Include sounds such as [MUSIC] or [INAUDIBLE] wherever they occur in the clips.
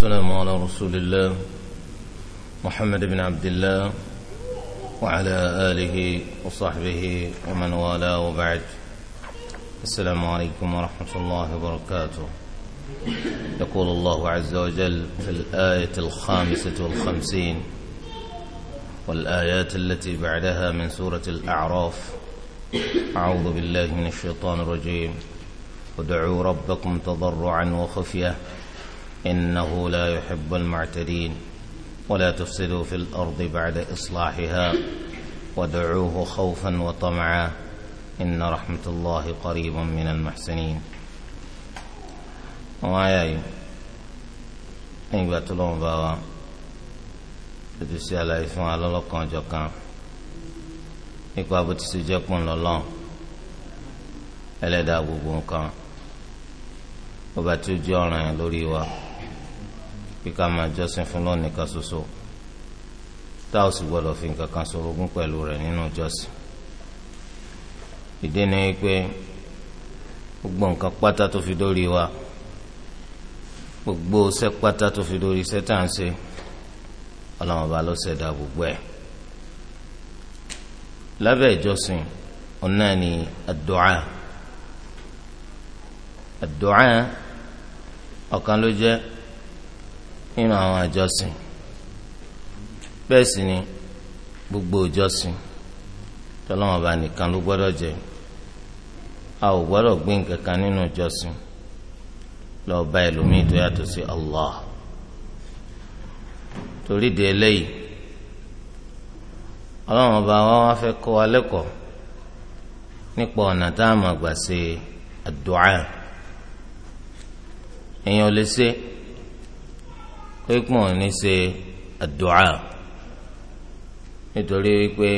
السلام على رسول الله محمد بن عبد الله وعلى آله وصحبه ومن والاه وبعد السلام عليكم ورحمة الله وبركاته يقول الله عز وجل في الآية الخامسة والخمسين والآيات التي بعدها من سورة الأعراف أعوذ بالله من الشيطان الرجيم ودعوا ربكم تضرعا وخفيه إنه لا يحب المعتدين ولا تفسدوا في الأرض بعد إصلاحها ودعوه خوفا وطمعا إن رحمة الله قريب من المحسنين وما يأيو إن باتلون بابا بدسي على إفن على لقان جقان إقوى بتسي جقون لله ألا دابو بوكا وباتو جانا ó jẹ́ bí ká máa jọ́sìn fún lọ́ọ̀ nìkan ṣoṣo tá ò sì gbọ́dọ̀ fi nǹkan kan ṣorogún pẹ̀lú rẹ̀ nínú jọ́sìn ìdí ni pé gbogbo nǹkan pátá tó fi dórí wa gbogbo iṣẹ́ pátá tó fi dórí iṣẹ́ tá à ń ṣe ọlọ́run ọba ló ṣẹ̀dá gbogbo ẹ̀ lábẹ́ ìjọsìn ọ̀nà ni àdúà àdúà ọ̀kan ló jẹ́ nínú àwọn àjọsìn bẹ́ẹ̀ ni gbogbo ìjọsìn tọ́lọ́wọ́n bá nìkan ló gbọ́dọ̀ a ò gbọ́dọ̀ gbé nǹkan kan nínú ìjọsìn lọ bá ẹlòmíì tó yàtọ̀ sí Allah torí di eléyìí ọlọ́run ọba wa wá fẹ́ kọ́ wa lẹ́kọ̀ọ́ pípọ̀ ní ṣe àdúrà nítorí wípé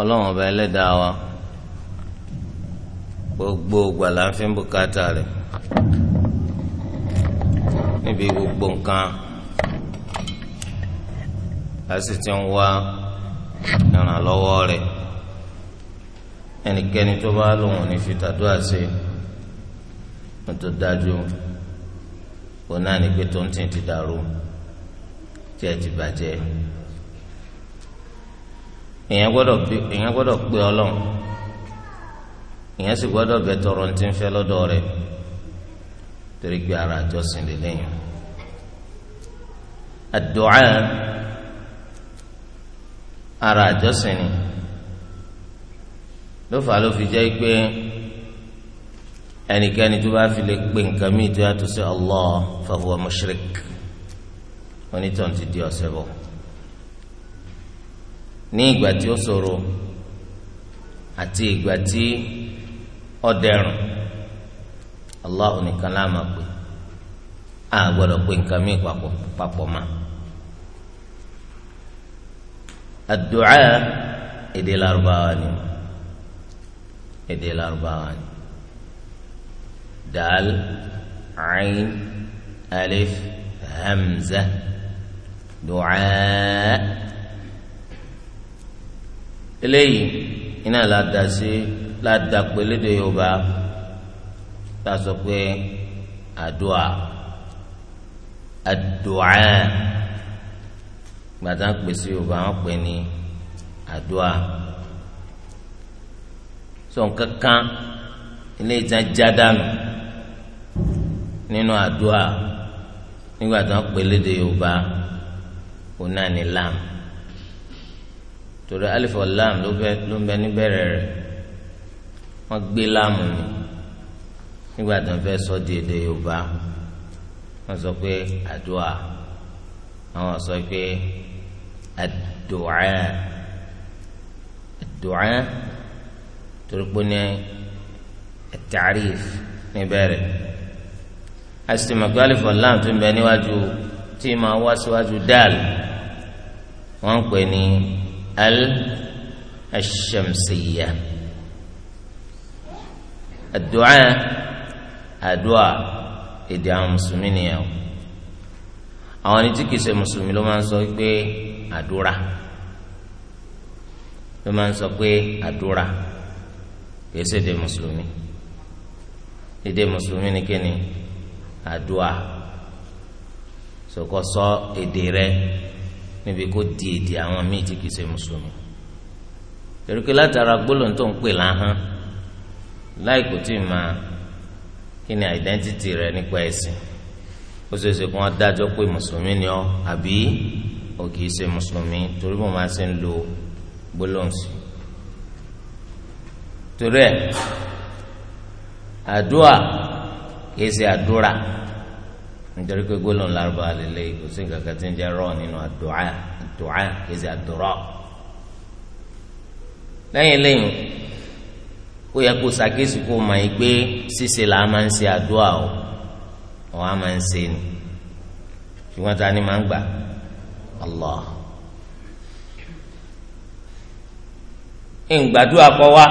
ọlọ́wọ́n ọba ẹlẹ́dàá wa gbogbo gbàlà ń fi ń bùkátà rẹ̀ níbi gbogbo nǹkan a sì ti ń wá ìrànlọ́wọ́ rẹ̀ ẹnikẹ́ni tó bá lòun ní fi tàdúrà ṣe ní dájú òun náà ní pé tóńtìn ti dàrú tí ẹ ti bàjẹ́ èèyàn gbọ́dọ̀ pé èèyàn gbọ́dọ̀ pé ọlọ́run èèyàn sì gbọ́dọ̀ bẹ tọrọ ní ti ń fẹ́ lọ́dọ̀ rẹ̀ torí pé ara àjọsìn lè lẹ́yìn àdúà ara àjọsìn ni ló fà á ló fi jẹ́ pé ẹnikẹ́ni tó bá fi lè pe nǹkan míì tó yàtọ̀ sí Allah fa huwa mushrik onítàn ti di ọ̀sẹ̀ bọ̀ ní ìgbà tí ó ṣòro àti ìgbà tí ó dẹrùn Allah nìkan la máa pè á pe nǹkan míì papọ̀ papọ̀ mọ́ àdúà èdè ni èdè ni. دال عين ألف همزة دعاء eléyìí iná ládàá sí ládàá pé lédè yorùbá tá a sọ pé àdúà àdúà gbàtà pè sí yorùbá wọn pè ní àdúà sọ nǹkan kan ilé ìtàn jádànù nínú àdúrà nígbà tí wọn pè lédè yorùbá òun náà ní lam torí alifu lam ló ń bẹ níbẹ̀rẹ̀ rẹ̀ wọn gbé láàmù ni nígbà tí wọn fẹ́ sọ di èdè yorùbá wọn sọ pé àdúrà àwọn sọ pé àdúrà àdúrà torí pé ní at-ta'rif ní bẹ̀rẹ̀ asitimaki alifu lam tún bẹ níwájú tí ma wá síwájú dal wọn pè ní al-shamsiyya adu'a adu'a èdè àwọn mùsùlùmí nìyẹn o àwọn ẹni tí kìí ṣe mùsùlùmí ló máa ń sọ pé àdúrà ló máa ń sọ pé àdúrà kìí ṣe èdè mùsùlùmí. musulmi mùsùlùmí ni kíni àdúà sọkọ sọ èdè rẹ níbi kó di èdè àwọn míì tí kìí ṣe mùsùlùmí torí látara gbólóhùn tó ń pè láhán àìdẹ́ntìtì rẹ nípa ẹ̀sìn ó ṣeé ṣe kí wọ́n dájọ́ pé mùsùlùmí ni ọ àbí o kìí ṣe mùsùlùmí torí mo máa ṣe ń lo gbólóhùn sí torí àdúà kìí ṣe àdúrà nítorí pé gbólóhùn lárúbáwá lélẹ̀ kò sí nǹkan kan tí ń jẹ́ rọ nínú àdúà àdúà kìí ṣe àdúrà lẹ́yìn lẹ́yìn ó yẹ kó ṣàkíyèsí kó mọ̀ yìí pé ṣíṣe là á máa ń ṣe àdúà o wọn á máa ń ṣe ni ṣùgbọ́n ta ni máa ń gbà Allah ń kọ́ wa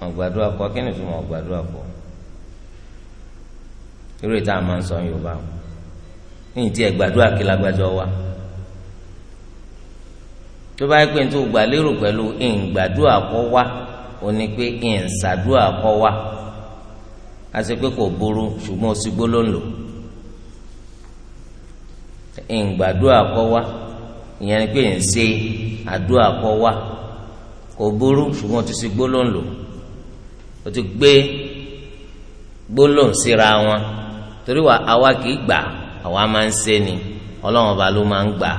wọn gbàdúrà kọ kí ni tó wọn gbàdúrà kọ irú ìta àmà ń sọ yorùbá o níyìn tí ẹ gbàdúrà kí wa tó bá yẹ pé nítorí gbà lérò pẹ̀lú ìǹgbàdúrà kọ wa ó ní pé ìǹsàdúrà kọ wa a ṣe pé kò burú ṣùgbọ́n ó sì gbólóhùn lò ìǹgbàdúrà kọ wa ìyẹn ni pé ìǹṣe àdúrà kọ wa kò burú ṣùgbọ́n ó ti sì gbólóhùn lò o ti gbé gbólóhùn síra wọn torí wa àwa kì í gbà àwa máa ń ṣe ni ọlọ́run ọba ló máa ń gbà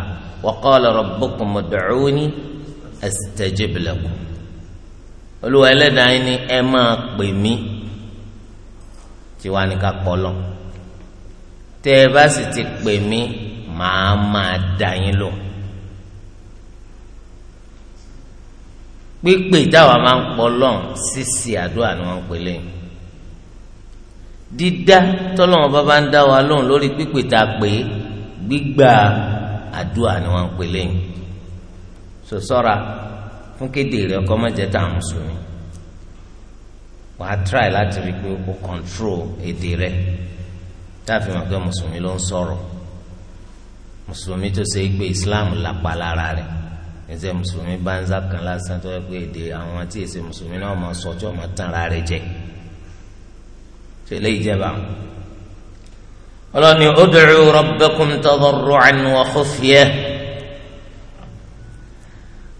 wa qala rabbukum ud'uni astajib lakum olúwa ẹlẹ́dàá ni ẹ máa pè mí tiwa ni ká kọlọ tẹ́ ẹ bá sì ti pè mí màá máa dá yín lóhùn. pípé táwa máa ń pọ̀ lọ́n ṣíṣe àdúrà ni wọ́n ń pè lẹ́yìn dídá tọ́lọ́wọ́n bá bá ń dá wa lóhùn lórí pípé tá a pè é gbígbà àdúrà ni wọ́n ń pè lẹ́yìn sòsọ́ra fún kéde rẹ ọkọ mọ̀jẹ̀ tá a mùsùlùmí wàá tíráì láti rí i pé o kọ̀ǹtró èdè rẹ tá a fi mọ̀ pé mùsùlùmí ló ń sọ̀rọ̀ mùsùlùmí tó ṣe é gbé islam lápá lára rẹ̀ ẹsẹ mùsùlùmí banza kan lásán tó yẹ pé èdè àwọn tí èsè mùsùlùmí náà máa sọ tí wọn máa tàn ara rẹ̀ jẹ ṣe eléyìí jẹba ọlọ́ni ud'u rabbakum tadarru'an wa khufyah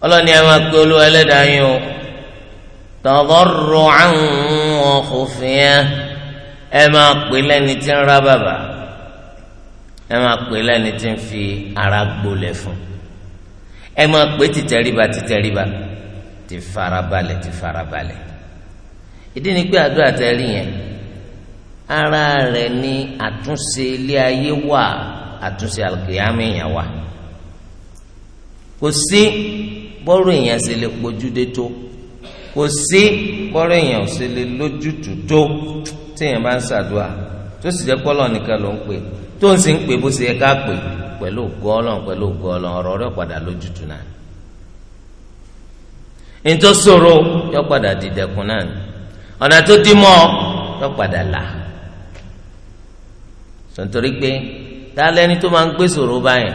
ọlọ́ni ẹ máa pe olúwa ẹlẹ́dàá yín o tadarru'an wa khufyah ẹ máa pè lẹ́ni tí ń ra bàbà ẹ máa pè lẹ́ni tí ń fi ara gbolẹ̀ fún un ẹ máa pé tìtẹríba tìtẹríba ti farabalẹ̀ ti farabalẹ̀ ìdí ni pé àdúrà tẹ́rí yẹn ara rẹ̀ ní àtúnṣe ilé ayé wà àtúnṣe àlùkìyàmù èèyàn wà kò sí bọ́rọ̀ èèyàn ṣe lè pojúdé tó kò sí bọ́rọ̀ èèyàn ṣe lè lójútùú tó tí èèyàn bá ń ṣàdúrà tó sì jẹ́ pọ́lọ́ nìkan ló ń pè tó ń sì ń pè bó ṣe yẹ ká pè é pẹ̀lú ògo pẹ̀lú ògo ọ̀rọ̀ rẹ̀ padà lójútu náà ntọ́ yọ padà dìdẹ̀kùn náà ọ̀nà tó dì mọ́ yọ padà là pé tálẹ́ni tó máa ń gbé sòro báyìí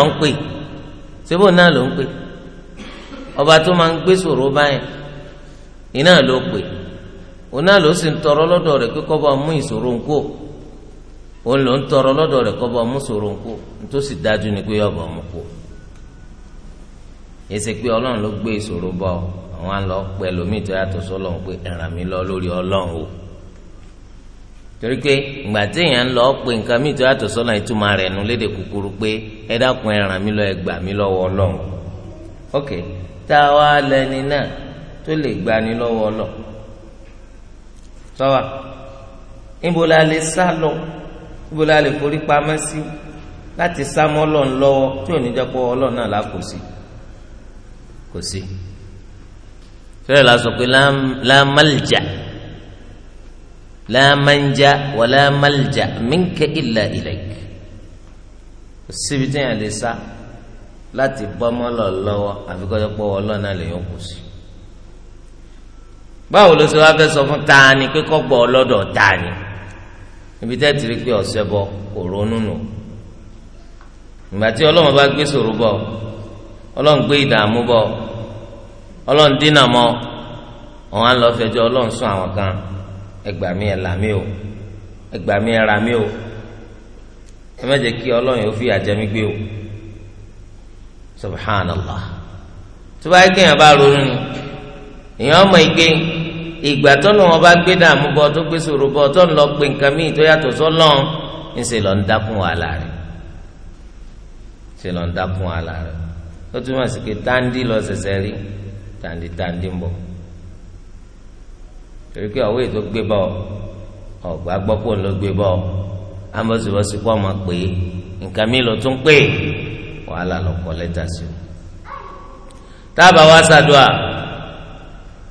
ń pè síbò náà ló ń pè ọba tó máa ń gbé sì ń tọrọ rẹ̀ pé kọ́ bá mú ń òun ló ń tọrọ lọ́dọ̀ rẹ̀ kọ́bọ̀ mùsùlùmí kú tó sì dájú ni pé ọ̀bọ̀ mu kú pé ló gbé ìṣòro bọ̀ àwọn àlọ́ pẹ́ lómi tó yàtọ̀ sọ́lọ́run pé ẹ̀ràn mi lọ lórí o torí pé ìgbà tí èèyàn ń lọ pé nǹkan mi tó nu léde kúkúrú pé ẹ dákun ẹ̀ràn mi lọ ẹ gbà mí ok tá a wá lẹni náà tó lè níbo la lè forí pamọ́ sí láti sá mọ́ ọlọ́run lọ́wọ́ tí ò ní jẹ́ pọ́ ọlọ́run náà là kò sí kò sí. fẹ́rẹ̀ la sọ pé lámàlìjà lámànjà wà lámàlìjà mínkẹ́ ìlà ìlẹ̀kì kò síbi tí yẹn lè sá láti bọ́ ọlọ́run lọ́wọ́ àfi kọ́ jẹ́ pọ́ ọlọ́run náà lè yọ kò báwo ló ṣe wá fẹ́ sọ fún ta ni gbọ́ ọlọ́dọ̀ ta ni. ibi tẹ́ ti rí pé ọ̀sẹ̀ bọ kò ronú nù ìgbà tí ọlọ́run bá gbé sòrò bọ ọlọ́run gbé ìdààmú ọlọ́run dínà mọ ọ̀hún á fẹjọ́ ọlọ́run sún àwọn kan ẹgbà mi ẹ̀là mi o ẹgbà mi ẹ̀ra mi o ẹ kí o subhanallah tó bá yẹ kéèyàn bá ike. ìgbà tọ́nù wọn bá gbé dààmú bọ́ tó gbé sòrò bọ́ tọ́nù lọ pé nǹkan míì tó yàtọ̀ sọ́lọ́n ń ṣe lọ́n dákun wàhálà rẹ̀ ṣe lọ́n dákun wàhálà rẹ̀ ó túmọ̀ sí pé táǹdì lọ ṣẹ̀ṣẹ̀ rí táǹdì táǹdì ń bọ̀ torí pé ọ̀wé tó gbé bọ̀ ọ̀gbà gbọ́pọ̀ ló gbé bọ̀ amọ̀sibọ́sí mọ̀ pé nǹkan míì ló tún pé wàhálà lọ kọ́ lẹ́tà sí o táàbà wá ṣàdúrà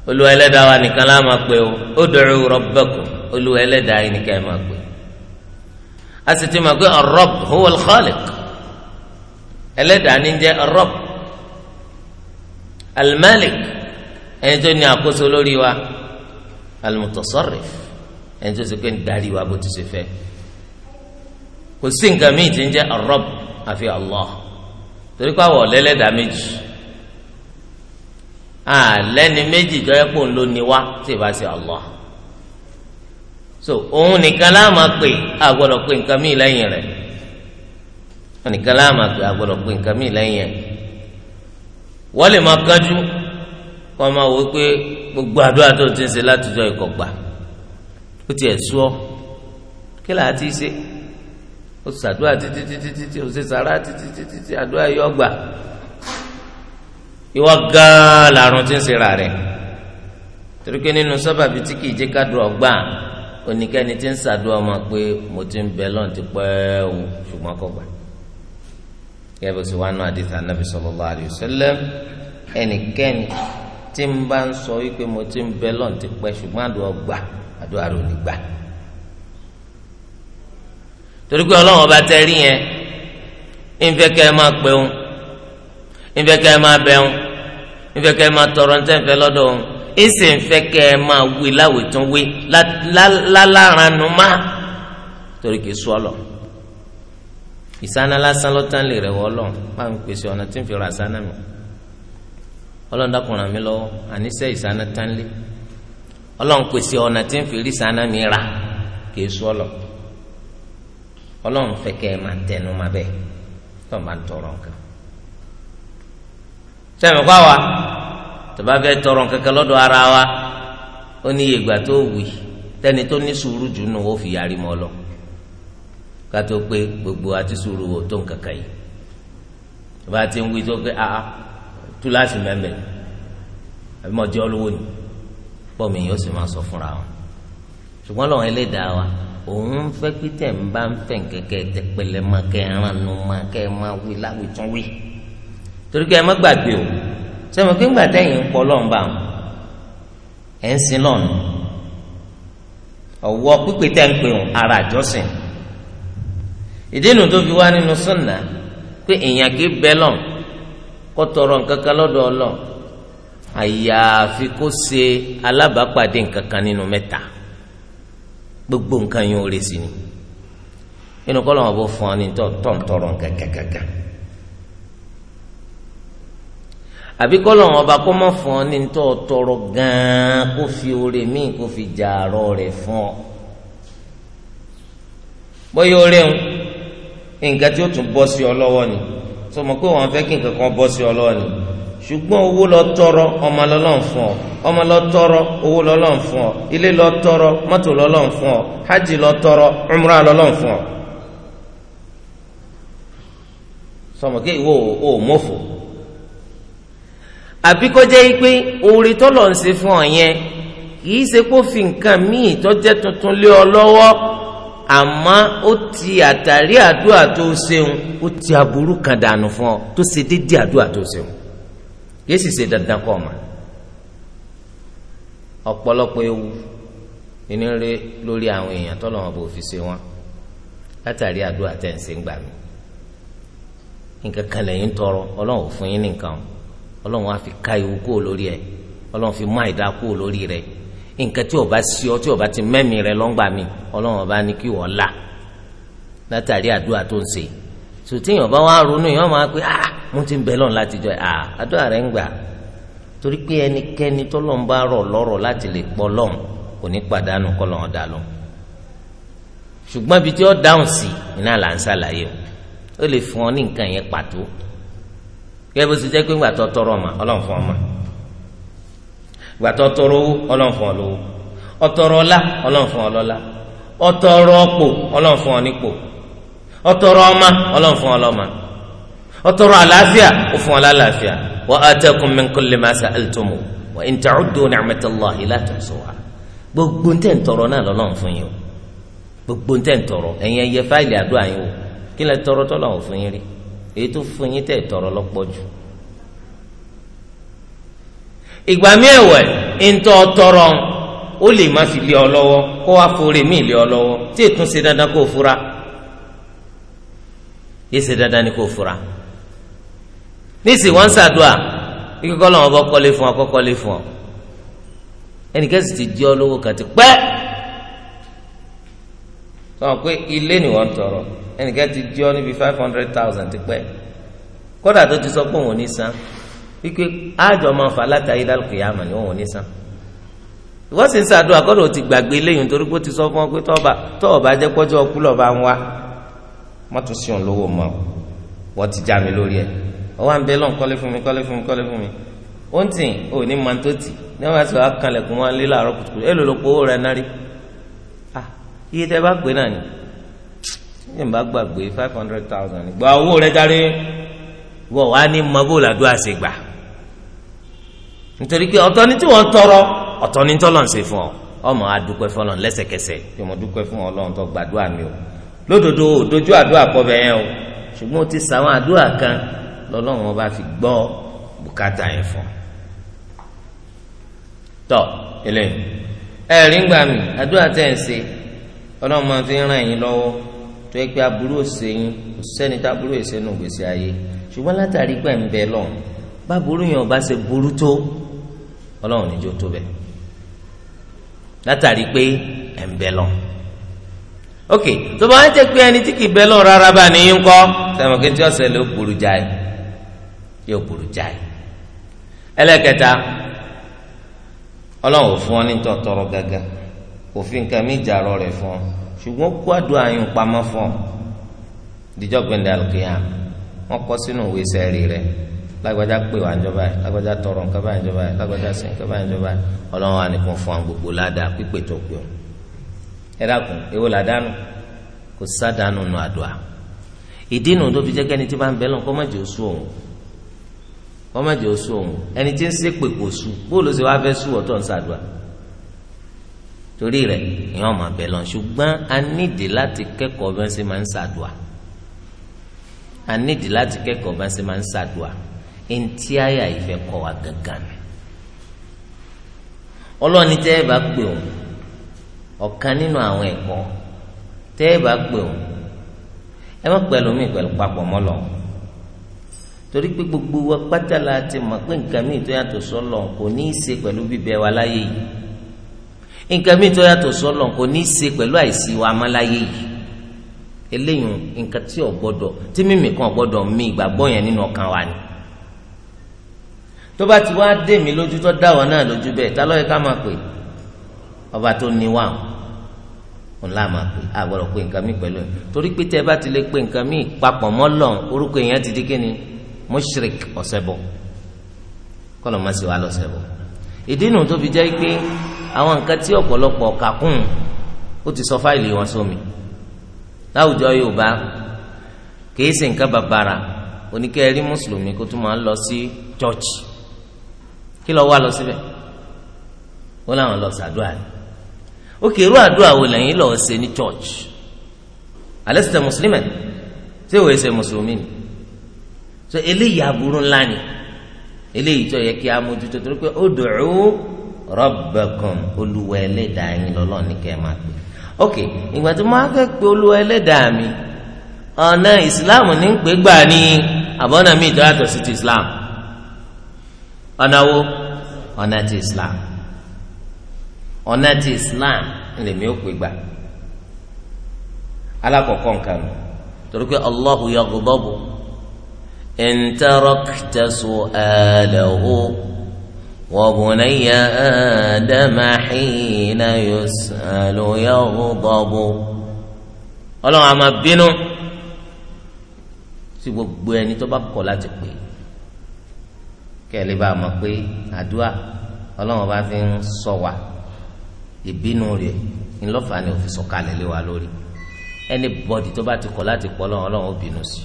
olúwa ẹlẹ́dàá wa nìkan la máa pè o ud'u rabbakum olúwa ẹlẹ́dàá yìí nìkan ẹ máa pè a sì ti máa pé ar-rabb huwa al-khaliq ẹlẹ́dàá ní jẹ́ ar-rabb al-malik ẹni tó ní àkóso lórí wa al ẹni tó sì pé ń darí wa bó ti ṣe fẹ́ kò sí nǹkan míì tí ń jẹ́ ar àfi Allah torí pé àwọn ọ̀lẹ́lẹ́dàá méjì àlẹ́ni méjì jọ ẹ́pọ̀ ń lò ní wá tí ì bá ṣe Allah so òun nìkan láàmà pé àgbọ̀dọ̀ pé nǹkan míì lẹ́yìn rẹ̀ òun nìkan láàmà pé àgbọ̀dọ̀ pé nǹkan míì lẹ́yìn rẹ̀ wọ́n lè máa kánjú kó máa wò pé gbogbo àdúrà tó ti ń ṣe látijọ́ ikọ̀ gbà ó tiẹ̀ sú ọ kí là ti ṣe ó ṣàdúrà títí títí títí ó ṣe sàrà títí títí àdúrà yọ gbà ìwọ gan-an làrùn ti ń sera rẹ̀ torí pé nínú sábàbí tí kìí jẹ́ kádùn ọgbà oníkẹ́ni ti ń sàdúrà ọmọ pé mo ti ń bẹ lọ́n ti pẹ́ òun ṣùgbọ́n kò gbà gẹ́gẹ́ bó ṣe wá nù àdìsí anábì sallallahu alayhi wa sallam ẹnikẹ́ni tí ń bá ń sọ wípé mo ti ń bẹ lọ́n ti pẹ́ ṣùgbọ́n àdùn ọgbà àdùn àrò nígbà torí pé ọlọ́run ọba tẹ́ rí yẹn ń fẹ́ kẹ́ ẹ máa pẹ́ òun ìfẹ́ kẹ́ ẹ máa bẹun ìfẹ́ kẹ́ ẹ máa tọrọ ní tẹ́ǹfẹ́ lọ́dọ̀ òun ìsìn ìfẹ́ kẹ́ ẹ máa wí láwì tún wí láláranu má torí kìí sọ lọ ìsáná lásán lọ́tàn lè rẹ̀ wọ́ lọ máa ń pèsè ọ̀nà tí ń fi ra sáná mi ọlọ́run dákun ràn mí lọ́wọ́ àníṣẹ́ ìsáná tán lé ọlọ́run pèsè ọ̀nà tí ń fi rí sáná mi ra kìí sọ lọ ọlọ́run fẹ́ kẹ́ ẹ máa tẹnu máa bẹ́ẹ̀ tó máa tọrọ nǹkan sẹ́mi kọ́ àwa tọ́ba fẹ́ tọrọ kankan lọ́dọ̀ ara wa ó ní ìgbà tó wì tẹ́ni tó ní sùúrù jù nù ó fi yàrí mọ́ lọ ká tó pé gbogbo àti sùúrù wò tó nǹkankan yìí tọ́ba ti ń wí tó pé ah, ah túláàsì mẹ́mẹ́ àbí olówó ni pọ́ọ̀mù yìí ó sì máa sọ fúnra wọn ṣùgbọ́n lọ́wọ́ ẹlẹ́dàá wa òun fẹ́ pété ń bá ń fẹ̀ kẹ́kẹ́ tẹpẹlẹ máa kẹ́ ẹran máa kẹ́ ẹ máa wí láwùjọ wí. torí pé ẹ má gbàgbé o sẹ́mi pé ńgbà tẹ̀yìn ń pọ̀ lọ́n bá ẹ̀ ń sin ọ̀wọ́ pípé ń pè ara àjọsìn ìdínú tó fi wá nínú súnà pé èèyàn kì í bẹ́ lọ́n kó tọrọ nǹkan lọ́dọ̀ àyàfi gbogbo yóò ni àbí kọ́ lọ́wọ́n ọba kó mọ̀ fún ọ ní tó tọrọ gan-an kó fi oore míì kó fi jà àárọ̀ rẹ̀ fún ọ. bóyá oore ń nǹkan tí ó tún bọ́ sí ọ lọ́wọ́ ni sọ ma pé wọ́n fẹ́ kí nǹkan kan bọ́ sí ọ lọ́wọ́ ni ṣùgbọ́n owó lọ tọrọ ọmọ lọ́lọ́run fún ọ ọmọ lọ tọrọ owó lọ́lọ́run fún ọ ilé lọ tọrọ mọ́tò lọ́lọ́run fún ọ hajj lọ tọrọ umrah lọ́lọ́run fún ọ. sọmọ kí ìwọ ò mọ̀fọ̀ àbí kó jẹ́ pé oore tọ́lọ̀ ń ṣe fún ọ yẹn kìí ṣe kó fi nǹkan míì tó jẹ́ tuntun lé ọ lọ́wọ́ àmọ́ ó ti àtàrí àdúrà tó ṣeun ó ti aburú kan dànù fún ọ tó ṣe dédé àdúrà tó ṣeun yìí sì ṣe dandan kọ́ ọ̀ma ọ̀pọ̀lọpọ̀ ewu ìníire lórí àwọn èèyàn tọ́lọ̀ wọn bò fi ṣe wọn látàrí àdúrà tẹ̀ ń ṣe ń gbà mí nǹkan kan lẹ́yìn tọrọ ọlọ́run ò fún yín nìkan o ọlọ́run á fi ká ewu kúrò lórí ẹ ọlọ́run fi mú àìdá kúrò lórí rẹ nǹkan tí ọba sí ọ tí ọba ti mẹ́mìí rẹ lọ́ngbà mi ọlọ́run ọba ní kí wọ́n là látàrí àdúrà tó ń ṣe sòtíyàn bá wà ronú yìí wọ́n máa pé ah mo ti ń bẹ lọ́run láti jọ ah àdúrà rẹ ń gbà torí pé ẹnikẹ́ni tọ́lọ́run bá rọ̀ lọ́rọ̀ láti lè pọ̀ lọ́run kò ní pàdánù kọ́ lọ́run dà lọ́run ṣùgbọ́n ibi tí ó dáhùn sí iná là ń ṣàlàyé o ó lè fún ọ ní nǹkan yẹn pàtó kẹ́ẹ́ bó ti jẹ́ pé ńgbà tó tọrọ ọmọ ọlọ́run fún ọmọ ńgbà tó tọrọ owó ọlọ́run fún ọlọ́wọ́ ọtọrọ ọlá ọlọ́run fún ọlọ́lá ọtọrọ ọpò ọlọ́run fún ọnípò ọtọrọ ọmọ ọlọ́run fún ọlọ́mọ ọtọrọ àlàáfíà ó fún ọlá àlàáfíà wa atakum min kulli ma sa'altum wa in ta'uddu ni'matallahi la tuhsuha gbogbo ntẹ̀ ntọrọ náà lọ́lọ́run fún yín o gbogbo ntẹ̀ ntọrọ ẹ̀yin ẹ̀yẹ fáìlì àdúrà yín o kí lẹ tọrọ tọ́lọ́run fún yín rí èyí tó fún yín tẹ̀ tọrọ lọ́pọ̀ jù ìgbà mi ẹ̀wẹ̀ ntọ́ tọrọ ó lè má fi lé ọ lọ́wọ́ kó wá forí mi lé ọ lọ́wọ́ tí ètún ṣe dandan kó fura yìí ṣe dandan ni kó fura níìsì wọ́n ń ṣàdúà kíkọ́ lọ́wọ́ bọ́ kọ́lé fún ọ kọ́ kọ́lé fún ọ ẹnìkan sì ti di ọ lówó kan ti pẹ́ pé ilé ni wọ́n tọrọ ẹnìkan ti di ọ níbi five hundred thousand ti pẹ́ kódà tó ti sọ pé òun ò ní san wípé àjọ máa fà látàrí dálùkì yàmà ni òun ò ní san ìwọ́n sì ń sàdúrà kódà ti gbàgbé lẹ́yìn torí pé ó ti sọ fún ọ pé tọ́ọ̀bà jẹ́ pọ́jọ́ ọkú lọ́ba ń wá mọ́tò sí òun lówó mọ́ wọ́n ti já mi lórí ẹ̀ ọ wá ń bẹ lọ́n kọ́lé fún mi kọ́lé fún mi kọ́lé fún mi ó ń tì ó ní máa tó tì ní wọ́n sọ akànlẹ̀kùn wọn lé láàárọ̀ kùtùkùtù èlò ló pọ̀ owó rẹ̀ náà rí ah, iye tẹ́ bá gbé náà ni ní ìbá gbàgbé five hundred thousand gba owó rẹ darí wọ wá ní mabó làdúrà ṣe gbà nítorí pé ọ̀tọ̀ ni tí wọ́n tọrọ ọ̀tọ̀ ni tọ́lọ̀ ń ṣe fún ọ ọmọ adúpẹ́ fún Ọlọ́run lẹ́sẹ̀kẹsẹ̀ kí mo dúpẹ́ fún Ọlọ́run tó gbàdúrà mi o lódodo òdojú àdúrà kọ bẹ yẹn o ṣùgbọ́n ti sàwọn àdúrà kan lọ́lọ́run ọba fi gbọ́ bùkátà yẹn fún ọ tọ eléyìí ẹ̀rín gbà mí àdúrà tẹ̀ ń ṣe Ọlọ́run máa fi ràn yín lọ́wọ́ tó yẹ pé aburú òsè yín kò sẹ́ni tá aburú èsè nù gbèsè ayé ṣùgbọ́n látàrí pẹ̀ ń bẹ lọ́n bá burú yẹn ọba ṣe burú tó ọlọ́run níjó tó bẹ̀ látàrí pé ẹ̀ ń bẹ lọ́n ok tó bá ń jẹ́ pé ẹni tí kì í bẹ lọ́n rárá bá ní yín kọ́ sẹ́wọ̀n kí n tí ọ̀sẹ̀ lè burú jáì yóò burú jáì ẹlẹ́kẹta ọlọ́run ò fún ọ ní tọ̀tọ̀rọ̀ gángan òfin kan mi jà rọ rẹ̀ fún ọ ṣùgbọ́n kó àdúrà yín pamọ́ fún ọ díjọ́ gbẹ̀ndẹ̀ alùkìyàm wọ́n kọ́ sínú ìwé sẹ́ẹ̀rì rẹ̀ lágbájá pè wá ìjọba yìí lágbájá tọrọ nǹkan báyìí ìjọba yìí lágbájá sìn nǹkan báyìí ìjọba yìí ọlọ́run ànìkún fún àwọn gbogbo ládàá pípé tó pè ọ́ ẹ dákun èwo làdánù kò sádánù nù àdúrà ìdí nu tó fi jẹ́ kẹ́ni tí bá ń bẹ́ lọ́n kọ́mọ̀jì oṣù òun kọ́mọ̀jì oṣù òun ẹni tí ń ṣépè kò sùn bóòlù sì wá fẹ́ sùn ọ̀tọ̀ ń sàdúrà torí rẹ̀ èèyàn máa bẹ̀ lọ ṣùgbọ́n a nídìí láti kẹ́kọ̀ọ́ bí wọ́n ṣe máa ń ṣàdùà a nídìí láti kẹ́kọ̀ọ́ bí wọ́n ṣe máa ń ṣàdùà eŋti àyà ìfẹ́ kọ́ wa gangan ọlọ́ni tẹ́ ẹ bá pè ọ́ ọ̀kan nínú àwọn ẹ̀kọ́ tẹ́ ẹ bá pè ọ́ ẹ má pẹ̀lú mi pẹ̀lú papọ̀ mọ́ lọ torí pé gbogbo wa pátá la ti mọ̀ pé nǹkan mi tó yàtọ̀ sọ́lọ̀ kò ní í ṣe pẹ̀lú bíbẹ wa láyé yìí nǹkan míì tó yàtọ̀ sọ́nà kò ní í ṣe pẹ̀lú àìsí wa amáláyé yìí eléyìí nǹkan tí ò gbọ́dọ̀ tí mímì kan gbọ́dọ̀ mí ìgbàgbọ́ yẹn nínú ọkàn wa ni tó bá ti wá dé mi lójú tó dá wọn náà lójú bẹ́ẹ̀ ta lọ́yẹ ká máa pè ọba tó ní wà òun là máa pè á pé nǹkan míì pẹ̀lú ẹ̀ torí pé tẹ́ bá ti lè pé nǹkan míì papọ̀ mọ́ lọ́n orúkọ èèyàn ti di kíni mushrik ọ̀sẹ̀ bọ̀ kọ́lọ́ máa ṣe wà lọ́sẹ̀ bọ̀ ìdí àwọn nǹkan tí ọ̀pọ̀lọpọ̀ kàkún ó ti sọ fáìlì wọn sómi láwùjọ Yorùbá kìí ṣe nǹkan bàbàrà oníkẹ́rí mùsùlùmí kó tún máa ń lọ sí chọ́ọ̀chì kí lọ́ọ́ wá lọ síbẹ̀ wọ́n láwọn lọ sàdúrà ni ó kì í rú àdúrà wo lẹ́yìn lọ́ọ́ ṣe ní chọ́ọ̀chì alẹ́ sì tẹ mùsùlùmí ṣé ìwé ṣe mùsùlùmí ni so eléyìí aburú ńlá ni eléyìí tó yẹ kí a mójútó torí pé ó dùn ún. rabbakum olúwa ẹlẹ́dàá yín lọ́lọ́ ní kẹ́ ok ìgbà tí wọ́n á fẹ́ pe olúwa ẹlẹ́dàá mi ọ̀nà ìsìláàmù ní pé gbà ní àbọ̀nà mi ìjọ islam ọ̀nà wo ọ̀nà ti islam ọ̀nà ti islam lèmi ó pè gbà alákọ̀ọ́kọ́ nǹkan torí pé وبني آدم حين يسأل يغضب ọlọ́run àmà bínú tí gbogbo ẹni tó bá kọ̀ láti pè kẹ́lẹ́ bá mọ̀ pé àdúrà ọlọ́run bá fi ń sọ wa ìbínú rẹ̀ ńlọ́fà ni òfin sọ̀kalẹ̀ lé wa lórí anybody tó bá ti kọ̀ láti pọ̀ ọlọ́run ọlọ́run ó bínú sí.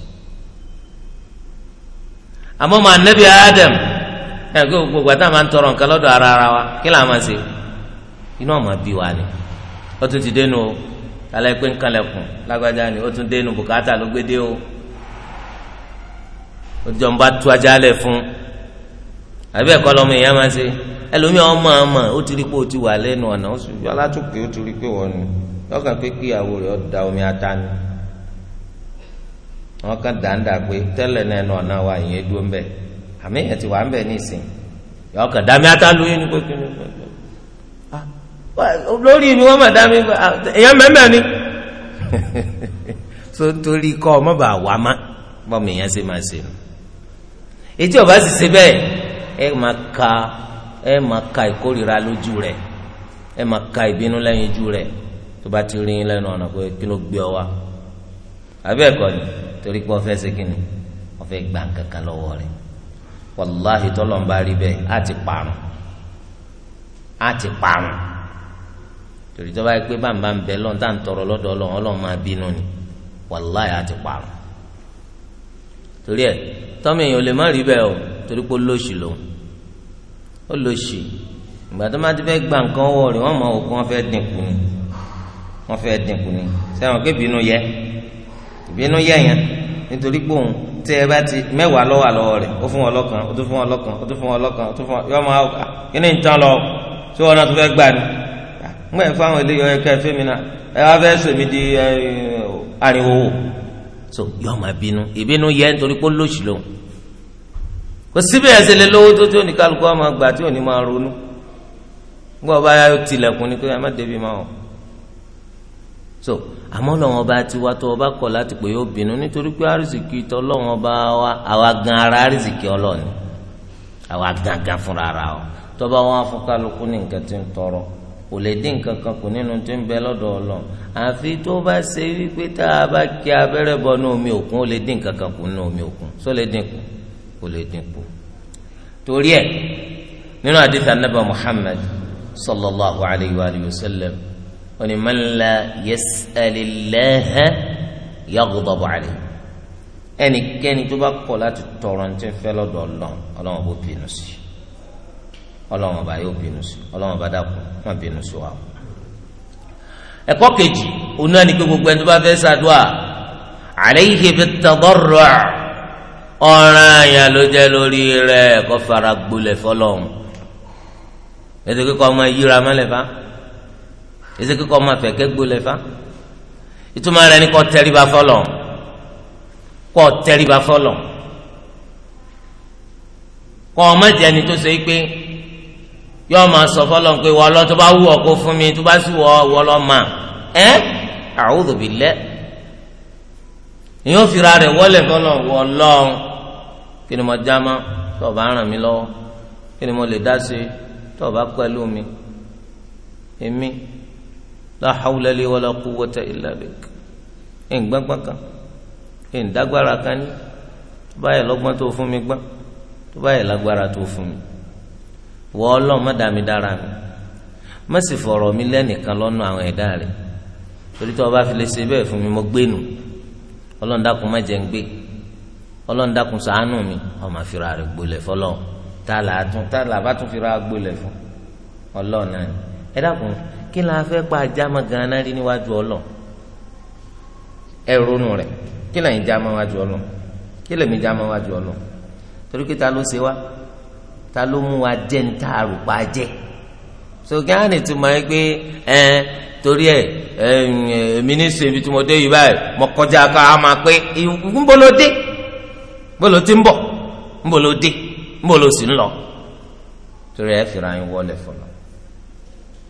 àmọ́ màá nẹ́bí Adam. ẹ kó gbogbo àti àwọn àtọrọ nǹkan lọ́dọ̀ ara ara wa kí là á máa ṣe inú ọmọ bí wa ni ó tún ti dénú o alẹ́ pé ń kanlẹ̀kùn lágbájá ni ó tún dénú bùkátà ló o ojú ọmọ bá tú ajá lẹ̀ fún àbí ẹ̀kọ́ lọ́mọ èèyàn máa ṣe ẹlòmíràn ọmọ ọmọ ó ti rí pé ó ti wà lẹ́nu ọ̀nà ó sì ó ti rí pé wọ́n ni lọ́kàn pé kí ìyàwó rẹ̀ omi ata wa ìyẹn dúró ń àmì èèyàn ti wà ń bẹ̀ ní ìsìn yọ kàn dá mi átálù ní pẹ́kí ní pẹ́kí lórí ni wọ́n mà dá mi èèyàn mẹ́mẹ́ ni [LAUGHS] so torí kọ́ ọmọ bá wà má bọ́mọ èèyàn ṣe máa ṣe nù ètí ọba sì ṣe bẹ́ẹ̀ ẹ máa ka ẹ máa ka ìkórìíra lójú rẹ̀ ẹ máa ka ìbínú lẹ́yìn ojú rẹ̀ tó bá ti rí yín lẹ́nu ọ̀nà pé kí ló gbé ọ wá àbẹ́ẹ̀kọ́ ni torí pé ọ fẹ́ ṣe kí ni ọ fẹ́ gbà kankan lọ́wọ́ rẹ̀ wàláhì tọ́lọ́n bá rí bẹ́ẹ̀ á ti parun á ti parun torí tó bá yẹ pé bàbá ń bẹ lọ́n tá à ń tọrọ lọ́dọ̀ ọlọ́run ọlọ́run máa bínú ni wàláhì á ti parun torí ẹ tọ́mọ èèyàn lè má rí bẹ́ẹ̀ o torí pé ó lóṣì lòun ó lóṣì ìgbà tó má ti fẹ́ gba nǹkan wọ̀ rẹ̀ wọ́n mọ òkú wọn fẹ́ dínkù ni wọ́n fẹ́ dínkù ni sẹ́wọ̀n kébìnú yẹ ìbínú yẹ yẹn nítorí pé òun tẹ ẹ bá ti mẹ́wàá lọ́wọ́ àlọ́wọ́ rẹ̀ ó fún wọn lọ́kàn ó tún fún wọn lọ́kàn ó tún fún wọn lọ́kàn ó tún fún wọn yọ máa wà ah, kí ni nǹkan lọ tí wọn náà tún fẹ́ gbà ní. ngbà ah, yẹn fáwọn eléyìí ọyọ kẹfẹ mi náà ẹ wá fẹ́ sèmi di ariwo so yọ máa bínú ìbínú yẹ nítorí pé ó lòṣì lòun kò síbẹ̀ ẹsẹ̀ lé lówó tó tó ní kálukú ọmọ gbà tí ò máa ronú ngbà ọba yà tilẹ̀kùn ni pé ẹ má débi máa wọ̀ so àmọ́ lọ́wọ́n ọba tiwa tó ọba kọ̀ láti pé yóò bínú nítorí pé àrísìkì tó lọ́wọ́n ọba wa àwa gan ara àrísìkì ọlọ́ọ̀ni àwa gan gan fúnra ara ọ tọ́ba wọn afọ́kálukú ní nǹkan tí ń tọrọ kò lè dín nǹkan kan kù nínú tí ń bẹ lọ́dọ̀ ọlọ́run àfi tó bá ṣe wípé tá a bá kí abẹ́rẹ́ bọ ní omi òkun ó lè dín nǹkan kan kù nínú omi òkun só lè dín kù kò lè dín kù. torí ẹ nínú àdìsá nàbà Muhammad sallallahu alayhi wa sallam oni man la yas'alillaha yaghdabu alayhi ẹnikẹ́ni tó bá kọ̀ láti tọrọ ní tí ń fẹ́ lọ́dọ̀ Ọlọ́run Ọlọ́run bó bínú sí Ọlọ́run ọba yóò bínú sí Ọlọ́run ọba dàkún má bínú sí wa. ẹ̀kọ́ kejì òun náà ni pé gbogbo ẹni tó bá fẹ́ ṣàdúà alayhi bit-tadarru' ọ̀ràn àyà ló lórí rẹ̀ kó fara gbolẹ̀ fọlọ́run ètò kíkọ́ ọmọ yíra mọ́lẹ̀ bá èsì kíkọ́ ọmọ àfẹ́kẹ́ gbólẹ̀ fa ìtumọ̀ rẹ̀ ni kọ́ tẹríba fọlọ̀ kọ́ tẹríba fọlọ̀ kọ́ ọmọ jẹni tó ṣe é pé yọọ máa sọ fọlọ̀ pé wọ́n lọ tó bá wù ọ́ kó fún mi tó bá sì wọ́ wọ́ lọ mà ẹ́ a'udhu billah èyàn fira rẹ̀ wọlé fọlọ̀ wọ́ lọ́n kí ni mo já mọ́ tó o bá ràn mí lọ́wọ́ kí ni mo lè dá sí tó o bá pẹ̀lú mi èmi la hawla li wala quwwata illa bik ń gbọ́ngbọ́n kan ń dágbára kan ní tó báyìí lọ́gbọ́n tó fún mi gbọ́n tó báyìí lágbára tó fún mi wọ́ ọlọ́run má dá mi dára mi má sì fọ̀rọ̀ mi lẹ́nìkan lọ́nà àwọn ẹ̀dá rẹ̀ torí tó o bá fi lè ṣe bẹ́ẹ̀ fún mi mo gbé nu ọlọ́run dákun má jẹ́ gbé ọlọ́run dákun ṣàánú mi ọmọ àfihàn rẹ̀ gbolẹ̀ fọlọ́run tá a bá tún fira gbolẹ̀ fún ọlọ́run náà ẹ kí la fẹ́ pa àjàmà gánà rí níwájú ọlọ ẹ ronú rẹ kí lẹ́yìn jàmà wájú ọlọ kí lèmi jàmà wájú ọlọ torí pé ta ló ṣe wá ta ló mú wa jẹ ní ta àrùpá jẹ sọgáàní tó máa ń pé ẹ torí ẹ èmi ní sèbi tí mo dé yìí báyìí mo kọjá ká a máa pé ńbọlódé ńbọlódé ń bọ ńbọlódé ńbọlósì ń torí ẹ fìrà yín wọlé fọlọ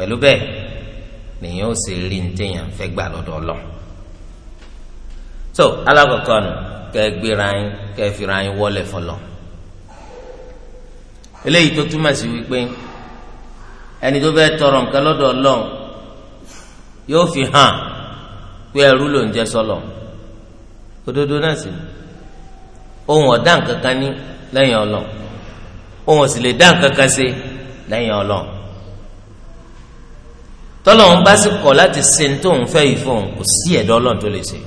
pẹ̀lú bẹ́ẹ̀ nìyẹn ó sì rí ntẹ̀yàn fẹ́ gbà lọ́dọ̀ lọ. tó alákọ̀ọ́kọ́ nù kẹ́ gbéra yín kẹ́ fira yín wọlé fọlọ́ eléyìí tó túmọ̀ sí wípé ẹni tó fẹ́ tọrọ nǹkan lọ́dọ̀ Ọlọ́run yóò fi hàn pé ẹrú ló ń jẹ́ sọlọ òdodo náà sì ohun ọ̀dá nǹkan kan ní lẹ́yìn Ọlọ́run ohun sì lè dá nǹkan kan ṣe lẹ́yìn Ọlọ́run tọ́lọ́run bá sì kọ̀ láti ṣe ní tóun fẹ́ yìí fún òun kò sí ẹ̀dọ́ ọlọ́run tó lè ṣe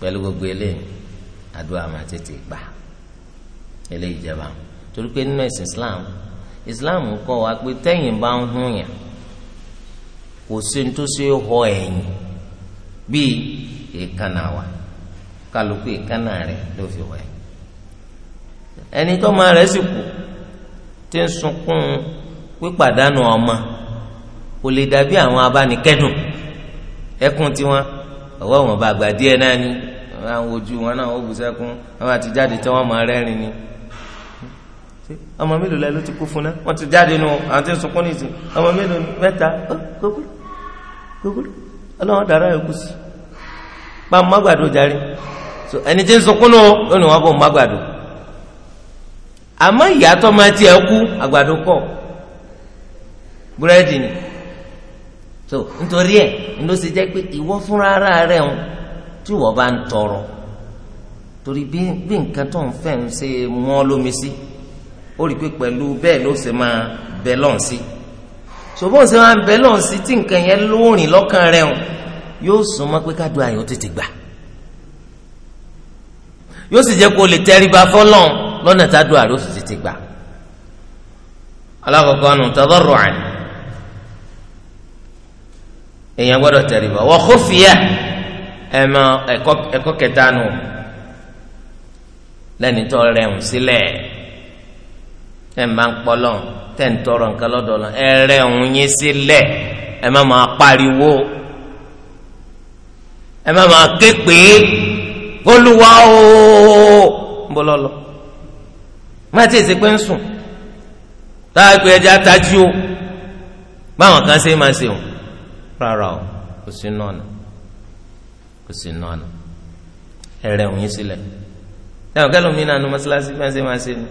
pẹ̀lú gbogbo eléyìí àdúrà máa tètè gbà eléyìí jẹba torí pé nínú ẹ̀sìn Islam Islam kọ́ wa pé tẹ́yìn bá ń hún yàn kò sí ní tó ṣe é họ ẹ̀yìn bíi èèkánná wa kálukú èèkánná rẹ̀ ló fi wẹ̀ ẹni tó máa rẹ̀ sì kù tí ń sunkún pípàdánù ọmọ kò lè dàbí àwọn abánikẹ́dùn ẹkún tiwọn ọwọ́ wọn bá gbà díẹ̀ náà ni wọn àwọn ojú wọn náà ó bù sẹ́kún wọn àti jáde tí wọn máa rẹ́rìn ni ọmọ mélòó la ló ti kú fún náà wọn ti jáde nù àwọn tí ń sunkún ní ìsìn ọmọ mélòó mẹ́ta gbogbo gbogbo ọlọ́wọ́n dara ẹ̀kú sí bá mọ́ járe so ẹni tí ń sunkún náà ó ní wọn bò mọ́ àgbàdo àmọ́ ìyàtọ̀ máa tiẹ̀ kú àgbàdo kọ̀ búrẹ́dì ni so nítorí ẹ̀ ló ṣe jẹ́ pé ìwọ fúnra ara rẹ̀ ń tí ìwọ bá ń tọrọ torí bí bí nǹkan tó ń fẹ́ ń ṣe wọ́n lómi sí ó rí i pé pẹ̀lú bẹ́ẹ̀ ló ṣe máa bẹ lọ́n sí ṣùgbọ́n ṣe máa bẹ lọ́n sí tí nǹkan yẹn lóorìn lọ́kàn rẹ̀ ń yóò sún mọ́ pé káàdùn ayọ̀ tètè gbà yóò sì jẹ́ kó lè tẹríba fọ́lọ́n lọ́nà tá a dùn àrò sì tètè gbà alákọ̀ọ́kọ́ nù tọ́lọ́rọ̀ àná èèyàn gbọ́dọ̀ tẹríba wa khufiya ẹ mọ ẹ̀kọ́ kẹta nù lẹ́ni tó rẹ̀hùn sílẹ̀ ẹ máa ń pọlọ tẹ̀ ń tọrọ nǹkan lọ́dọ̀ lọ ẹ rẹ̀hùn yín sílẹ̀ ẹ má máa pariwo ẹ má máa ké pé olúwa ooo ń bọ́ lọ́lọ́ má ti pé ń sùn táwọn ẹgbẹ́ ẹja tajú báwọn kan ṣe máa ṣe o rárá o kò sí nọ́ọ̀nà kò sí nọ́ọ̀nà ẹ̀rẹ̀ òyìn sílẹ̀ ẹ̀wọ̀n kẹ́lò mí nànú mọ́sálásí máa ṣe máa ṣe ni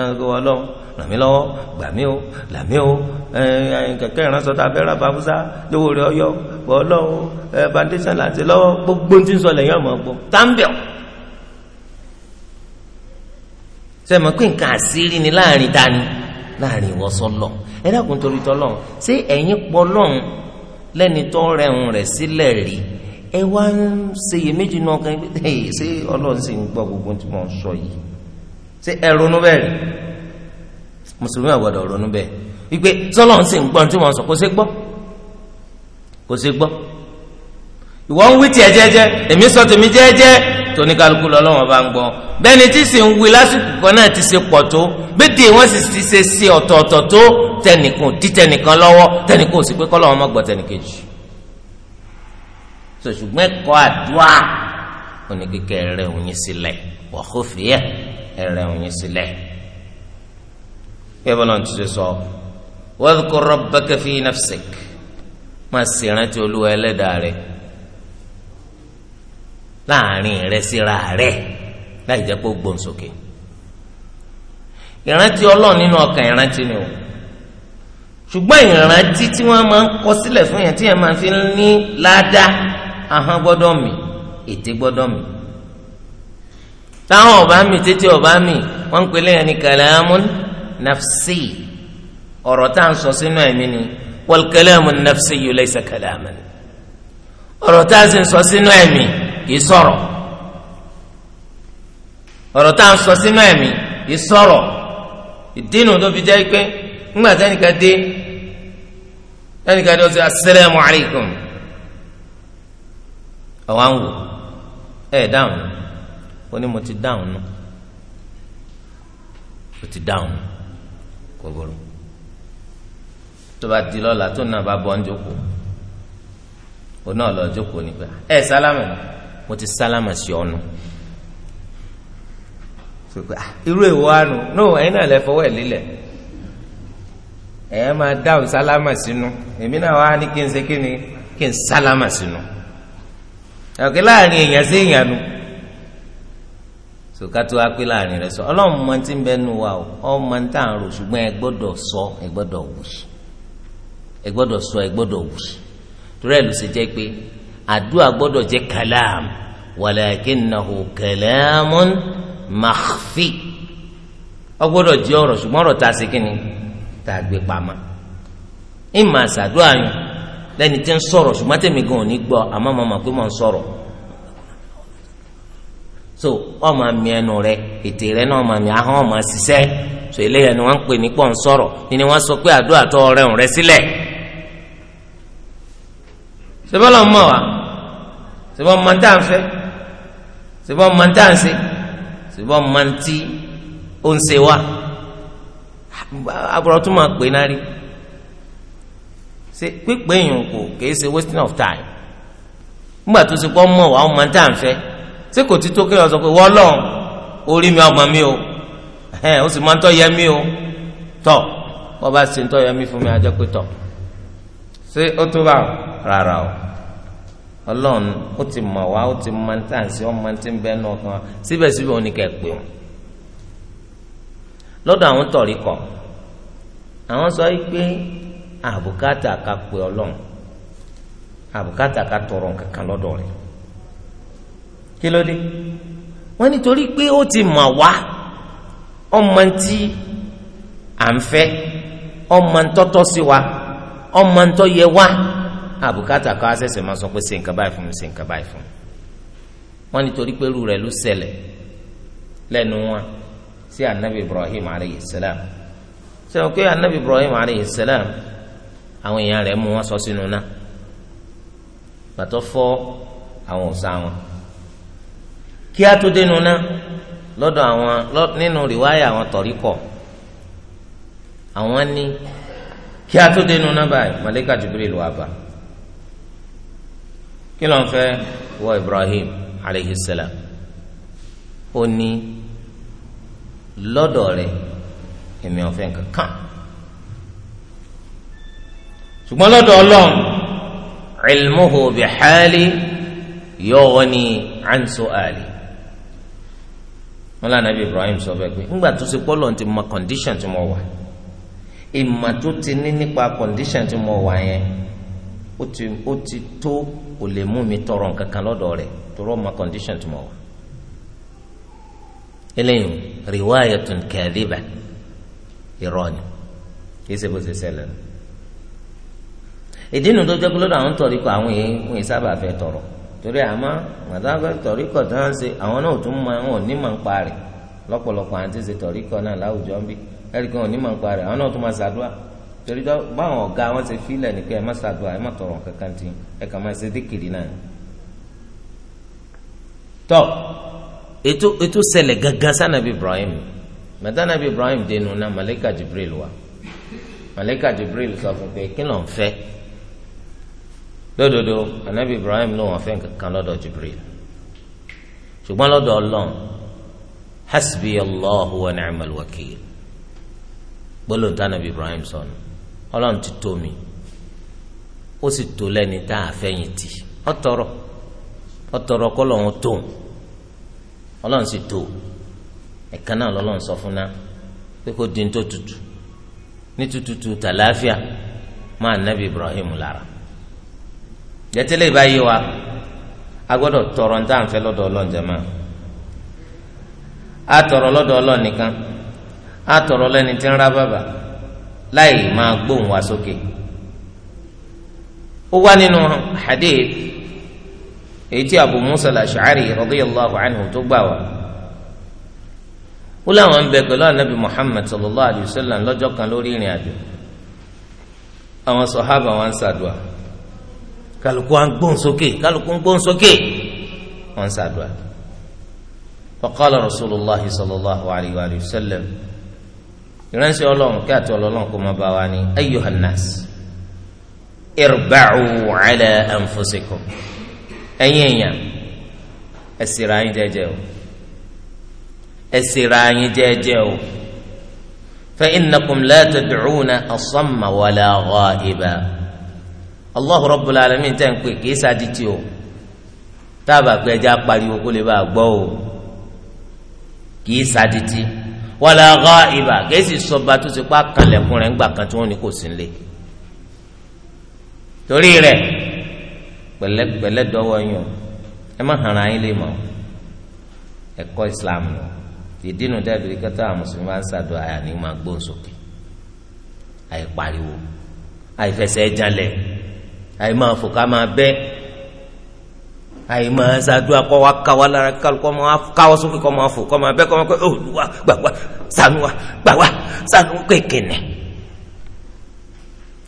ẹ̀wọ̀n kò wọ́n lọ́wọ́ ràn mí lọ́wọ́ gbà mí o là mí o kẹ̀kẹ́ ìránṣọ tá a fẹ́ ra babusa lówó rẹ̀ ọyọ́ wọ́ lọ́wọ́ ẹ̀ bandation láti lọ́wọ́ gbogbo tí ń sọ lẹ́yìn ọmọ gbọ́ táǹbẹ̀ọ́ sẹ́mi pé nǹkan àṣírí ni láàrin dání láàrin ìwọ́sọ́ lọ ẹ̀dá kò ń torí tọ́lọ́ ṣé ẹ̀yin pọ́ lọ́hùn lẹ́ni tó ń rẹ̀hùn rẹ̀ sílẹ̀ rí ẹ wá ń ṣeyèméjì náà kan ẹ ṣé ọlọ́run sì ń gbọ́ gbogbo tí mo ń sọ yìí ṣé ẹ ronú bẹ́ẹ̀ rí mùsùlùmí àgbàdo ronú bẹ́ẹ̀ wípé sọlọ́run sì ń gbọ́ tí mo ń sọ kò ṣe gbọ́ kò ṣe gbọ́ ìwọ ń wí tiẹ̀ jẹ́jẹ́ èmi sọ tèmi jẹ́jẹ́ tóníkàlùkù lọ́lọ́wọ́n bá ń gbọ́ bẹ́ẹ̀ni tí sì ń wí lásìkò kan náà ti ṣe pọ̀ tó bédè wọ́n sì ti ṣe ṣe ọ̀tọ̀ọ̀tọ̀ tó tẹnìkan dí tẹnìkan lọ́wọ́ tẹnìkan ò sì pé kọ́lọ́wọ́n má gbọ́ tẹnìkejì so ṣùgbọ́n ẹ̀kọ́ àdúrà oníkíkẹ́ ẹ̀rẹ́ òyìn sílẹ̀ wọ́n ẹ̀rẹ́ òyìn sílẹ̀ kí ẹ ti ṣe sọ wadhkur rabbaka fi nafsik máa ṣèrántí olúwa ẹlẹ́dàá rẹ̀ láàrin rẹ síra rẹ láì jẹ́ pé ó gbóhùn sókè ìrántí ọlọ́run nínú ọkàn ìrántí ni o ṣùgbọ́n ìrántí tí wọ́n máa ń kọ sílẹ̀ fún yẹn tí yẹn máa fi ń ní ládàá ahọ́n gbọ́dọ̀ mì ètè gbọ́dọ̀ mì táwọn ọba mi tètè ọba mi wọ́n ń pè lẹ́yìn ní kàlámù nàfsì ọ̀rọ̀ tá à ń sọ sínú ẹ̀mí ni wal kàlámù nàfsì yìí laysa kàlámù ni. ọ̀rọ̀ tá a sì ń sọ sínú ẹ̀mí kì í sọ̀rọ̀ ọ̀rọ̀ tá a ń sọ sínú ẹ̀mí kì í sọ̀rọ̀ ìdínú tó fi jẹ́ pé ńgbà tẹ́nìkan dé dé ó ọ̀wá ń wò ẹ̀ dáhùn ó ní mo ona lọ jókòó nígbà ẹ sálámà mo ti sálámà sí ọnu ah, irú èwo àánú no ẹ̀yin náà lẹ fọwọ́ ẹ̀ lílẹ̀ ẹ máa dáhùn sálámà sínú èmi náà wá ní kí n ṣe ni kí n sálámà sínú ọ̀kẹ́ láàrin èèyàn sí èèyàn nu sòkàtò apẹ́ láàrin rẹ sọ ọlọ́run mọ ti ń bẹ nu wa o ọmọ máa ń tà ń rò ẹ sọ ẹ gbọ́dọ̀ wù ẹ sọ ẹ gbọ́dọ̀ wù sí. torí ẹ̀ ló ṣe jẹ́ pé àdúrà gbọ́dọ̀ kalam kàlám wàlàkínnahu kàlámùn màfi ó gbọ́dọ̀ jẹ́ ọ̀rọ̀ ṣùgbọ́n ọ̀rọ̀ tá ṣe kí ni gbé pamọ́ ìmọ̀ àṣàdúrà yìí lẹ́ni tí ń sọ̀rọ̀ ṣùgbọ́n tèmi gan ní gbọ́ àmọ́ màmá pé ń sọ̀rọ̀ so ọmọ mi ẹnu rẹ ètè rẹ náà mi ahọ́n so ni wọ́n ń pè ní pọ̀ ń sọ̀rọ̀ ni wọ́n sọ pé sèbọ́lọ̀ mọ̀ wá sèbọ́ mọ̀ tá à ń fẹ́ sèbọ́ mọ̀ tá à ń ṣe sèbọ́ mọ̀ tí ó ń ṣe wá agbọ̀rọ̀ tún máa pè náà wasting of time nígbà tó ṣe pọ́ mọ̀ wá ọmọ tá à ń fẹ́ ṣé kò ti tó kéèyàn sọ pé wọ́n lọ́n orí mi ọmọ mi o ó sì máa ń tọ́ yẹ mí o tọ́ bọ́ bá ṣe ń tọ́ yẹ fún mi àjẹpẹ́ tọ́ ṣé ó tó báwọn rárá o ọlọ́run ó ti mọ̀ wá ó ti mọ níta sí ọmọ tí ń bẹ́ nù ọkàn síbẹ̀síbẹ̀ ó ní kẹ́ ẹ pè wọ́n lọ́dọ̀ àwọn tọ̀rí kọ̀ àwọn sọ pé àbùkátà ká pè ọlọ́run àbùkátà ká tọrọ kankan lọ́dọ̀ rẹ̀ kí ló dé wọ́n nítorí pé ó ti mọ̀ wá ọmọ tí à ń fẹ́ ọmọ ń tọ́tọ́ sí wa ọmọ ń tọ́ yẹ wá àbùkátà kan àṣẹ̀ṣẹ̀ máa sọ pé ṣe nǹkan báyìí fún mi ṣe nǹkan báyìí fún mi wọ́n ní torí pé irú rẹ̀ ló ṣẹlẹ̀ lẹ́nu wọn sí anabi ibrahim aleyhi salam sẹ́wọ́n pé anabi ibrahim aleyhi salam àwọn èèyàn rẹ̀ mú wọn sọ sínú náà gbàtọ́ fọ́ àwọn òòṣà wọn kí a tó dénú náà lọ́dọ̀ àwọn nínú rìwáyà àwọn tọ̀rí kọ̀ àwọn ní kí a tó dénú náà báyìí màlẹ́kà Jibril wá bá kí ló ń fẹ́ wọ Ibrahim alayhi salam ó ní lọ́dọ̀ rẹ̀ èmi ò fẹ́ nǹkan kan ṣùgbọ́n lọ́dọ̀ Ọlọ́run ilmuhu bi hali yughni an su'ali wọn lànà bí Ibrahim sọ bẹ́ẹ̀ pé ńgbà tó ṣe pọlọ ti mọ kọndíṣàn tí mo wà ìmọ̀ tó ti ní nípa kọndíṣàn tí mo wà yẹn ó ti tó o lè mú mi tọrọ nǹkan kan lọ́dọ̀ rẹ̀ ma condition tí o. wà eléyìí riwayatun kadhiba irọ́ ni kì í ṣe bó ṣe ṣẹlẹ̀ nù ìdí nu tó jẹ́ pé lọ́dọ̀ àwọn àwọn èèyàn wọn sábà fẹ́ tọrọ torí àmọ́ àtàwọn tọ̀rí kọ tí ń ṣe àwọn náà tún mọ torí báwọn ọ̀gá wọn ṣe fílẹ̀ ní pé ẹ má ṣàdúrà ẹ má tọrọ kankan tí ẹ kàn máa ṣe díkìrì náà ni. tọ́ ètò ètò ṣẹlẹ̀ gangan sànàbí Ibrahim mẹtànàbí Ibrahim dénú náà Malaika Jibril wá Malaika Jibril sọ fún pé kí ló ń fẹ́ lódodo anabi Ibrahim ló wọn fẹ́ kankan lọ́dọ̀ Jibril ṣùgbọ́n lọ́dọ̀ Ọlọ́run hasbi Allahu wa ni'mal wakil gbólóńtà nàbí Ibrahim sọnù. So ọlọ́run ti tó mi ó sì tó lẹ́ni tá a fẹ̀yìn tì ọ̀tọ̀rọ̀ ọ̀tọ̀rọ̀ kọ́ lọ́run tó ọlọ́run sì tó ẹ̀ka náà lọ́lọ́run sọ fún náà pé kó di tó tutù ní tututu tàlàáfíà máa nábì Ibrahim lára wa a tọrọ ní táǹfẹ́ a nìkan a tí ń láì máa gbóhùn wá sókè ó wá nínú hadith èyí tí abu musa al-ash'ari radiyallahu anhu tó gbà wá ó láwọn ń bẹ pẹ̀lú anabi muhammad sallallahu alayhi wa sallam lọ́jọ́ kan lórí ìrìn àjò àwọn sọ̀hábà wọn ń ṣàdùà kálukú wọn gbóhùn sókè kálukú ń gbóhùn sókè wọn ń ṣàdùà faqala rasulillah sallallahu alayhi wa sallam ìránṣẹ́ ọlọ́run kí àti ọlọ́run kò máa bá wa ní ayyuhannas irba'u ala anfusikum ẹ̀yin èèyàn ẹ sèrè ayin jẹ́jẹ́ o ẹ sèrè ayin jẹ́jẹ́ o fa innakum la tad'una asamma wala ghaiba allahu rabbul alamin tẹ́ ń pè kì í sadìtì o táàbà pé ẹja pariwo kó lè bá gbọ́ o kì í sadìtì. wàlà ghaiba ịba sọba tó ti pa kalẹ̀kùn rẹ̀ ńgbà kan tí wọ́n ní kò sí nílé torí rẹ̀ pẹ̀lẹ́pẹ̀lẹ́ dọ́wọ́ yín ẹ má hàn ayín lè mọ̀ ẹ̀kọ́ Islam lọ ìdínú dábìrì kẹta àwọn mùsùlùmí máa ń ṣàdó àyà ní máa gbóhùn sókè jalẹ̀ fò ká máa àyèmọ ṣàdúrà kọ wa káwa lára kálukọ ọmọ wa káwọ sókè kọ ọmọ afọ kọ ọmọ abẹ kọ ọmọ kọ olùwà gbàgbà sànúwà gbàgbà sànúwà kékeré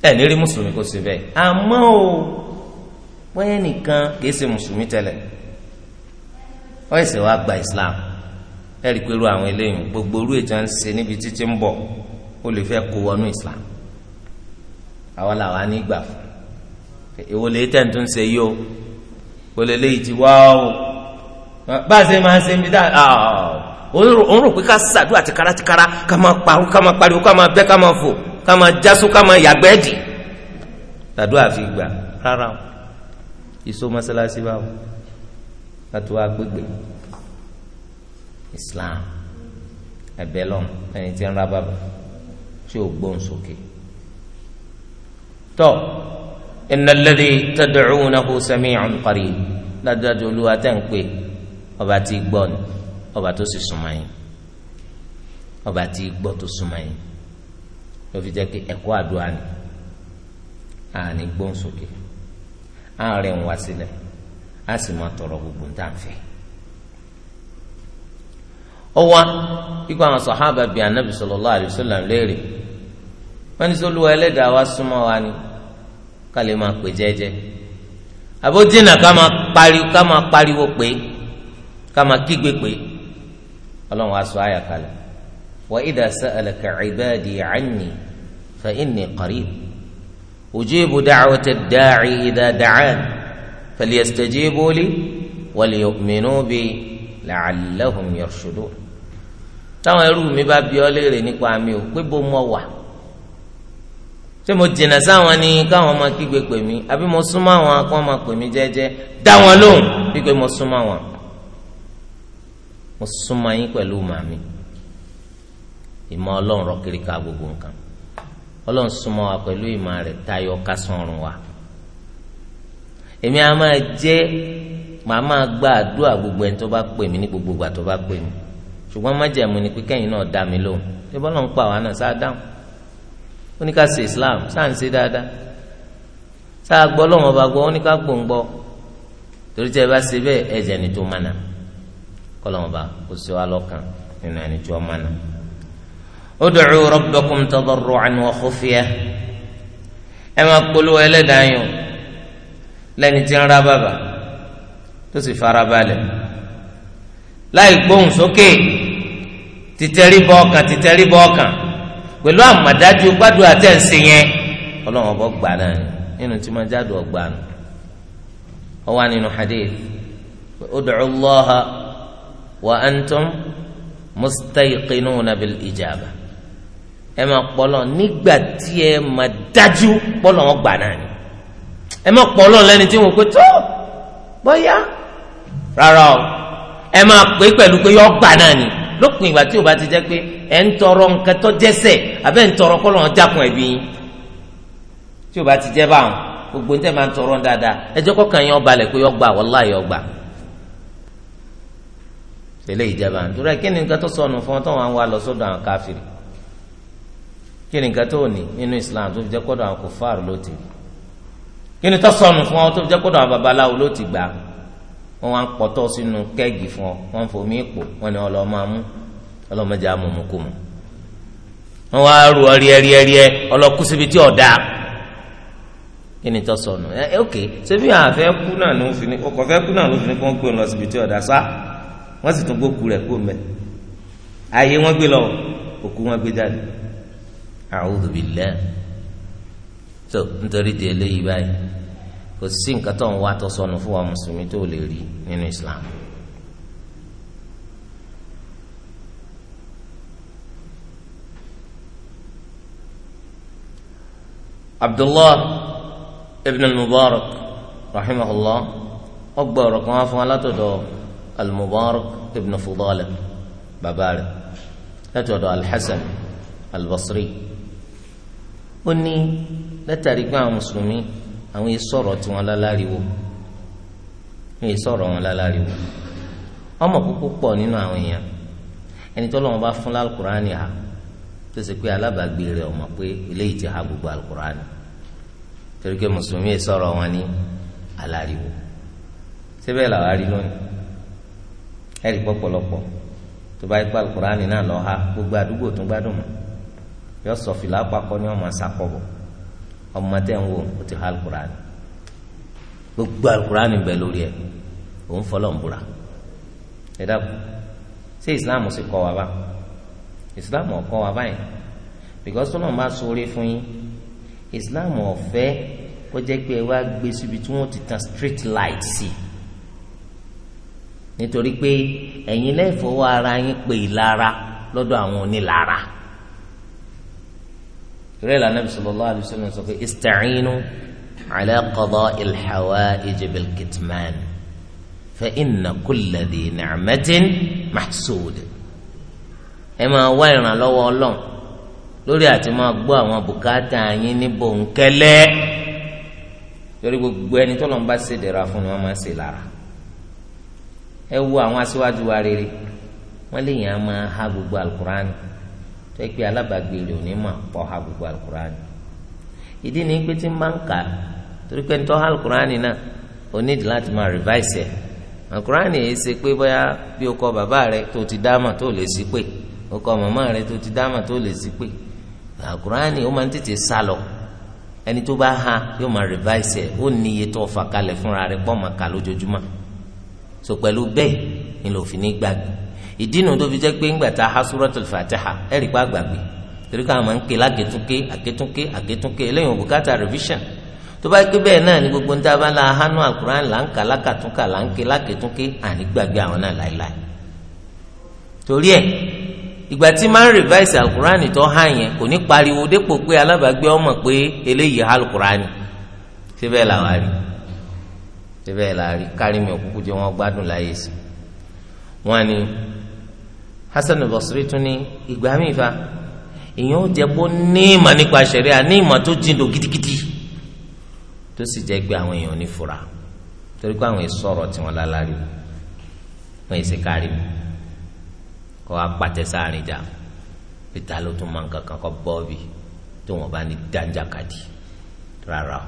ẹ ní rí mùsùlùmí kò sí bẹ́ẹ̀ àmọ́ o bóyá nìkan kìí ṣe mùsùlùmí tẹ́lẹ̀ ó ẹsẹ wa gba islam ẹ rí i pé irú àwọn eléyìí gbogbo orú ètò ń ṣe níbi títí ń bọ̀ ó lè fẹ́ kó wọnú islam àwọn làwọn á ní gbà fún ìwọlé tẹ̀ ń tún ṣe yìí o kò lè léyìí ti wá o bá a ṣe máa ṣe ń bi dá òun rò pé ká ṣàdúrà tìkára tìkára ká máa pariwo ká máa pariwo ká máa bẹ́ ká máa fò ká máa jásó ká máa yàgbẹ́ dì ṣàdúrà fi gbà rárá o ìṣó mọ́ṣáláṣí bá o láti wá gbégbé Islam ẹ̀bẹ̀ lọ́n ẹni tí ń ra bàbà tí ò gbóhùn sókè tọ́ innal ladhi tad'unahu sami'un qarib dájúdájú olúwa tẹ̀ ń pè ọba tí gbọ́ ni ọba tó sì súnmọ́ yín ọba tí gbọ́ tó súnmọ́ yín ló fi jẹ́ pé ẹ̀kọ́ àdúrà ni àní gbóhùn sókè àárẹ̀ ń wá sílẹ̀ a sì máa tọrọ gbogbo ń tàǹfẹ̀. ó wá ikú àwọn sàhábà bíi anábì sallallahu alaihi wasallam léèrè wọ́n ní sọ́lúwa ẹlẹ́dàá wa súnmọ́ ni ká lè máa pè jẹ́jẹ́ àbó dínà ká máa pariwo ká máa pariwo pé ká máa kígbe pé ọlọ́run aṣọ àyà kalẹ̀ wa idha sa'alaka ibadi anni fa inni qarib ujibu da'wata ad-da'i idha da'an falyastajibu li waliyu'minu bi la'allahum yarshudun táwọn ẹrú mi bá bi ọ́ léèrè nípa mi ò pé bó mọ wà. ṣé mo jìnnà sáwọn ni káwọn máa kígbe pè mí àbí mo súnmọ́ àwọn kó máa pè mí jẹ́jẹ́ dá wọn lóhùn wípé mo súnmọ́ wọn mo súnmọ́ yín pẹ̀lú màmí ìmọ̀ ọlọ́run rọ ká gbogbo nǹkan ọlọ́run súnmọ́ wa pẹ̀lú ìmọ̀ rẹ̀ tayọ kásán ọ̀run wa èmi a máa jẹ́ màá máa àdúrà gbogbo ẹni bá pè ní gbogbo ìgbà tó bá pè mí ṣùgbọ́n májẹ̀mú ni pé kẹ́yìn náà dá mi lóhùn ṣé bọ́lá ń pa oníkà ṣe islam sáà ń ṣe dáadáa sáà gbọ́ lọ́wọ́n bá gbọ́ oníkà gbòǹgbọ́ torí tẹ́ ẹ bá ṣe bẹ́ẹ̀ ẹ̀jẹ̀ ni tó mánà kọ́lọ́wọ́n bá kó ṣe wá lọ́kàn nínú ẹni tó mánà. ud'u rabbakum tadarru'an wa khufyah ẹ máa polówó ẹlẹ́dàá yín lẹ́ni tí ń ra bàbà tó sì fara balẹ̀ láì gbóhùn sókè títẹríbọ ọkàn títẹríbọ ọkàn pẹ̀lú àmàdájú gbádùn àtẹ̀sí yẹn ọlọ́run ọba gbà náà nínú tí wọ́n jáde ọgbà nù ọ wà nínú hadith ud'u Allaha wa antum mustayqinuna bil ijaba ẹ máa pọlọ nígbà tí ẹ máa dájú pọlọ ọgbà náà ni ẹ máa pọlọ lẹni tí wọn kò tó bóyá rárá ẹ máa pè pẹ̀lú pé ọgbà náà ni lópin ìgbà tí o bá ti jẹ́ pé ẹ̀ ń tọrọ nǹkan tó jẹ́sẹ̀ àbẹ́ ń tọrọ kọ́ lọ́n jákun ẹ̀bí yín tí o bá ti jẹ́ báwọn gbogbo níta máa ń tọrọ dáadáa ẹ jẹ́ kọ́kàn yín ọba lẹ̀ pé ọgbà wallahi ọgbà tẹ̀lé ìjẹba nítorí kí ni nǹkan tó sọnù fún ọ tó wọn wá lọ sọ́dọ̀ àwọn káfíìrì kí ni nǹkan tó ní nínú Islam tó fi jẹ́ kọ́dọ̀ àwọn kòfáàrù ló ti rí kí ni tó sọnù fún ọ tó fi jẹ́ kọ́dọ̀ àwọn babaláwo ló ti gbà á wọn wá ń pọtọ sínú kẹgì fún ọ wọn fomi ipò wọn ni ọlọmọ amú ọlọmọdé amọmọkùmọ wọn wá rú ọ ríẹríẹríẹ ọlọkú síbi tí ọdá kí ni tó sọnù ẹ ẹ ok àwọn àfẹ kú náà ló fi ọkọ fẹ kú náà ló fi rẹ kó mẹ wọn gbé lọ òkú wọn gbé so nítorí di eléyìí kò sí nǹkan tó ń wá tó sọnù fún wa mùsùlùmí tó lè rí nínú islam. abdullah ibn al-mubarak rahimahullah ọgbà ọ̀rọ̀ kan wá fún wa látọ̀dọ̀ al-mubarak ibn fudala bàbá látọ̀dọ̀ al-hasan al-basri ó ní látàrí pé àwọn mùsùlùmí. àwọn ìsọ̀rọ̀ tí wọ́n láláriwo wọn láláriwo ọmọ púpọ̀ pọ̀ nínú àwọn èèyàn ẹni tó lọ́wọ́ bá fún lálùkùránì ha tó ṣe pé alábàágbé rẹ̀ ọmọ pé eléyìí ha gbogbo alùkùránì torí pé mùsùlùmí wọn ní síbẹ̀ ha gbogbo àdúgbò tó gbádùn mọ́ yọ ọmọ tẹ́ ń wò ó ti ha alukurani gbogbo alukurani bẹ lórí ẹ òun fọlọ́ ń búra ẹ dákun ṣé islam sì kọ́ wa bá islam ò kọ́ wa báyìí because tó náà bá sóore fún yín islam ò fẹ́ kó jẹ́ pé ẹ wá gbé síbi tí wọ́n ti tan street light sí nítorí pé ẹ̀yin lẹ́fọ̀ọ́ ara yín pé ìlara lọ́dọ̀ àwọn onílara torí ẹ̀la nàbì sallallahu alaihi wasallam sọ pé ista'inu ala qada'il hawa'ij bil kitman fa inna kulla dhi ni'matin mahsud ẹ máa wá ìrànlọ́wọ́ ọlọ́run lórí àti máa gbọ́ àwọn bùkátà yín ní bòńkẹ́lẹ́ torí gbogbo ẹni tó lọ́n bá ṣe dẹ̀ra fún wọn máa ṣe lára ẹ wo àwọn aṣíwájú wa rere wọ́n lè yàn án máa há gbogbo alukur'ani tó yẹ pé alábàágbé ha gbogbo alukurani ìdí ni pé ti ń bá ń kà torí pé ń alukurani náà o need láti ẹ̀ alukurani yìí ṣe pé bóyá bí o kọ bàbá rẹ tó ti dáàmà tó lè sí pé o kọ màmá rẹ tó ti dáàmà tó lè sí pé alukurani o máa ń tètè sá lọ ẹni tó bá ha yóò ma rìváìsì ẹ̀ ó ní iye tó fà kalẹ̀ fúnra pọ̀ ma kà lójoojúmọ́ so pẹ̀lú bẹ́ẹ̀ ni lòfin ní ìdínà tó fi jẹ́ pé ńgbà tá a há suratul fatiha ẹ̀rí pa àgbàgbé torí káwọn máa ń ké lágétúnké àgétúnké àgétúnké eléyìí òbúkátà revision tó bá gbé bẹ́ẹ̀ náà ni gbogbo níta bá la hánú àkùrán là ń kà lákàtúnkà là ń ké lágétúnké àní gbàgbé àwọn náà láéláé torí ẹ̀ ìgbà tí máa ń revise alukurani tó há yẹn kò ní pariwo dépò pé alábàágbé ọmọ pé eléyìí há síbẹ̀ là wá rí síbẹ̀ là rí kárí mi òkúkú jẹ́ wọ́n gbádùn láyé sí wọ́n ní hasan al-basri tún ní ìgbà míì fa ìyẹn ó jẹ kó ní ìmọ̀ nípa ṣẹ̀ríà ní ìmọ̀ tó jìndò gidigidi tó sì jẹ́ pé àwọn èèyàn ní fura torí pé àwọn èso ọ̀rọ̀ tí wọ́n lálárí wọ́n èsì kárí mu kọ́ apàtẹ sáàrin jà pété ló tún máa ń kankan kọ́ bọ́ọ̀bì tó wọ́n bá ní dáńjàkadì rárá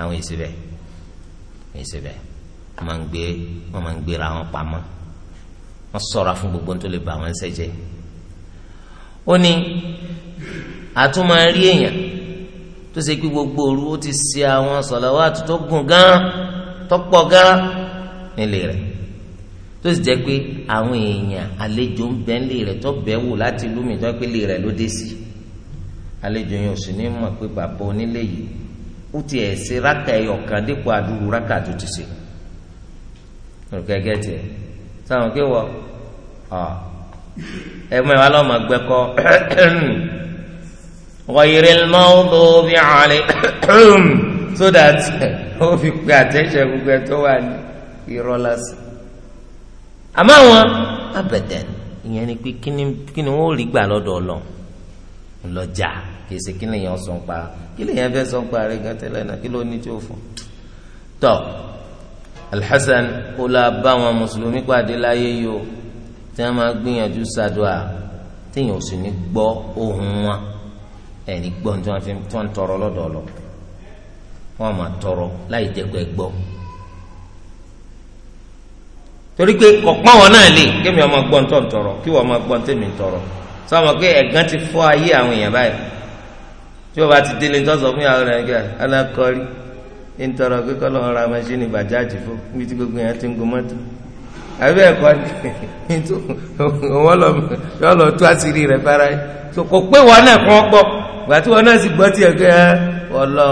àwọn èsì bẹ́ẹ̀ èsì bẹ́ẹ̀ wọ́n máa ń gbé wọ́n máa ń gbéra wọn pamọ́ wọ́n ṣọ́ra fún gbogbo tó lè ba àwọn ẹsẹ̀ jẹ́ ó ní àtúmọ̀ rí èèyàn tó ṣe pé gbogbo òru ó ti ṣe àwọn sọ̀làwátù tó gùn gan tó pọ̀ gan nílé rẹ̀ tó sì jẹ́ pé àwọn èèyàn àlejò ń bẹ nílé rẹ̀ tó bẹ̀ wò láti ìlú mi tó pé lè rẹ̀ ló dé sí àlejò yẹn ò sì ní mọ̀ pé bàbá onílé yìí ó ti ẹ̀ ṣe rákà ẹ̀yọ̀ kan dípò àdúrú rákà tó ti ṣe. olùkẹ́gẹ́ tiẹ̀ sáwọn kí wọ ẹgbẹ́ wa lọ́ọ́ máa gbẹ́kọ́ wọ́yẹ̀rẹ̀ mọ́tò fi hàn so that [LAUGHS] ó fi pe àtẹ̀sẹ̀ gbogbo ẹ̀ tó wà ní irọ́ lásán àmọ́ àwọn abẹ̀dẹ̀ ìyẹn ni pé kí ni wọ́n rí gbà lọ́dọ̀ ọlọ́run lọ́jà kì kí lèèyàn sọ̀ ń pa kí lèèyàn fẹ́ sọ̀ rẹ̀ gàtẹ́lẹ̀ náà kí ló ní tí ó fún tọ́ alḥasan ó la bá àwọn mùsùlùmí pàdé láyé yìí o tí wọn máa gbìyànjú ṣàdúrà téèyàn ò sì ní gbọ́ ohùn wọn ẹni gbọ́ tí wọn fi tí wọn tọrọ lọ́dọ̀ lọ wọn máa tọrọ láì jẹgbẹ gbọ́ torí pé kọ̀pọ̀ wọn náà lè kémi ọmọ gbọ́n tó ń tọrọ kí wọn ọmọ gbọ́n tèmi ń tọrọ sọ pé ẹ̀gán ti fọ́ ayé àwọn èèyàn báyìí tí wọn bá ti délé tó sọ fún yàrá rẹ̀ gẹ́gẹ́ alákọ̀ọ́rí ń tọrọ pé kọ́lọ́ ra mẹ́ṣínì bàjáàjì fún bí tí gbogbo yẹn ti ń gun mọ́tò àbí ẹ̀kọ́ ni [LAUGHS] wọ́n lọ yọ lọ tú àṣírí rẹ̀ fara so kò pé wọn náà kàn gbọ́ gbà tí wọn náà sì gbọ́ tiẹ̀ pé ẹ ọlọ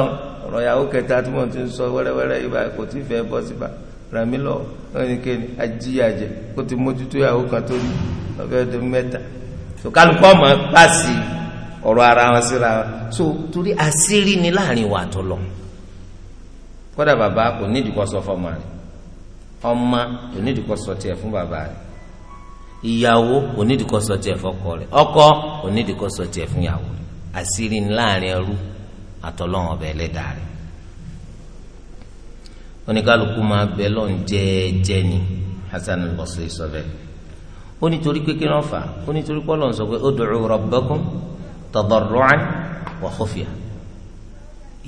ọ̀rọ̀ ìyàwó kẹta tí wọ́n ti ń sọ wẹ́rẹ́wẹ́rẹ́ yìí báyìí kò tí ì fẹ́ bọ́ síbà rami lọ ẹnikẹ́ni ajíyàjẹ kó ti mójútó ìyàwó kan tó ní ọ̀fẹ́ ọdún mẹ́ta so kálukú ọmọ pàṣẹ ọ̀rọ̀ ara wọn síra wọn so torí asiri ni láàrin wa tó lọ kódà bàbá kò nídìí kó sọ fọmọ rẹ̀ ọmọ kò nídìí kó sọ tiẹ̀ fún bàbá rẹ̀ ìyàwó kò nídìí kó sọ tiẹ̀ fọ́kọ rẹ̀ ọkọ kò nídìí kó sọ tiẹ̀ fún ìyàwó rẹ̀ àṣírí ní láàrin ẹrú àtọlọ́run ọbẹ̀ ẹlẹ́dàá rẹ̀ oníkálukú máa bẹ lọ́n jẹ́ẹ́jẹ́ ni Hasan al-Basri sọ bẹ́ẹ̀ ó nítorí pé kí wọ́n fà ó nítorí pé Ọlọ́run sọ pé ud'u rabbakum tadarru'an wa khufya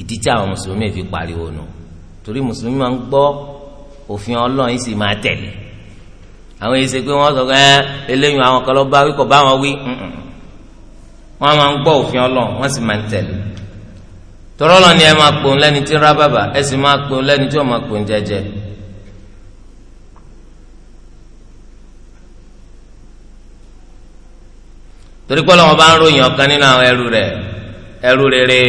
ìdí tí àwọn mùsùlùmí fi pariwo nù. No torí mùsùlùmí máa ń gbọ́ òfin ọlọ́run sì máa tẹ̀lé àwọn èsì pé wọ́n sọ pé eléyìí àwọn kan ló bá wí kò bá wọn wí wọ́n máa ń gbọ́ òfin ọlọ́run wọ́n sì máa ń tẹ̀lé ni ẹ máa pòun lẹ́ni tí ń rá bàbà ẹ sì máa pòun lẹ́ni tí ó máa torí pé bá ń rere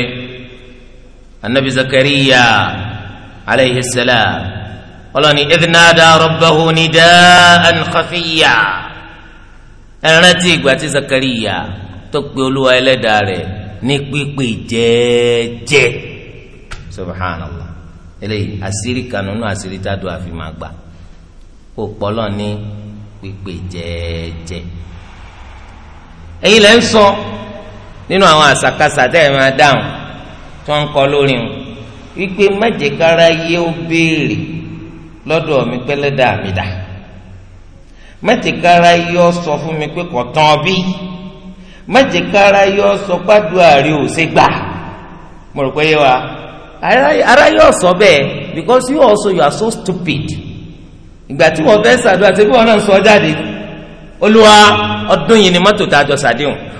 anabi zakariya. aleyhi salam ọlọ́ni idinada rọ́bàhù ni dáa nkàfíyà ẹ̀rántí ìgbà tí zakariya tó pe olúwa ẹlẹ́dàá rẹ̀ ní pípé jẹ́ẹ́jẹ́ subhanallah eléyìí àṣírí kanunu àṣírí tádùn àfi máa gbà kó pọ́lọ́ ní pípé jẹ́ẹ́jẹ́ èyí lẹ́ nínú àwọn àṣàkáṣà tẹ́ ẹ máa dáhùn tí ń kọ lórí wọn wípé májèkára yé ó béèrè lọ́dọ̀ mi pẹ́lẹ́dà mi dà májèkára yé ó sọ fún mi pé kò tán bí májèkára yé ó sọ pàdúrà ò ṣe gbà mo rò pé ara yé ó sọ bẹ́ẹ̀ because you also you are so stupid ìgbà tí wọ́n fẹ́ ṣàdúrà ṣe bí wọ́n náà sọ jáde olúwa ọdún yìí ni tá a jọ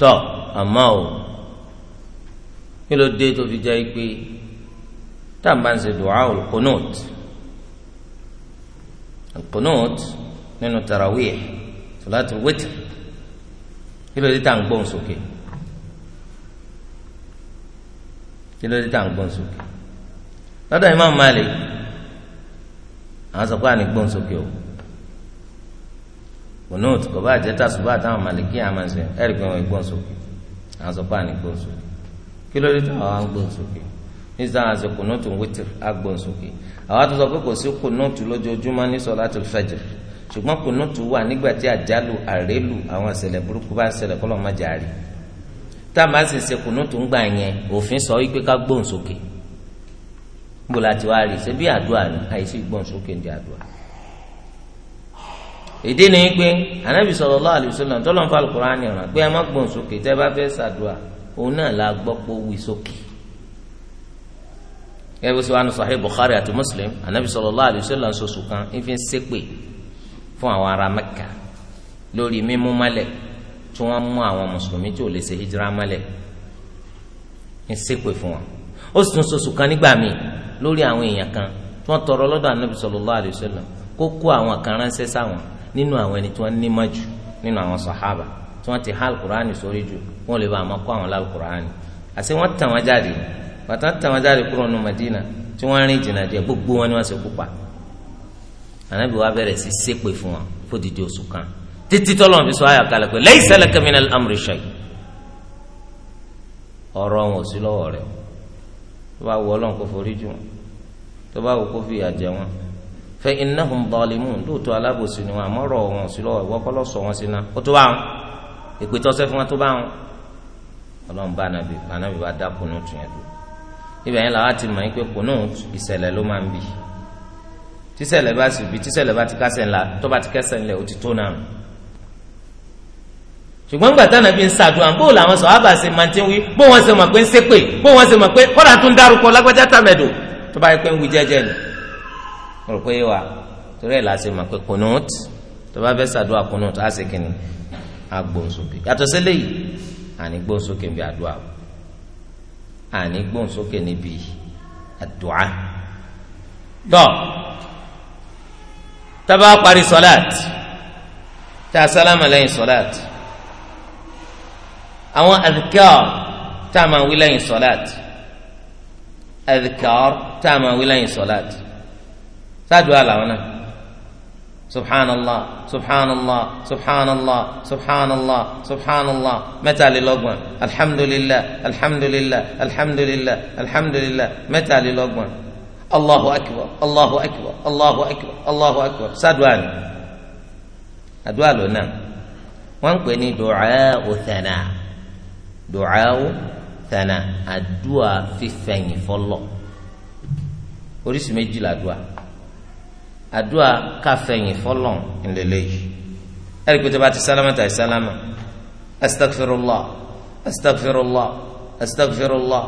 tọ àmọ́ o kí ló dé tó fi jẹ́ pé tá à ń bá ń ṣe dùá al-qunut al-qunut nínú tarawih sọláàtì wẹ́tì kí ló tá à ń gbóhùn sókè kí tá à ń gbóhùn sókè lọ́dọ̀ Imam Malik àwọn sọ pé à sókè o kunut kò bá jẹ́ tàṣùbà táwọn màlìkí àmà ṣe ẹ̀rì pé wọ́n gbọ́n sókè àwọn sọ pé àní gbọ́n sókè kí ló dé táwọn àwọn gbọ́n sókè ní sáwọn àṣẹ kunut wítìr àgbọ̀n sókè àwọn àtúntò pé kò sí kunut lójoojúmọ́ ní sọlátul fajr ṣùgbọ́n kunut wà nígbà tí àjálù àrélù àwọn ìṣẹ̀lẹ̀ burúkú bá ń ṣẹlẹ̀ kọ́lọ́ má jàre tá a máa sì ṣe kunut ń gbà yẹn òfin sọ wípé ká gbọ́n sókè èdè ni pé anabi sallallahu alaihi wasallam tọlọ ń fa alukurani ọ̀ràn pé ẹ má gbọ̀n sókè tẹ́ bá fẹ́ ṣàdúrà òun náà la gbọ́ pé ó wí sókè gẹ́gẹ́ bí sọ́wọ́n Sahih Bukhari àti Muslim anabi sallallahu alaihi wasallam sọ̀sù kan ìfi ń ṣépè fún àwọn ará Mẹ́kà lórí mímú mọ́lẹ̀ tí wọ́n mú àwọn mùsùlùmí tí ò lè ṣe hijira mọ́lẹ̀ ń ṣépè fún wọn ó sì tún sọ̀sù kan nígbà míì lórí àwọn èèyàn kan tí wọ́n tọrọ lọ́dọ̀ anabi sallallahu alaihi wasallam kó kó àwọn kan ránṣẹ́ sáwọn nínú àwọn ẹni tí wọ́n ní má jù nínú àwọn sàhábà tí wọ́n ti há alukur'ani sórí jù wọ́n lè bá àmọ́ kọ́ àwọn alukur'ani àti wọ́n tàn wọ́n jáde bàtà tàn wọ́n jáde kúrò ní Madina tí wọ́n rìn jìnnà díẹ̀ gbogbo wọn ni wọ́n ṣe kú pa ànábì wa bẹ̀rẹ̀ sí ṣépè fún wọn fódìdí oṣù kan títí tọ́lọ́run fi sọ ayà kalẹ̀ pé laysa laka minal amri shay ọ̀rọ̀ wọn ò sí lọ́wọ́ rẹ̀ tó bá wù ọlọ́run kó forí jù wọn tó bá wù kó fìyà jẹ wọn fa innahum zalimun lóòótọ́ alábòsí ni wọn àmọ́rọ̀ wọn sí lọ́wọ́ ìwọ́ kọ́ lọ́sọ̀ wọn sí náà ó tó bá wọn èpè tọ́sẹ́ fún wọn tó bá wọn ọlọ́run bá anabi anabi bá dá kùnú tù yẹn lò ibẹ̀ yẹn làwọn ti mọ̀ yín pé kùnú ìṣẹ̀lẹ̀ ló máa ń bì tíṣẹ̀lẹ̀ bá sì bì tíṣẹ̀lẹ̀ bá ti kásẹ̀ ńlá tó bá ti kẹsẹ̀ ńlẹ̀ ó ti tó náà ṣùgbọ́n gbàtà nàbí ń ṣàdùn àbó làwọn sọ ábà ṣe máa ti wí bó wọn ṣe mọ̀ pé ń ṣépè bó wọn ṣe mọ̀ pé kọ́dà ni mo rò pé yé wa torí ẹ̀ láti mọ̀ pé kunut tó bá fẹ́ sàdúrà kunut á sì kìnnì á gbóhùnsókè yàtọ̀ sílẹ̀ yìí àní gbóhùnsókè níbi àdúrà àní gbóhùnsókè níbi àdúrà tọ́ tábà parí sọ́láàtì tá a sálámà lẹ́yìn sọ́láàtì àwọn adìkẹ́ọ̀ tá a máa wí lẹ́yìn sọ́láàtì adìkẹ́ọ̀ tá a máa wí lẹ́yìn sọ́láàtì sáàdúrà làwọn náà subhanallah subhanallah subhanallah subhanallah subhanallah mẹ́tàlélọ́gbọ̀n alhamdulillah alhamdulillah alhamdulillah alhamdulillah mẹ́tàlélọ́gbọ̀n allahu akbar allahu akbar allahu akbar allahu akbar sáàdúrà ni àdúrà lọ náà wọ́n ń pè ní du'a'u thana du'a'u thana àdúrà fífẹ̀yìn fọlọ́ oríṣi méjì làdúrà. adua káfẹ̀yìn fọlọ́n ńlẹ́lẹ́yìí ẹ̀rí pé tó bá ti sálámà tà sálámà astagfirullah astagfirullah astagfirullah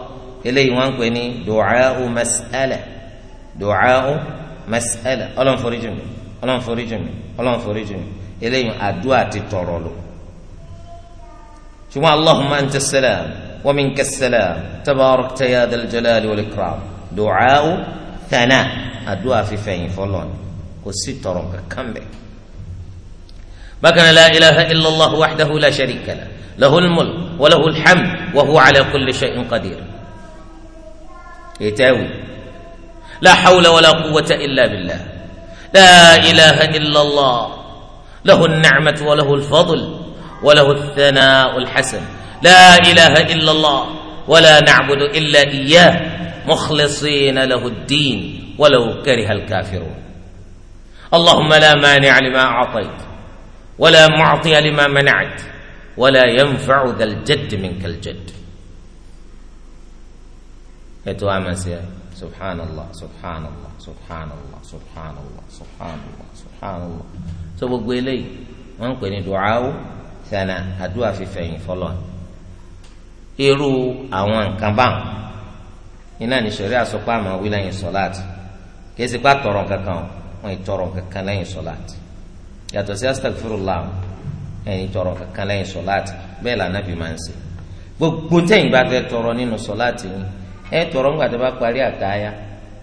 eléyìí wọ́n ń pè ní du'a'u mas'ala du'a'u mas'ala ọlọ́run foríjì mi ọlọ́run foríjì mi ọlọ́run foríjì mi eléyìí adua ti tọrọ lò ṣùgbọ́n allahumma anta salam wa ka salam tabarakta ya dal jalali wal ikram du'a'u thana àdúrà fífẹ̀yìn ni. kò sí ka kan bɛ bákan náà la ilaha illallah wahdahu la sharika la lahul mulk wa lahul hamd wa huwa ala kulli shay in qadir. ètò ẹ̀wù la hawla wala kuwata illa billah la ilaha illallah lahul nacmatu wa lahul fadl wa lahul thanaa ulxasan la ilaha illallah wala nacbudu illa iyah mukhlisin lahu diin walaw kariha alkaafiruun. اللهم لا مانع لما أعطيت ولا معطي لما منعت ولا ينفع ذا الجد منك الجد ètò àmàṣe subhanallah subhanallah subhanallah subhanallah subhanallah subhanallah so gbogbo eléyìí wọn ń pè ní duawu sẹnà àdúrà fífẹ̀yìn fọlọ irú àwọn nǹkan báwọn iná ní sọrí àsopá àmọ́ wílẹyìn sọláàtì kí esi pa tọrọ kankan o wọn ìtọrọ kankan lẹ́yìn sọláàtì yàtọ̀ sí astagfirullah ẹni tọrọ kankan lẹ́yìn sọláàtì bẹ́ẹ̀ lànà bí máa ń ṣe gbogbo tẹ̀yin bá fẹ́ tọrọ nínú sọláàtì yìí ẹ tọrọ ńgbà tó bá parí àtàyà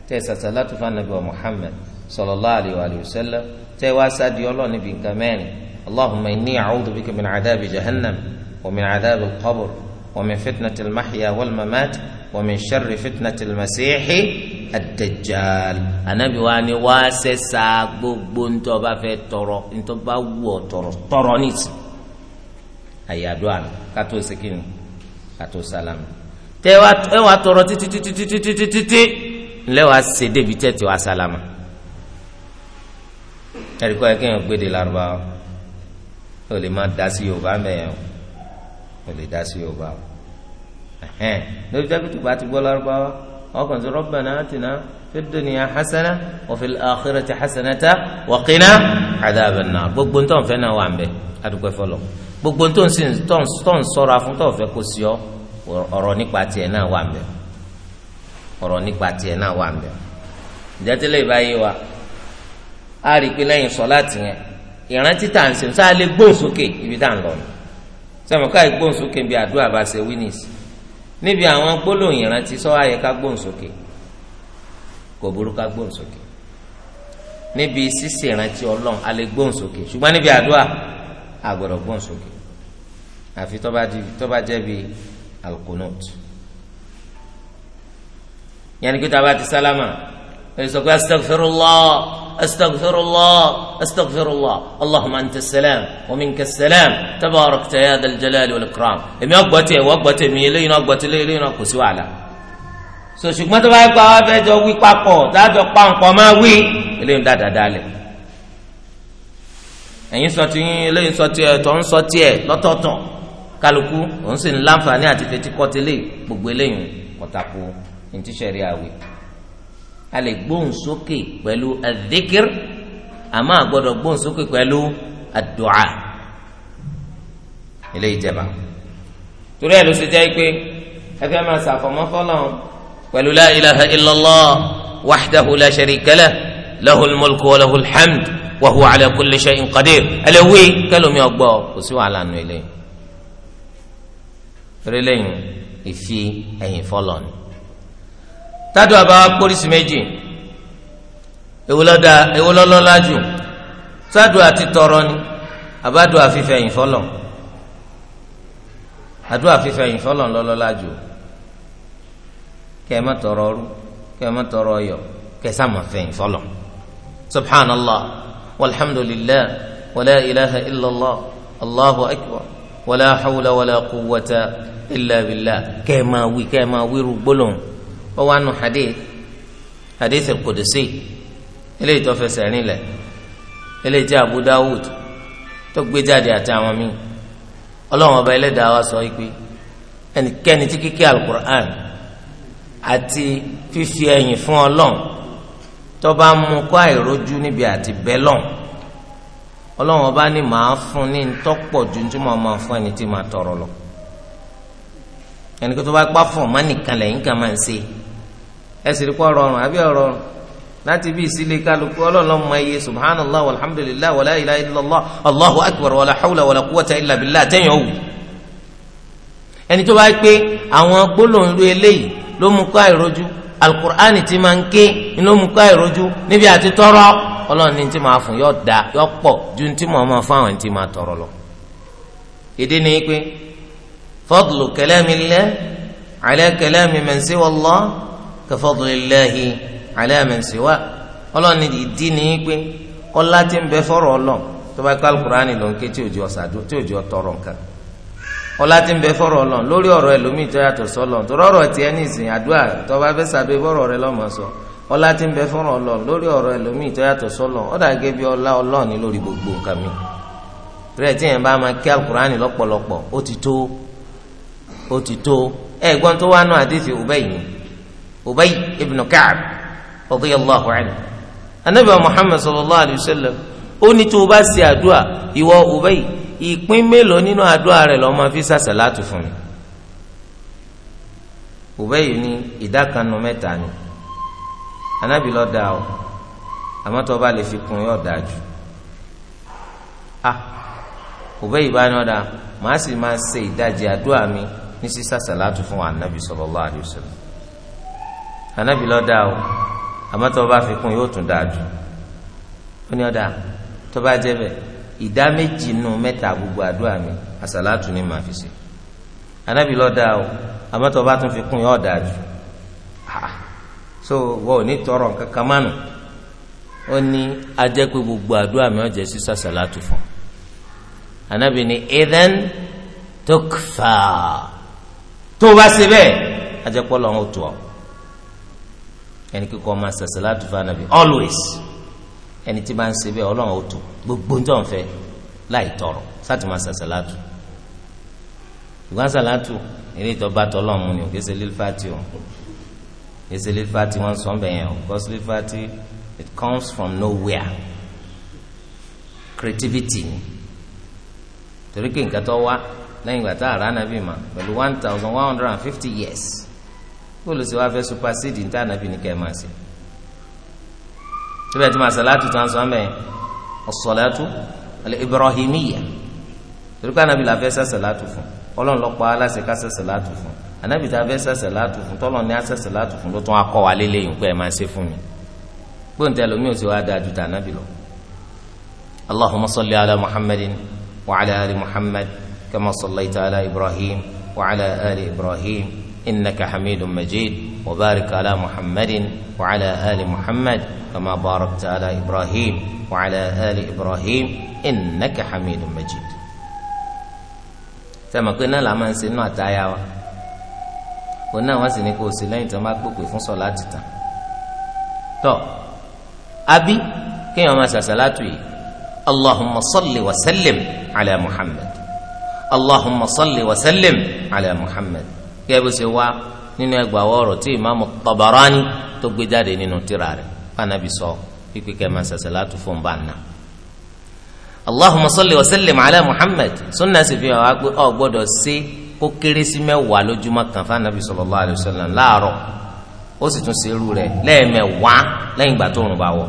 tẹ sàtàlátù fanabi wa muhammed sallallahu alayhi wa sallam tẹ wá sádi ọlọ́ọ̀ni bí nǹkan mẹ́rin allahumma inni a'udhu bika min adaabi jahannam wa min adaabi al-qabr wa min fitnati al-mahya wal-mamat wọ́n ṣẹ́rì fitnati masihi ad-dajjal anabi wa ni wá sẹ́sà gbogbo ntọ́ bá fẹ́ tọrọ ntọ́ bá wù ọ́ tọrọ tọrọ nìtì àyàdó àná kátó sikinu kátó sálámù tẹ ẹ wá tọrọ títí títí títí títí títí ńlẹ wá ṣe débi tẹ ti wá sálámù ẹ̀ríkọ́ yẹ kéèyàn gbé de Lárúbáwá ó lè má dá Yorùbá mẹ́yàn ó lè dá Yorùbá o ẹ lórí jákèjì bá ti gbọ́ lárúbáwá ọkàn tó rabbana atina fid dunya hasana wa fil akhirati hasanata wa qina adhaban nar gbogbo ntọ́ nfẹ́ náà wà ń bẹ adúpẹ́ fọlọ́ gbogbo ntọ́ ń sọ̀rọ̀ afúntọ́ fẹ́ kó sí ọ ọ̀rọ̀ nípa tiẹ̀ náà wà ń bẹ ọ̀rọ̀ nípa tiẹ̀ náà wà ń bẹ ìdátẹ́lẹ̀ ìbáyé wa a rí i pé lẹ́yìn sọ láti yẹn ìrántí tà ń sè ń sáà lè ibi tá à ń lọ nù sẹ́mi ká ìgbóhùn sókè bí àdúrà bá ṣe wí níbi àwọn gbólóhùn ìrántí sọ ayẹ ká gbóhùn sókè kò burú ká gbóhùn sókè níbi ṣíṣe ìrántí Ọlọ́run a lè gbóhùn sókè ṣùgbọ́n níbi àdúrà a gbọ́dọ̀ gbóhùn sókè àfi tó bá jẹ́ yẹn ni kí tá a bá ti sálámà ẹ sọ pé astaghfirullah. أستغفر الله أستغفر الله اللهم أنت السلام ومنك السلام تباركت يا ذا الجلال والإكرام èmi ọgbọ́tì ẹ̀wọ́ ọgbọ́tì èmi eléyìí náà ọgbọ́tì eléyìí náà kò sí wàhálà so ṣùgbọ́n tó bá gba wá fẹ́ jọ wí papọ̀ dájọ́ pa nǹkan máa wí eléyìí dáadáa dálẹ̀ ẹ̀yin sọ ti yín eléyìí sọ ti ẹ̀ tọ́ ń sọ ti ẹ̀ lọ́tọ̀ọ̀tọ̀ kálukú òun sì ń láǹfààní àti fetíkọ́tẹ́lẹ̀ gbogbo eléyìí kọ̀tàkù ní tíṣẹ̀rí àwẹ̀ a lè gbóhùn sókè pẹ̀lú adhikir àmọ́ a gbọ́dọ̀ gbóhùn sókè pẹ̀lú adu'a ilé ìjẹba torí ẹ̀ ló ṣe jẹ́ pé ẹ fẹ́ máa ṣàfọ̀mọ́ fọ́lọ́run pẹ̀lú la ilaha illallah wahdahu la sharika lah lahul mulku wa lahul hamd wa huwa ala kulli shay'in qadir ẹ lè wí kẹlòmí ọgbọ́ kò sí wàhálà nù eléyìí torí lẹ́yìn ìfi ẹ̀yìn tádùn àbáwá pólísì méjì ewolọ́dà ewolọ́lọ́lá jù tádùn àti tọrọ ni àbádùn àfifẹ̀yìn fọlọ̀ àdùn àfifẹ̀yìn fọlọ̀ lọ́lọ́lá jù kẹ́ẹ̀ má tọrọ ọrú kẹ́ẹ̀ má tọrọ ọyọ kẹ́ẹ̀ sàmà fẹ̀yìn fọlọ̀ subhanallah walhamdulillah wàlá ilaha illallah allahu akbar wàlá hawla wàlá quwwata illa billah kẹ́ẹ̀ máa wí kẹ́ẹ̀ máa ó wá nu hadith hadith al-Qudsi eléyìí tó fẹsẹ̀ rìn lẹ̀ eléyìí tí Abu Dawud tó gbé jáde àti àwọn míì ọlọ́run ọba ẹlẹ́dàá wa sọ pé ẹnikẹ́ni tí kíké alukur'an àti fífi ẹ̀yìn fún ọlọ́run tó bá mú kó àìrójú níbi àti bẹ́lọ̀n ọlọ́run ọba ni màá fún ní ntọ́pọ̀ ju tí mo máa fún ẹni tí màá tọrọ lọ ẹnikẹ́ni tó bá gbá fún ọ̀ma nìkan lẹ́yìn kan máa ń ṣe é ẹsì rí pọ rọrùn àbí ọrọrùn láti bí ìsílẹ kálukú ọlọ́run mọ iye subhanallah walhamdulilah wàlá ilà ilàlá allahu akbar wàlá hawla wàlá kúwàtà ilà bìlá àtẹyìn òwú. ẹni tó bá pé àwọn gbólóńdó eléyìí ló mú kó àìrójú alukur'ani ti máa ń ké ló mú kó àìrójú níbi àti tọrọ ọlọ́run ní ti máa fún yọ da yọ pọ̀ ju ti mọ̀ ọmọ fún àwọn ti máa tọrọ lọ. èdè ni pé fadlu kalami Allah ala kalami man kafadlillahi ala man siwa ìdí ni pé ọlá ti ń bẹ tó bá alukur'ani ló ń ké tí òjò tí òjò nǹkan ọlá ti ń bẹ fọrọ ọlọ lórí ọrọ ẹlòmíì tó yàtọ̀ sọ́lọ̀ tó ọrọ tiẹ̀ ní ìsìn àdúrà tó bá fẹ́ sàbẹ̀ rẹ sọ ọlá ti ń bẹ fọrọ ọlọ lórí ọrọ ẹlòmíì tó yàtọ̀ sọ́lọ̀ ó dà bí ọlá lórí ubay ibn ka'b radiyallahu anhu anabi muhammad sallallahu alayhi wa sallam ó ní tó o bá ṣe àdúrà ìwọ ubay ìpín mélòó nínú àdúrà rẹ lọ́ọ́ máa fi ṣàṣà láti fún mi ubay ní ìdá kan nu mẹ́ta ni anabi lọ́ọ́ da o àmọ́ tó o bá lè fi kún yóò dáa jù ah ubay ìbá ni ọ̀dà màá sì máa ṣe ìdajì àdúrà mi ní sísàṣà láti fún anabi sallallahu alayhi wa sallam anabi lọ dáa o àmọ́ tó o bá fi kún yóò tún dáa jù ó ní ọdà tó bá jẹ́ bẹ́ẹ̀ ìdá méjì nù mẹ́ta gbogbo àdúrà mi àsàlátù ni màá fi ṣe anabi lọ dáa o àmọ́ tó o bá tún fi kún yóò dáa jù ah, so wọ́n ò ní tọrọ kankan mánu ó ní ajẹ́ pé gbogbo àdúrà mi ọ̀jẹ̀ sísọ àsàlátù fún anabi ni idan tukfa tó o bá ṣe bẹ́ẹ̀ ajẹ́ pọ́ lọ́wọ́ tó o ẹni kíkọ́ máa ṣẹ̀ṣẹ̀ láti fa nàbí always ẹni tí máa ń ṣe bẹ́ẹ̀ ọlọ́run ó tó gbogbo ń tàn fẹ́ láì tọrọ sáti máa ṣẹ̀ṣẹ̀ látù ṣùgbọ́n ṣàlátù ilé ìtọ́ba tọ́lọ́mù ni òkè ṣe lílfàtì o òkè ṣe lílfàtì wọ́n sọ bẹ́ẹ̀ yẹn o because lílfàtì it comes from nowhere creativity ni torí pé nǹkan tó wá lẹ́yìn ìgbà tá a rà nàbí mà pẹ̀lú one thousand one hundred and fifty years olùsí wa fẹ́ supasíìdì ní tànàbí ní kẹ́ ẹ̀ máa ṣe síbẹ̀ tí màá sàlátù tán sọ mẹ́ ọ̀sọ̀látù ibrahimiya torípé anabi la fẹ́ sá sàlátù fún ọlọ́run lọ́pọ̀ aláṣẹ ká sá sàlátù fún anabi tá a fẹ́ sá sàlátù fún tọ́lọ̀ ní asá sàlátù fún ló tún akọ́ wa lélẹ́yìn pé ẹ̀ máa ṣe fún mi gbóǹtẹ̀ lómi ò sì wá dáa ju tànàbí lọ. اللهم صل على محمد وعلى ال محمد كما صليت ibrahim wa وعلى ال ابراهيم إنك حميد مجيد وبارك على محمد وعلى آل محمد كما باركت على إبراهيم وعلى آل إبراهيم إنك حميد مجيد tẹ́mọ̀ pé náà la máa ń ṣe inú àtayá wa òun náà wọ́n sì ní kó o sí lẹ́yìn tó máa gbòpè fún sọ láti tàn tọ́ àbí kéèyàn máa ṣàṣàlátù yìí allahumma salli wa sallim ala muhammad allahumma salli wa sallim ala muhammad gẹ́gẹ́ bó ṣe wá nínú ẹgbà ọ̀rọ̀ tí ìmáàmù Tabarani tó gbé jáde nínú tírà rẹ̀ fanabi sọ pípé kẹ́mà sàṣàlátù fún bàánà. allahumma salli wa sallim ala muhammad sunna sì fi hàn wá pé ọ gbọ́dọ̀ ṣe kó kéré sí mẹ́wàá lójúmọ́ kan fanabi sallallahu alayhi wa sallam láàárọ̀ ó sì tún ṣe irú rẹ̀ lẹ́ẹ̀mẹ́wàá lẹ́yìn ìgbà tó rùn bá wọ̀.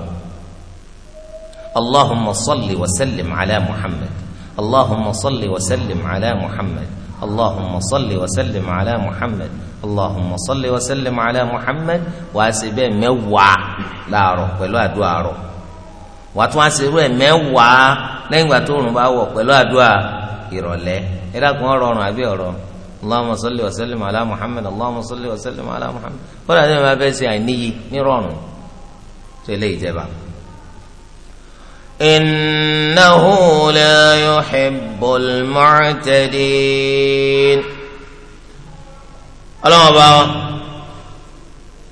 allahumma salli wa sallim ala allahumma salli wa sallim ala اللهم صل وسلم على محمد اللهم صل وسلم على محمد واسبه موا láàárọ̀ pẹ̀lú àdúà àárọ̀ wàá tún àṣírò ẹ̀ mẹ́wàá lẹ́yìn ìgbà tó òrùn bá wọ̀ pẹ̀lú àdúà ìrọ̀lẹ́ ẹ dákun ọ̀rọ̀ ọ̀rùn àbí ọ̀rọ̀ اللهم صل وسلم على محمد اللهم صل وسلم على محمد kódà tí wọn bá fẹ́ ṣe àìníyì nírọ̀rùn tó ilé ìjẹba. إنه لا يحب المعتدين ọlọ́wọ́n bá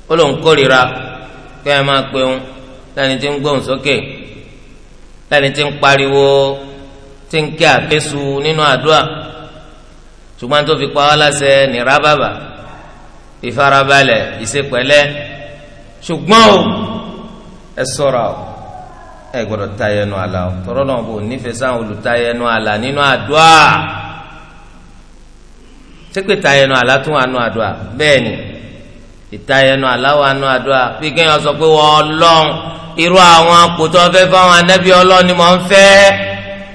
wọn ó pe òun lẹ́ni tí ń gbóhùn pariwo ṣùgbọ́n tó fi pa wá láṣẹ nìrà ìfarabalẹ̀ ìṣepẹ̀lẹ́ ṣùgbọ́n ẹ sọ̀rọ̀ ẹ gbọ́dọ̀ ta ẹnu àlà o tọrọ náà bò nífẹ̀ẹ́ sáwọn olùta ẹnu àlà nínú àdúà ṣépè ta ẹnu àlà tún wà nù àdúà bẹ́ẹ̀ ni ìta ẹnu àlà wà nù àdúà bí kéèyàn sọ pé wọ́n ọlọ́run irú àwọn akòtò ọ̀fẹ́ fáwọn anábì ọlọ́run ni mò ń fẹ́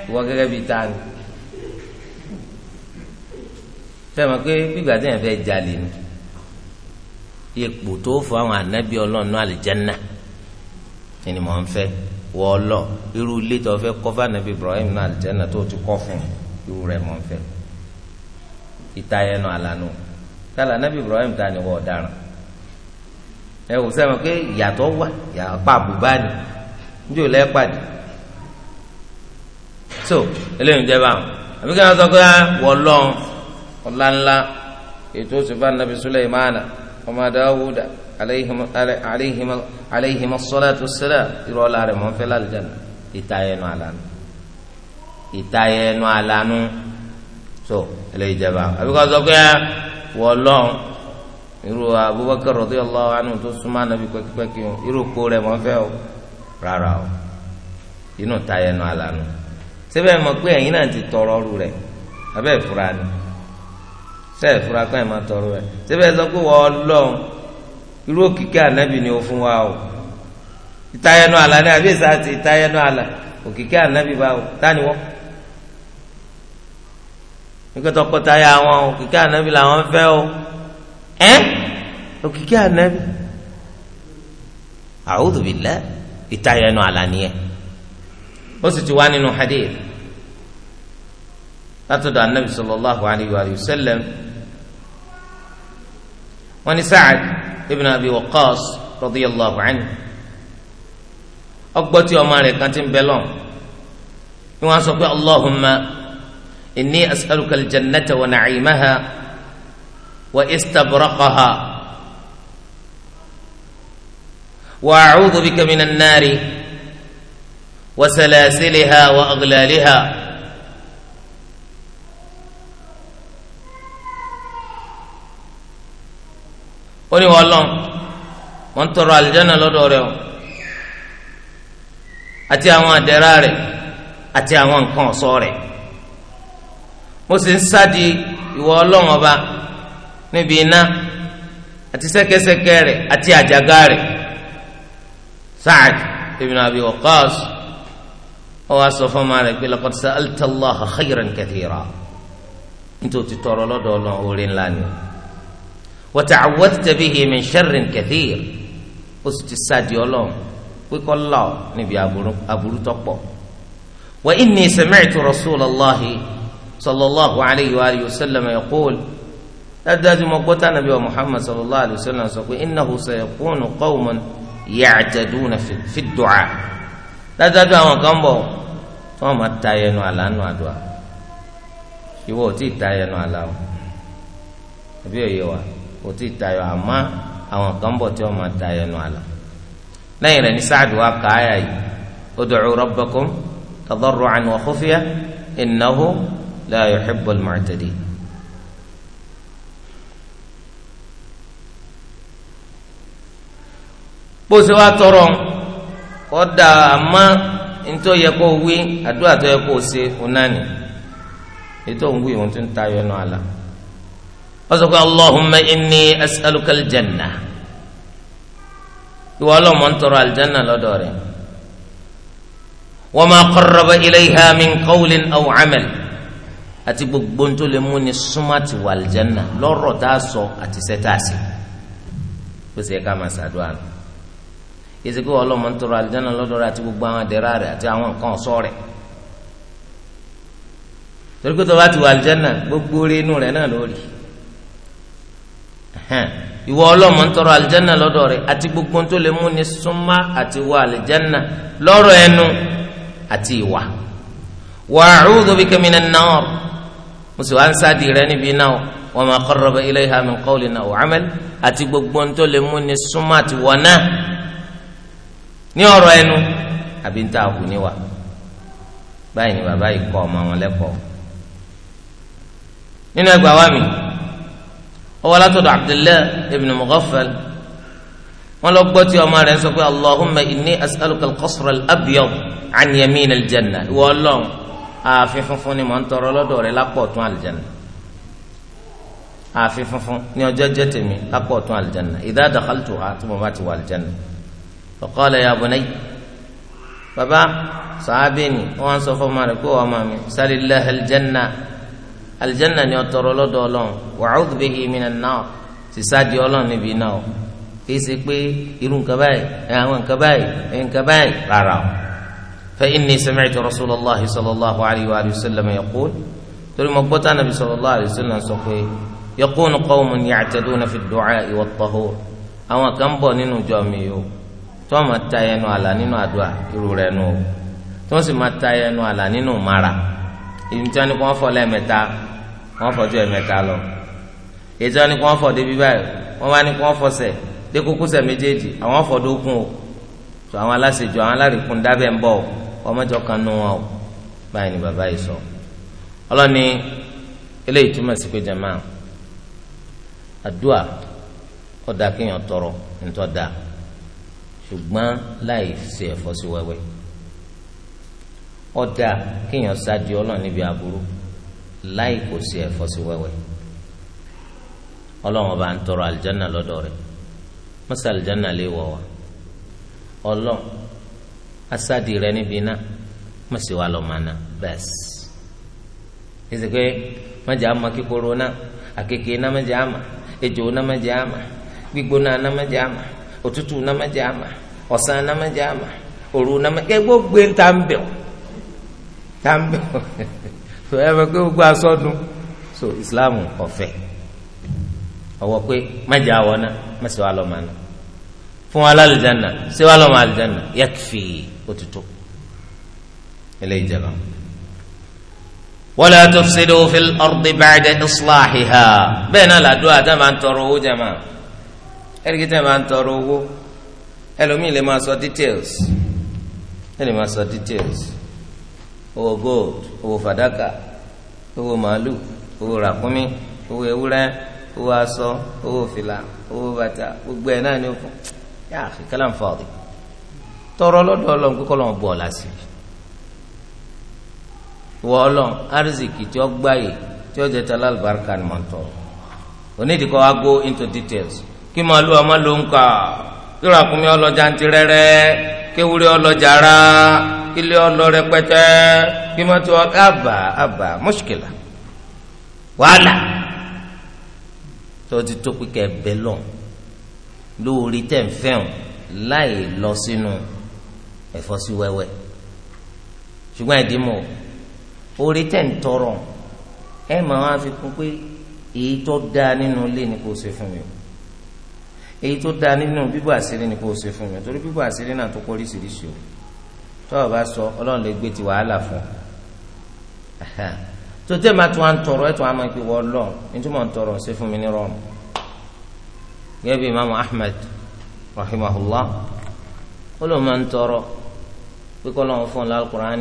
ìwọ gẹ́gẹ́ bíi ta ni fẹ́ẹ̀mọ̀ pé gbígbà tí yẹn fẹ́ jalè ni ipò tó fọ àwọn anábì ọlọ́run náà àlìjẹ́nà ni mò ń fẹ́ wọ ọlọ irú ilé tó fún anabi ibrahim náà àlìjẹnà tó ti kọ́ fún irú rẹ̀ mọ fẹ́ àlànà ibrahim ta ni wọ ọ̀daràn ẹ wò sẹ́wọ̀n pé ìyàtọ̀ wà àbùbá ni njó pàdé so eléyìí jẹ́ báwọn àbí kí wọ́n sọ pé ah, ọ̀la ńlá ètò òsínfà alayhima salatu wassalam irọ́ la rẹ̀ mọ́ fẹ́ lálùjáná ìtayẹnu àlànà ìtayẹnu àlànà so eléyìí jẹba àbíkọ́ sọ pé wọ́lọ́n irú Abubakar radiyallahu anhu tó súnmọ́ anabi pẹ́kipẹ́ki irú kó rẹ̀ mọ́ fẹ́ o rárá o inú ìtayẹnu àlànà síbẹ̀ mọ̀ pé ẹ̀yin náà ti tọrọ ọrù rẹ̀ abẹ́ ìfura ni sẹ́ẹ̀ ìfura kan ẹ̀ máa tọrọ irú òkìkí ànábì ni ó fún wa o ìtayẹnu àlà ni àbí èsà àti ìtayẹnu àlà òkìkí ànábì bá o tani wọ́n nígbà tọkọtaya àwọn òkìkí ànábì làwọn fẹ́ o ẹ́ òkìkí ànábì a'udhu billah ìtayẹnu àlà nìyẹn ó sì ti wá nínú hadith látọ̀dọ̀ anabi sallallahu alayhi wa sallam wọ́n ní Sa'ad. ابن ابي وقاص رضي الله عنه اقبتي عمر كانت بلون يوصف اللهم اني اسالك الجنه ونعيمها واستبرقها واعوذ بك من النار وسلاسلها واغلالها ó ní wọn lọ́n wọ́n tọrọ àlìjáná lọ́dọ̀ rẹ̀ o àti àwọn àdẹ́rà rẹ̀ àti àwọn nǹkan ọ̀ṣọ́ rẹ̀ mo sì ń sádi ìwọ ọlọ́run ọba níbi iná àti sẹ́kẹ́sẹ́kẹ́ rẹ̀ àti àjàgà rẹ̀ Sa'ad ibn Abi Waqqas ó wá sọ fún ọmọ rẹ̀ pé laqad sa'alta Allaha khayran kathira nítorí tọrọ lọ́dọ̀ ọlọ́run orin ńlá وتعوذت به من شر كثير استسادي الله ويقول الله نبي أبو تقوى وإني سمعت رسول الله صلى الله عليه وآله وسلم يقول أداد مقوتا نبي محمد صلى الله عليه وسلم إنه سيكون قوما يعتدون في الدعاء أداد مقوتا فما تاينوا على أنه أدعاء يوتي تاينوا على أنه kò tí ì tayọ àmọ́ àwọn kan bọ̀ tí wọ́n máa tayọ ẹnu àlà lẹ́yìn rẹ̀ ní sáàdù wa kà á yà yìí ud'u rabbakum tadarru'an wa khufya innahu la yuhibbul mu'tadin. bó ṣe wá tọrọ kọ́dà àmọ́ ntọ́ yẹ kó wí àdúrà tó yẹ kó ṣe fún ni ètò òun wí òun ti ń tayọ ẹnu àlà wọ́n sọ pé allahumma inni as'aluka aljanna ìwọ ọlọ́mọ ń tọrọ aljanna lọ́dọ̀ rẹ̀ wa ma qarraba ilayha min qawlin aw amal àti gbogbo tó lè mú ni súnmọ́ àti wà aljanna lọ́rọ̀ tá a sọ àti iṣẹ́ tá a ṣe ó sì yẹ ká máa ṣàdúrà nù yìí sèkú ọlọ́mọ ń tọrọ aljanna àti gbogbo àwọn àdẹ́rà rẹ̀ àti àwọn nǹkan ọ̀ṣọ́ rẹ̀ torí pé tó bá ti wà aljanna gbogbo rẹ̀ inú rẹ̀ náà lórí ìwọ ọlọ́mọ ń tọrọ àlìjánà lọ́dọ̀ rẹ̀ àti gbogbo tó lè mú ni súnmá àti wọ àlìjánà lọ́rọ̀ ẹnu àti ìwà. wa a'udhu bika minan nar mo sì wá ń sáàdì rẹ níbi náà wa ma qarraba ilayha min qawlin aw 'amal àti gbogbo tó lè mú ni súnmá àti wọ náà ní ọ̀rọ̀ ẹnu àbí ń tà kù níwà báyìí ni bàbá yìí kọ́ ọmọ wọn lẹ́kọ̀ọ́ nínú ẹgbàá wa mi ọwọ́ látọ̀dọ̀ abdullahi ibn mughaffal wọn lọ gbọ́ tí ọmọ rẹ̀ ń sọ pé allahumma inni as'aluka al-qasra al-abyad an yamin al-janna wọ́n lọ́n ààfin funfun ni mò ń tọrọ lọ́dọ̀ rẹ̀ lápọ̀ tún al-janna ààfin funfun ni ọjọ́ jẹ́ tèmi lápọ̀ tún al-janna idha dakhaltuha tí mo bá ti wọ al-janna fa qala ya bunayya baba sàábẹ́ni wọ́n sọ fún ọmọ rẹ̀ pé ọmọ mi salillahi al-janna alijanna ni ọtọrọ lọ́dọ̀ Ọlọ́run wa'udhu bihi minan nar ti sáàdì Ọlọ́run níbi iná o kì í ṣe pé irú nǹkan báyìí àwọn nǹkan báyìí nǹkan báyìí rárá o. fa inni sami'tu rasulallahi sallallahu alayhi wa sallam yaqul torí mo gbọ́ tánà bí sallallahu alayhi wa sallam sọ pé yaqunu qawmun ya'taduna fi ad-du'a'i wat-tahur àwọn kan bọ̀ nínú ìjọ mi o tí wọ́n ta ẹnu àlà nínú àdúrà irú rẹ̀ nù o tí sì máa ta ẹnu àlà nínú ìmára ìyíntàn kò wọ́n fọ́ lẹ́ẹ̀mẹ́ta wọ́n fọjú ẹ̀mẹ́ta lọ ètò wọn ni kí wọ́n fọ débi báyìí wọ́n wá ní kí wọ́n fọsẹ̀ dé kókósẹ̀ méjèèjì àwọn fọdókùn o tó àwọn aláṣejù àwọn alárìkún dábẹ́ ń bọ̀ ọmọjọ kan nù wọn o báyìí ni bàbá yìí sọ ọlọ́ni eléyìí túmọ̀ sí pé jama àdúà ọ̀dà kéèyàn tọrọ ntọ́da ṣùgbọ́n láì ṣe ẹ̀fọ́ sí wẹ́wẹ́ ọ̀dà kéèyàn ṣáájú ọlọ́ọ̀ níbi àbúrò láì kò sí ẹ̀fọ́ sí wẹ́wẹ́ ọlọ́run bá ń tọrọ àlìjánà lọ́dọ̀ rẹ̀ mọ́sá àlìjánà lè wọ̀ wá ọlọ́run asáàdì rẹ níbi iná mọ̀sí wa lọ́ọ́ máa ná bẹ́ẹ̀ sì ẹsẹ̀ pé mọ̀jà ama kíkorò náà àkèké náà mọ̀jà ama ejò náà mọ̀jà ama gbígbóná náà mọ̀jà ama òtútù náà mọ̀jà ama ọ̀sán náà mọ̀jà ama òru náà mọ̀jà gbogbo ń tà ń bẹ̀ ọ́ tà ń bẹ̀ ọ́. [LAUGHS] so ẹ fẹ́ pé gbogbo asọ́dún so islam ọ̀fẹ́ ọwọ́ pé mẹ́jà wọ ná mẹ́sì wà lọ́ọ́ màánà fún wa lálùjáná ṣé wà lọ́ọ́ màá lùjáná yakfi òtútù ilé ìjẹba. wala tufsidu fil ardi ba'da islahiha bẹ́ẹ̀ náà làdúrà tá máa ń tọrọ owó jama ẹ̀ríkì tá máa ń tọrọ owó ẹlòmíì lè máa sọ details ẹ lè máa sọ details owó gold owó Fadaka! owó màálù owó ràkúnmí owó ewúrẹ́ owó aṣọ owó fìlà owó bàtà gbogbo ẹ̀ náà ni ó fún yàrá kíkálà ń fa ọ̀dẹ̀ tọrọ lọ́dọ̀ Ọlọ́run kókó lọ́wọ́ bọ̀ ọ̀la sí i wọ Ọlọ́run arzikì tí ó gbáyè tí ó jẹ tala ni mò ń tọrọ onídìí wa go into details kí màálù ọmọ ló ń kà kíra kúnmí ọlọ́jà ń ti rẹ́rẹ́ kéwúrẹ́ ọlọ́jà rà á ilé ọlọ rẹpẹtẹ kí mọ́tò àbà àbà mọ́ṣíkìlà wàhálà tó ti tó pé kẹ bẹ lọ lórí tẹ̀ ń fẹ́hùn láì lọ sínú ẹ̀fọ́ sí wẹ́wẹ́ ṣùgbọ́n ẹ̀dín mọ̀ orí tẹ̀ ń tọrọ ẹ̀ máa wá fi kún pé èyí tó dáa nínú ilé ni kò ṣe fún mi o èyí tó dáa nínú bíbò àṣírí ni kò ṣe fún mi torí bíbò àṣírí náà tó kọ́ oríṣiríṣi o tọ́wọ́ bá sọ ọlọ́run lè gbé ti wàhálà fún tó tẹ́ ma tó à ń tọrọ ẹ̀ tó à máa ń pè wọ́ ọlọ́run nítorí mọ̀ ń tọrọ ṣe imaamu ahmed rahimahullah ó lóun máa ń tọrọ pé kọ́lọ́run fún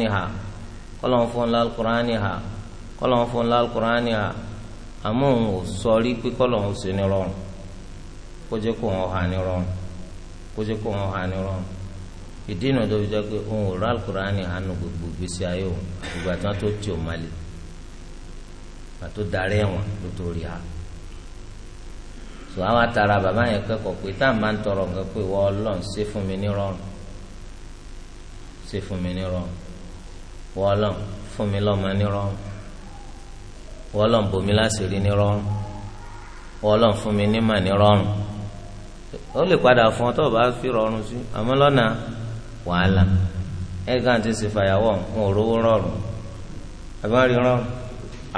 ni ha kọ́lọ́run fún lálùkùránì ha fún ha àmọ́ òun ò pé ṣe ní rọrùn kó jẹ́ kó hà ní rọrùn kó jẹ́ kó hà ní rọrùn. ìdí ìnà tó fi jẹ́ pé òun ò rà alukurani hànú gbogbo gbèsè ayé òun ìgbà tí wọ́n tó tì ó malè darí ha so àwọn atara bàbá yẹn kẹ́kọ̀ọ́ pé tá a máa ń tọrọ nǹkan pé wọ́n ṣe fún mi ní rọrùn ṣe fún mi ní rọrùn wọ́n fún mi lọ́mọ ní rọrùn wọ́n wàhálà ẹ̀gbọ́n àti ṣe fàyàwọ́ wọn rówó rọrùn àbẹ̀wọ́n rọrùn à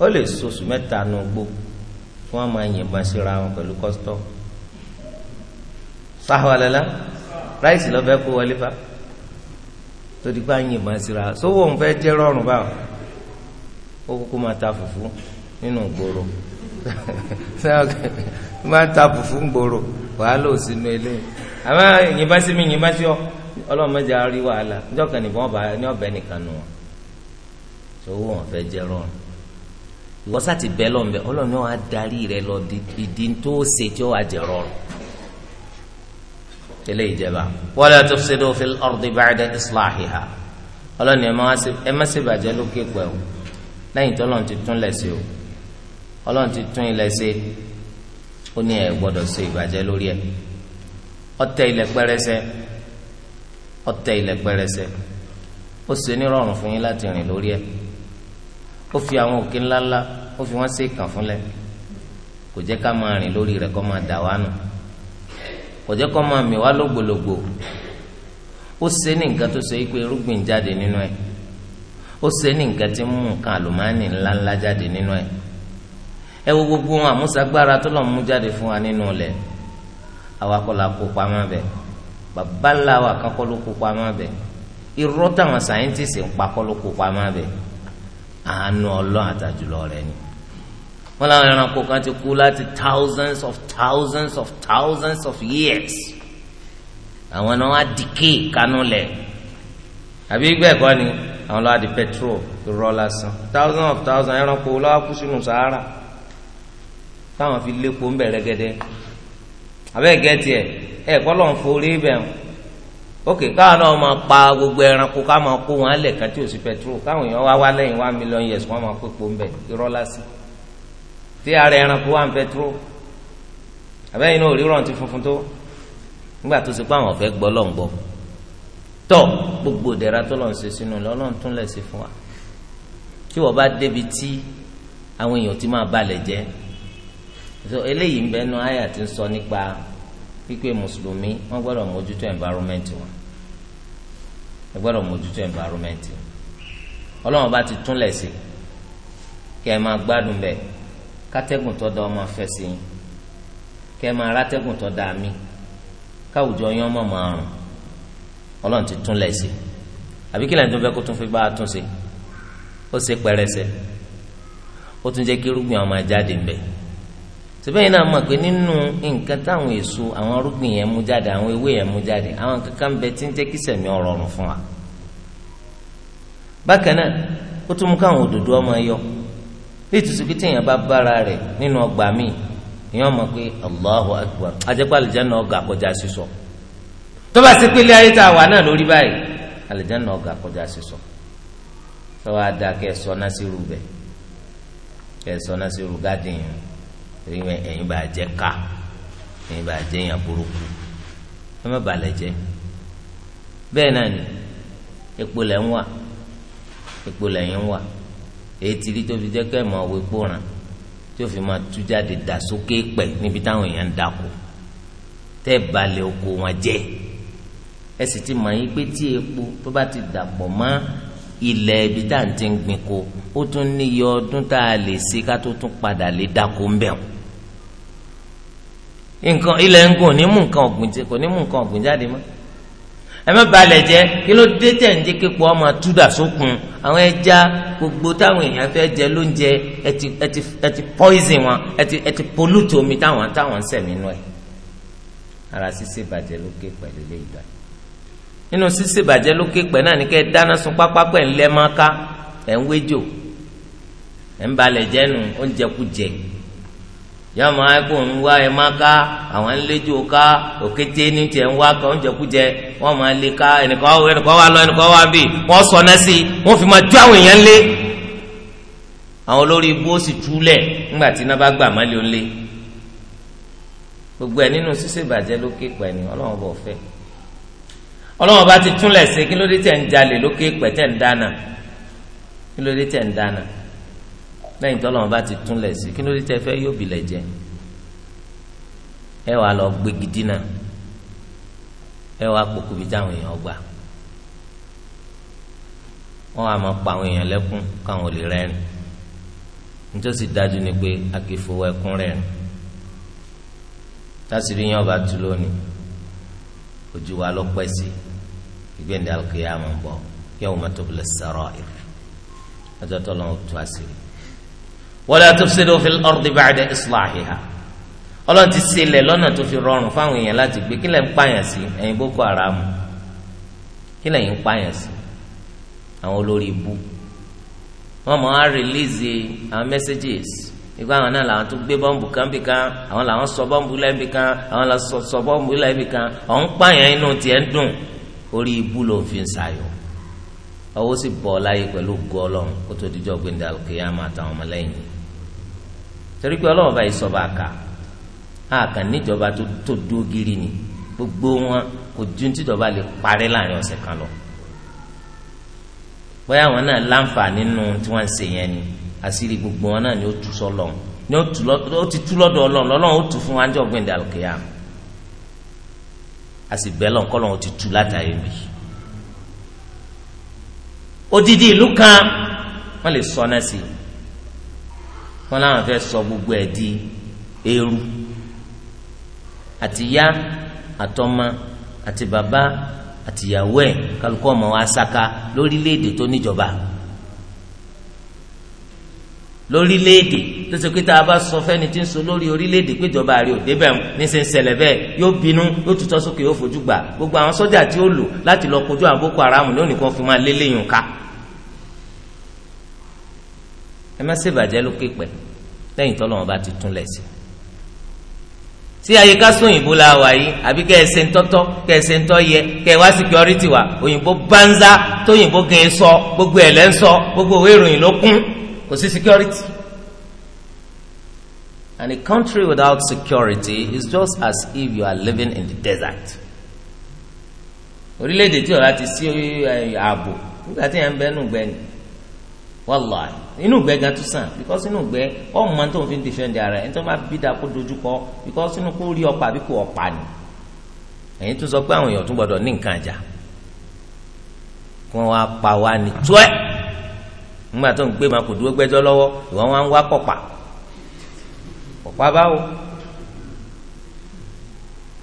ó lè sọ̀sù mẹ́ta nu gbó fún àwọn àyìnbọn síra wọn pẹ̀lú kọ́sítọ́ ráìsì lọ́bẹ̀ kó wọlé bá torí pé àyìnbọn síra sówó òun fẹ́ jẹ́ rọrùn báwọn ó kúkú máa ta fùfú nínú gbòòrò [LAUGHS] máa ta fùfú gbòòrò wàhálà ò sínú eléyìí. àmọ́ yìnbọn sí mi yìnbọn sí ọ ọlọ́run mẹ́jọ arí wàhálà ọjọ́ kan nìbọn ọba ní ọbẹ̀ nìkan nù wọn sowó wọn fẹ́ jẹ rọrùn ìwọ sá ti bẹ́ lọ́nbẹ ọlọ́run náà á darí rẹ lọ ìdí tó ṣe tí ó wà jẹ rọrùn tẹ́lẹ̀ ìjẹba wala tufsidu fil ardi ba'da islahiha ọlọ́run ẹ má ṣe bàjẹ́ lókè pẹ́ o lẹ́yìn tí ọlọ́run ti tún lẹ̀ ṣe o ọlọ́run ti tún ilẹ̀ ṣe ó ní ẹ̀ gbọ́dọ̀ ṣe ìbàjẹ́ lórí ẹ̀ ọtẹ ilẹ̀ pẹrẹsẹ ọtẹ ilẹ̀ pẹrẹsẹ ó ṣe nírọ̀rùn fún yín láti rìn lórí ẹ ó fi àwọn òkè ńláńlá ó fi wọ́n sí ìkàn fúnlẹ̀ kò jẹ ká máa rìn lórí rẹ̀ kó máa dà wá nù kò jẹ kó máa mì wá lógbòlògbò ó ṣe ní nǹkan tó ṣe pé irúgbìn jáde nínú ẹ̀ ó ṣe ní nǹkan tí ń mú nǹkan àlùmáàní jáde nínú gbogbo àmúṣagbára tó mú jáde fún wa àwa kọ́ la kó pamọ́ bẹ̀ bàbá ńlá wa kan kọ́ ló kó pamọ́ bẹ̀ irọ́ táwọn sáyẹ́ntìsì ń pa kọ́ ló kó pamọ́ bẹ̀ àánú ọlọ́run àtàjùlọ rẹ̀ ni wọ́n làwọn ẹranko kan ti kú láti thousands of thousands of thousands of years àwọn náà wá dìkì kanú lẹ̀ àbí bẹ́ẹ̀ kọ́ ni àwọn lọ́wọ́ di petrol irọ́ lásán thousands of thousands ẹranko lọ́wọ́ kú sínú sahara táwọn fi lépo ń bẹ̀rẹ̀ gẹ́dẹ́ abẹ́ẹ̀ gẹ́tì ẹ̀ ẹ̀ kọ́ lọ́n forí bẹ̀ ń òkè káwọn náà máa pa gbogbo ẹranko ká máa kó wọn alẹ̀ kan tí ò sí pẹtrol káwọn èèyàn wá wá lẹ́yìn one million years wọ́n máa pé pọ́ńbẹ́ irọ́ lásìkò tí ara ẹranko wà ń pẹtrol àbẹ́yìn náà òríràn ti funfun tó nígbà tó ṣe pé àwọn ọ̀fẹ́ gbọ́ lọ́n gbọ́ tọ́ gbogbo ìdẹ̀ra tó lọ́n ṣe sínú lọ́n tún lẹ̀ sí fún wa tí wọ́n bá débi tí àwọn èèyàn ti máa balẹ̀ jẹ́ so eléyìí ń bẹnu àyà ti ń sọ nípa pípé mùsùlùmí wọn gbọ́dọ̀ mójútó environment wọn ẹ gbọ́dọ̀ mójútó environment Ọlọ́run bá ti túnlẹ̀ sí kí ẹ máa gbádùn bẹ kátẹ́gùn tó da ọmọ fẹ́ sí yín kí ẹ máa rátẹ́gùn tó da mí káwùjọ yín ọmọ máa rùn Ọlọ́run ti túnlẹ̀ sí àbí kí tó fẹ́ kó tún fi bá a tún ṣe ó ṣe pẹrẹsẹ ó tún jẹ́ kí irúgbìn ọmọ jáde ń bẹ. síbẹ̀ yìí náà mọ̀ pé nínú nǹkan táwọn èso àwọn arúgbìn yẹn mú jáde àwọn ewé yẹn mú jáde àwọn kankan bẹ tí ń jẹ́ kí sẹ̀mí ọ̀rọ̀ fún wa. bákan náà ó tún mú káwọn òdòdó ọmọ yọ bí ìtùsù pé téèyàn bá bára rẹ̀ nínú ọgbà míì èèyàn mọ̀ pé Allahu Akbar ajẹ́pẹ́ àlùjáná ọgà kọjá sísọ tó bá sí pélé ayé tá a wà náà lórí báyìí ọgà kọjá sísọ sọ wá dáa ẹ̀yin bá jẹ́ ká ẹ̀yin bá jẹ́ yàn burúkú ẹ má balẹ̀ jẹ́ bẹ́ẹ̀ náà ni epo lẹ̀ ń wà epo lẹ̀ ń wà ètí rí tó fi jẹ́ kẹ́ mọ̀ ọ́ epo ràn tí ó fi máa tú jáde dà sókè pẹ̀ níbi táwọn èèyàn ń dako tẹ́ balẹ̀ oko wọn jẹ́ ẹ sì ti mọ̀ yín pé tí epo tó bá ti dàpọ̀ mọ́ ilẹ̀ ibi tá à ń ti ń gbin ko ó tún níye ọdún tá a lè ṣe ká tó tún padà lè dako ń bẹ̀rù nǹkan ilẹ̀ ń gùn ní mú nǹkan ọ̀gbìn kò ní mú nǹkan ọ̀gbìn jáde mọ́ ẹ má balẹ̀ jẹ́ kí ló dé tẹ̀ ń jẹ́ képo ọmọ túdà sókun àwọn ẹja gbogbo táwọn èèyàn fẹ́ jẹ lóúnjẹ ẹ ti poison wọn ẹ ti pollute omi táwọn táwọn ń sẹ̀mí nú ẹ̀ ara ṣíṣe bàjẹ́ lókè pẹ̀lú ilé ìgbà nínú ṣíṣe bàjẹ́ lókè pẹ̀ náà ní kẹ́ ẹ dáná sun pápákọ̀ ẹ̀ ń lẹ́ máa ká ẹ̀ ń wéjò ẹ̀ ń balẹ̀ jẹ́nu oúnjẹ kú jẹ́ yóò máa kó ń wá ẹ má ká àwọn ńlẹ́jọ́ ká òkété ní tiẹ̀ ń wá kọ́ jẹkújẹ wọ́n máa lé ká ẹnìkan ẹnìkan sọ náà sí wọ́n fi máa jó àwọn èèyàn lé àwọn olórí ibú sì túlẹ̀ tí gbogbo ẹ̀ nínú ṣíṣe ìbàjẹ́ lókè pẹ̀ ni ọlọ́run bọ̀ fẹ́ ọlọ́run bá ti túnlẹ̀ sí kí ló tẹ̀ ń jalè pẹ̀ lẹ́yìn tọ́lọ́run bá ti túnlẹ̀ sí kí ló dé tẹ́ fẹ́ yóò bilẹ̀ jẹ ẹ wàá lọ gbegidina dínà ẹ wàá kpọkù bí táwọn èèyàn gbà wọn wàá máa pa àwọn èèyàn lẹ́kún káwọn ò lè rẹ́rìn nítòsí dájú ni pé a ẹkún rẹ́rìn yẹn ọba tú lónìí ojú wa lọ pẹ́ sí ìgbẹ́ndé alùpùpù yà máa ń bọ̀ yẹ́wò mọ́tò bilẹ̀ sọ̀rọ̀ ẹ̀ wala tufsidu fil ardi ba'da islahiha ọlọ́run ti sílẹ̀ lọ́nà tó fi rọrùn fáwọn èèyàn láti gbé kílẹ̀ ń pààyàn sí ẹ̀yin boko haram kílẹ̀ yìí ń pààyàn sí àwọn olórí ibú wọ́n mọ̀ á rìlíìsì àwọn mẹ́sẹ́gìs ikú àwọn náà làwọn tó gbé bọ́ǹbù kan bì kan àwọn làwọn sọ bọ́ǹbù lẹ́bì kan àwọn làwọn sọ bọ́ǹbù lẹ́bì kan àwọn ń pààyàn inú tiẹ̀ ń dùn orí ibú ló fi ń ṣàyọ̀ ọwọ́ sì bọ̀ láyé pẹ̀lú gọ́ ọlọ́run kó tó dijọ́ gbẹ̀ndẹ̀ àlùkìyàmọ̀ torí pé ọlọ́run bá ìsọ̀bà àkà àkà níjọba tó dúró gírí ni gbogbo wọn kò ju tíjọba lè parí láàrin ọ̀sẹ̀ kan lọ bóyá àwọn náà láǹfààní nínú tí wọ́n ń ṣe yẹn ni àṣírí gbogbo wọn náà ni ó tú sọ́lọ́run ni ó ti tú lọ́dọ̀ ọlọ́run lọ́lọ́run ó tú fún wa ní ọ̀gbìn ìdàlùkìyà a sì bẹ́ẹ̀ lọ́n kọ́ lọ́run ó ti tú látàrí mi odidi ìlú kan wọ́n lè sọ náà sí i wọn làwọn fẹ́ sọ gbogbo ẹ̀ di eérú àtìyá àtọmọ àti bàbá àtìyàwó ẹ̀ kálukú ọmọ wa saka lórílẹ̀èdè tó níjọba lórílẹ̀èdè tó ṣe pé tá a bá sọ fẹ́ni tí ń sọ lórí orílẹ̀èdè péjọba rẹ̀ ò débẹ̀ mu níṣẹ́ ń ṣẹlẹ̀ bẹ́ẹ̀ yóò bínú yóò tutọ́ sókè yóò fojú gbà gbogbo àwọn sọ́jà tí ó lò láti lọ kojú àwọn boko haram lónìí kan fi máa lélẹ́yìn ká ẹ má ṣe bàjẹ́ lókè pẹ̀ lẹ́yìn tọ́lọ́wọ́n bá ti tún lẹ̀ sí. sí àyíká sóyìnbó la wà yìí àbí kẹ́ ẹ ṣe ń tọ́tọ́ kẹ́ ẹ ṣe ń tọ́ yẹ kẹ́ ẹ wá síkírọ́rìtì wa òyìnbó bánzá tóyìnbó gan ẹ sọ gbogbo ẹ̀ lẹ́ ń sọ gbogbo òwe ìròyìn ló kún kò sí síkírọ́rìtì. And a country without security is just as if you are living in the desert. orílẹ̀-èdè tí ọ̀la ti sí ààbò nígbà tí yẹn ń bẹ́ẹ̀ nù gbẹ́ni wàláì inú gbẹ gan tún sàn because inú gbẹ ọmọ tó ń fi defend ara ẹni tó máa bí da kó dojú kọ because inú kó rí ọ̀pá àbí kó ọ̀pá ni ẹ̀yin tún sọ pé àwọn èèyàn tún gbọdọ̀ ní nǹkan àjà kí wọ́n wá pa wá ní tíwẹ́ nígbà tó ń gbé ma kò dúró gbẹ́jọ́ lọ́wọ́ ìwọ wọn wá kọ̀pà kọ̀pà báwo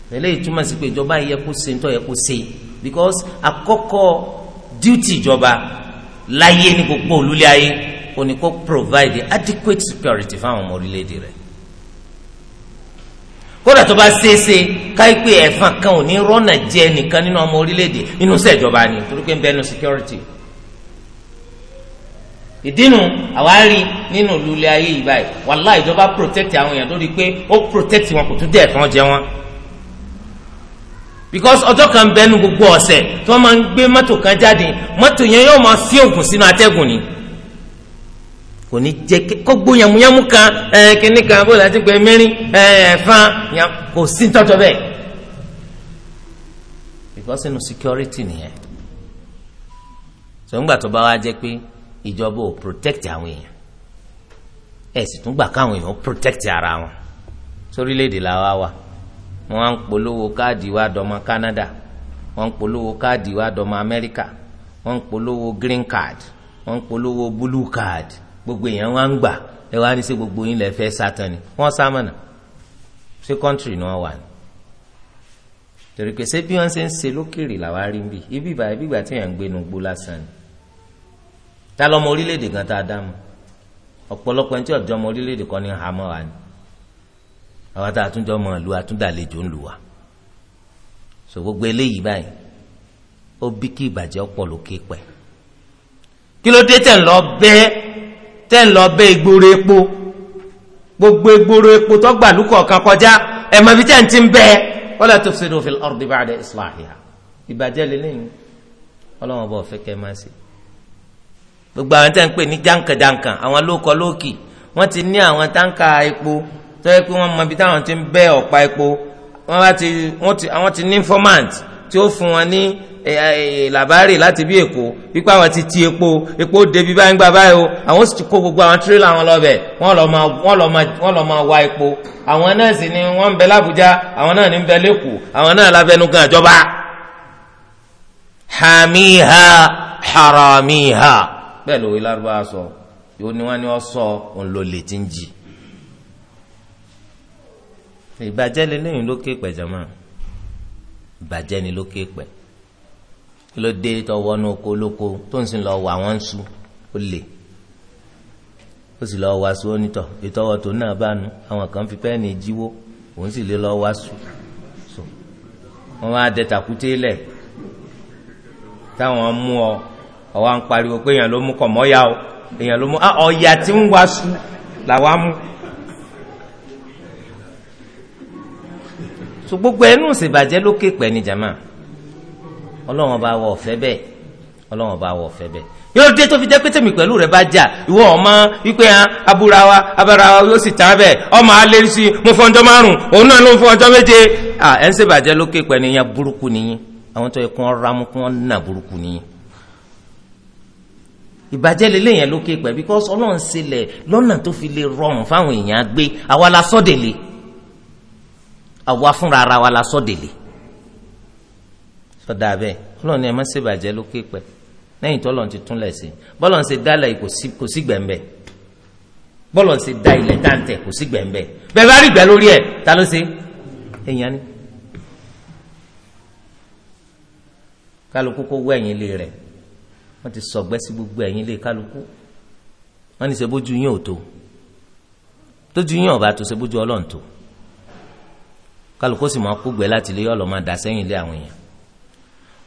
tẹ̀lé ìtumọ̀ sí pé ìjọba yẹ kó ṣe nítorí yẹ kó ṣe because àkọ́kọ́ duty ìjọba láyé ní gbogbo olúlé ayé òní kó provide adequate security fáwọn ọmọ orílẹ̀-èdè rẹ̀ kódà tó bá ṣeéṣe káyipé ẹ̀fọn kan ò ní rọ́nà jẹ nìkan nínú ọmọ orílẹ̀-èdè nínú sẹ́jọba ni torí pé ń bẹnu security ìdínú àwárí nínú lulẹ̀ ayé yìí báyìí wàláhì ìjọba protect àwọn èèyàn lórí pé ó protect wọn kò tún dé ẹ̀fọn jẹ wọn because ọjọ́ kan bẹnu gbogbo ọ̀sẹ̀ tí wọ́n máa ń gbé mọ́tò kan jáde mọ́tò yẹn yóò máa fi òògùn sínú atẹ́gùn ni. kò ní jẹ kó gbó yamuyamu kan kíní kan bó gbé mẹ́rin ẹ kò sí tọjọ bẹ́ẹ̀ because inú security nìyẹn tó bá wá jẹ pé ìjọba ò protect àwọn èèyàn ẹ sì tún gbà káwọn èèyàn ó protect ara wọn wà wọn á ń polówó káàdì wa dọmọ Canada wọn ń polówó káàdì wa dọmọ America wọn ń polówó green card gbogbo èèyàn wá ń gbà ẹ wá ní sí gbogbo yín lè sátán ni wọ́n sámọ̀nà ṣé kọ́ńtìrì ni wọ́n wà ní. torí pé ṣé bí wọ́n ṣe ń ṣe lókèrè làwa rí ń bì ibi ìgbà ibi ìgbà tí èèyàn ń gbénu gbó lásán ni. ta lọ́mọ orílẹ̀-èdè kan tá a dá mu ọ̀pọ̀lọpọ̀ ẹni tí ọ̀jọ́ ọmọ orílẹ̀-èdè kan ní hàmọ́ wa ni àwa tá a tún jọ mọ ìlú atúndàlejò ń lù wá kí ló dé tẹ̀ ń lọ bẹ́ẹ́ tẹ́ ń lọ bẹ́ egboro epo gbogbo egboro epo tó gbàlú kọ̀ọ̀kan kọjá ẹ̀ mọ̀ ibi tẹ́ ń ti ń bẹ́ẹ̀ wala tufsidu fil ardi ba'da islahiha ìbàjẹ́ lélẹ́yìn ọlọ́wọ́n bọ̀ fẹ́ kẹ́ máa ṣe gbogbo àwọn tẹ́ ń pè ní jàǹkàjàǹkàn àwọn lóko lóòkì wọ́n ti ní àwọn táǹkà epo tó yẹ pé wọ́n mọ ibi táwọn ti ń bẹ́ ọ̀pá epo wọ́n ti ní informant tí ó fún wọn ní làbárì láti bí èkó wípé àwọn ti ti epo epo débi báyìí gbà báyìí o àwọn sì ti kó gbogbo àwọn tirẹ́là wọn lọ bẹ̀ wọ́n lọ máa wọ́n lọ máa wọ́n lọ máa wá epo àwọn náà sì ni wọ́n ń bẹ lábújá àwọn náà ní ń bẹ lẹ́kọ̀ọ́ àwọn náà lábẹnugan ìjọba. hamiha haramiha bẹ́ẹ̀ ló wí lárúbáwá sọ yóò ní wọ́n ní wọ́n sọ òun ló lè ti ń jì. ìbàjẹ́ lélẹ́yìn ló ké pẹ̀jọ́ máa bàjẹ́ ni lókè pẹ̀ kí ló dé tọwọ́ nu oko lóko tó ń sìn lọ wà wọ́n ń su ó lè ó sì lọ wá su ó nítọ̀ ìtọ́wọ́ tó náà bá nu àwọn kan fi pẹ́ẹ́nì jíwó òun sì lè lọ wá su wọ́n wá dẹ tàkúté lẹ̀ táwọn mú ọ ọwọ́ à ń pariwo pé èèyàn ló mú kọ̀ mọ́yà o èèyàn ló mú ah, ọ̀yà tí ń wá su làwa mú. so gbogbo ẹnu ìṣèbàjẹ́ lókè pẹ̀ ní jama ọlọ́wọ́n bá wọ ọ̀fẹ́ bẹ́ẹ̀ ọlọ́wọ́n bá wọ ọ̀fẹ́ bẹ́ẹ̀ yóò dé tó fi jẹ́ pé tèmi pẹ̀lú rẹ̀ bá jà ìwọ ọmọ wípé hàn ah, abúrawa abarawa yóò sì tán bẹ́ẹ̀ ọmọ alẹ́ sí mo fọ ọjọ́ márùn òun náà ló ń fọ ọjọ́ méje à ẹ̀ ń ṣèbàjẹ́ lókè pẹ̀ níyàn burúkú nìyí àwọn tó yẹ kó ń ramú kó ń nà burúkú nìyí ìbàjẹ́ lélẹ̀ yẹn lókè pẹ̀ bíkọ́sì ọlọ́run ṣẹlẹ̀ lọ́nà tó fi lè rọrùn fáwọn èèyàn gbé àwa la sọ́dẹ̀lẹ̀ àwa fúnra ara wa la sọ délé sọdà bẹ́ẹ̀ Ọlọ́run ni ẹ má ṣe bàjẹ́ lókè pẹ lẹ́yìn tó Ọlọ́run ti túnlẹ̀ sí bọlọ ń ṣe dálẹ̀ kò sí gbẹmbẹ bọlọ ń ṣe dá ilẹ̀ dáńtẹ kò sí gbẹmbẹ bẹ́ẹ̀ bá rí gbẹ lórí ẹ ta ló ṣe èèyàn ni kálukú kó wọ ẹ̀yìn ilé rẹ̀ wọ́n ti sọgbẹ́ sí gbogbo ẹ̀yìn ilé kálukú wọ́n ní ṣe bójú yín ò tó tójú yín ọba tó ṣe bójú Ọlọ́run tó kálukó sì máa kúgbẹ́ láti ilé yọ̀ọ́ lọ́ máa dà sẹ́yìn ilé àwọn èèyàn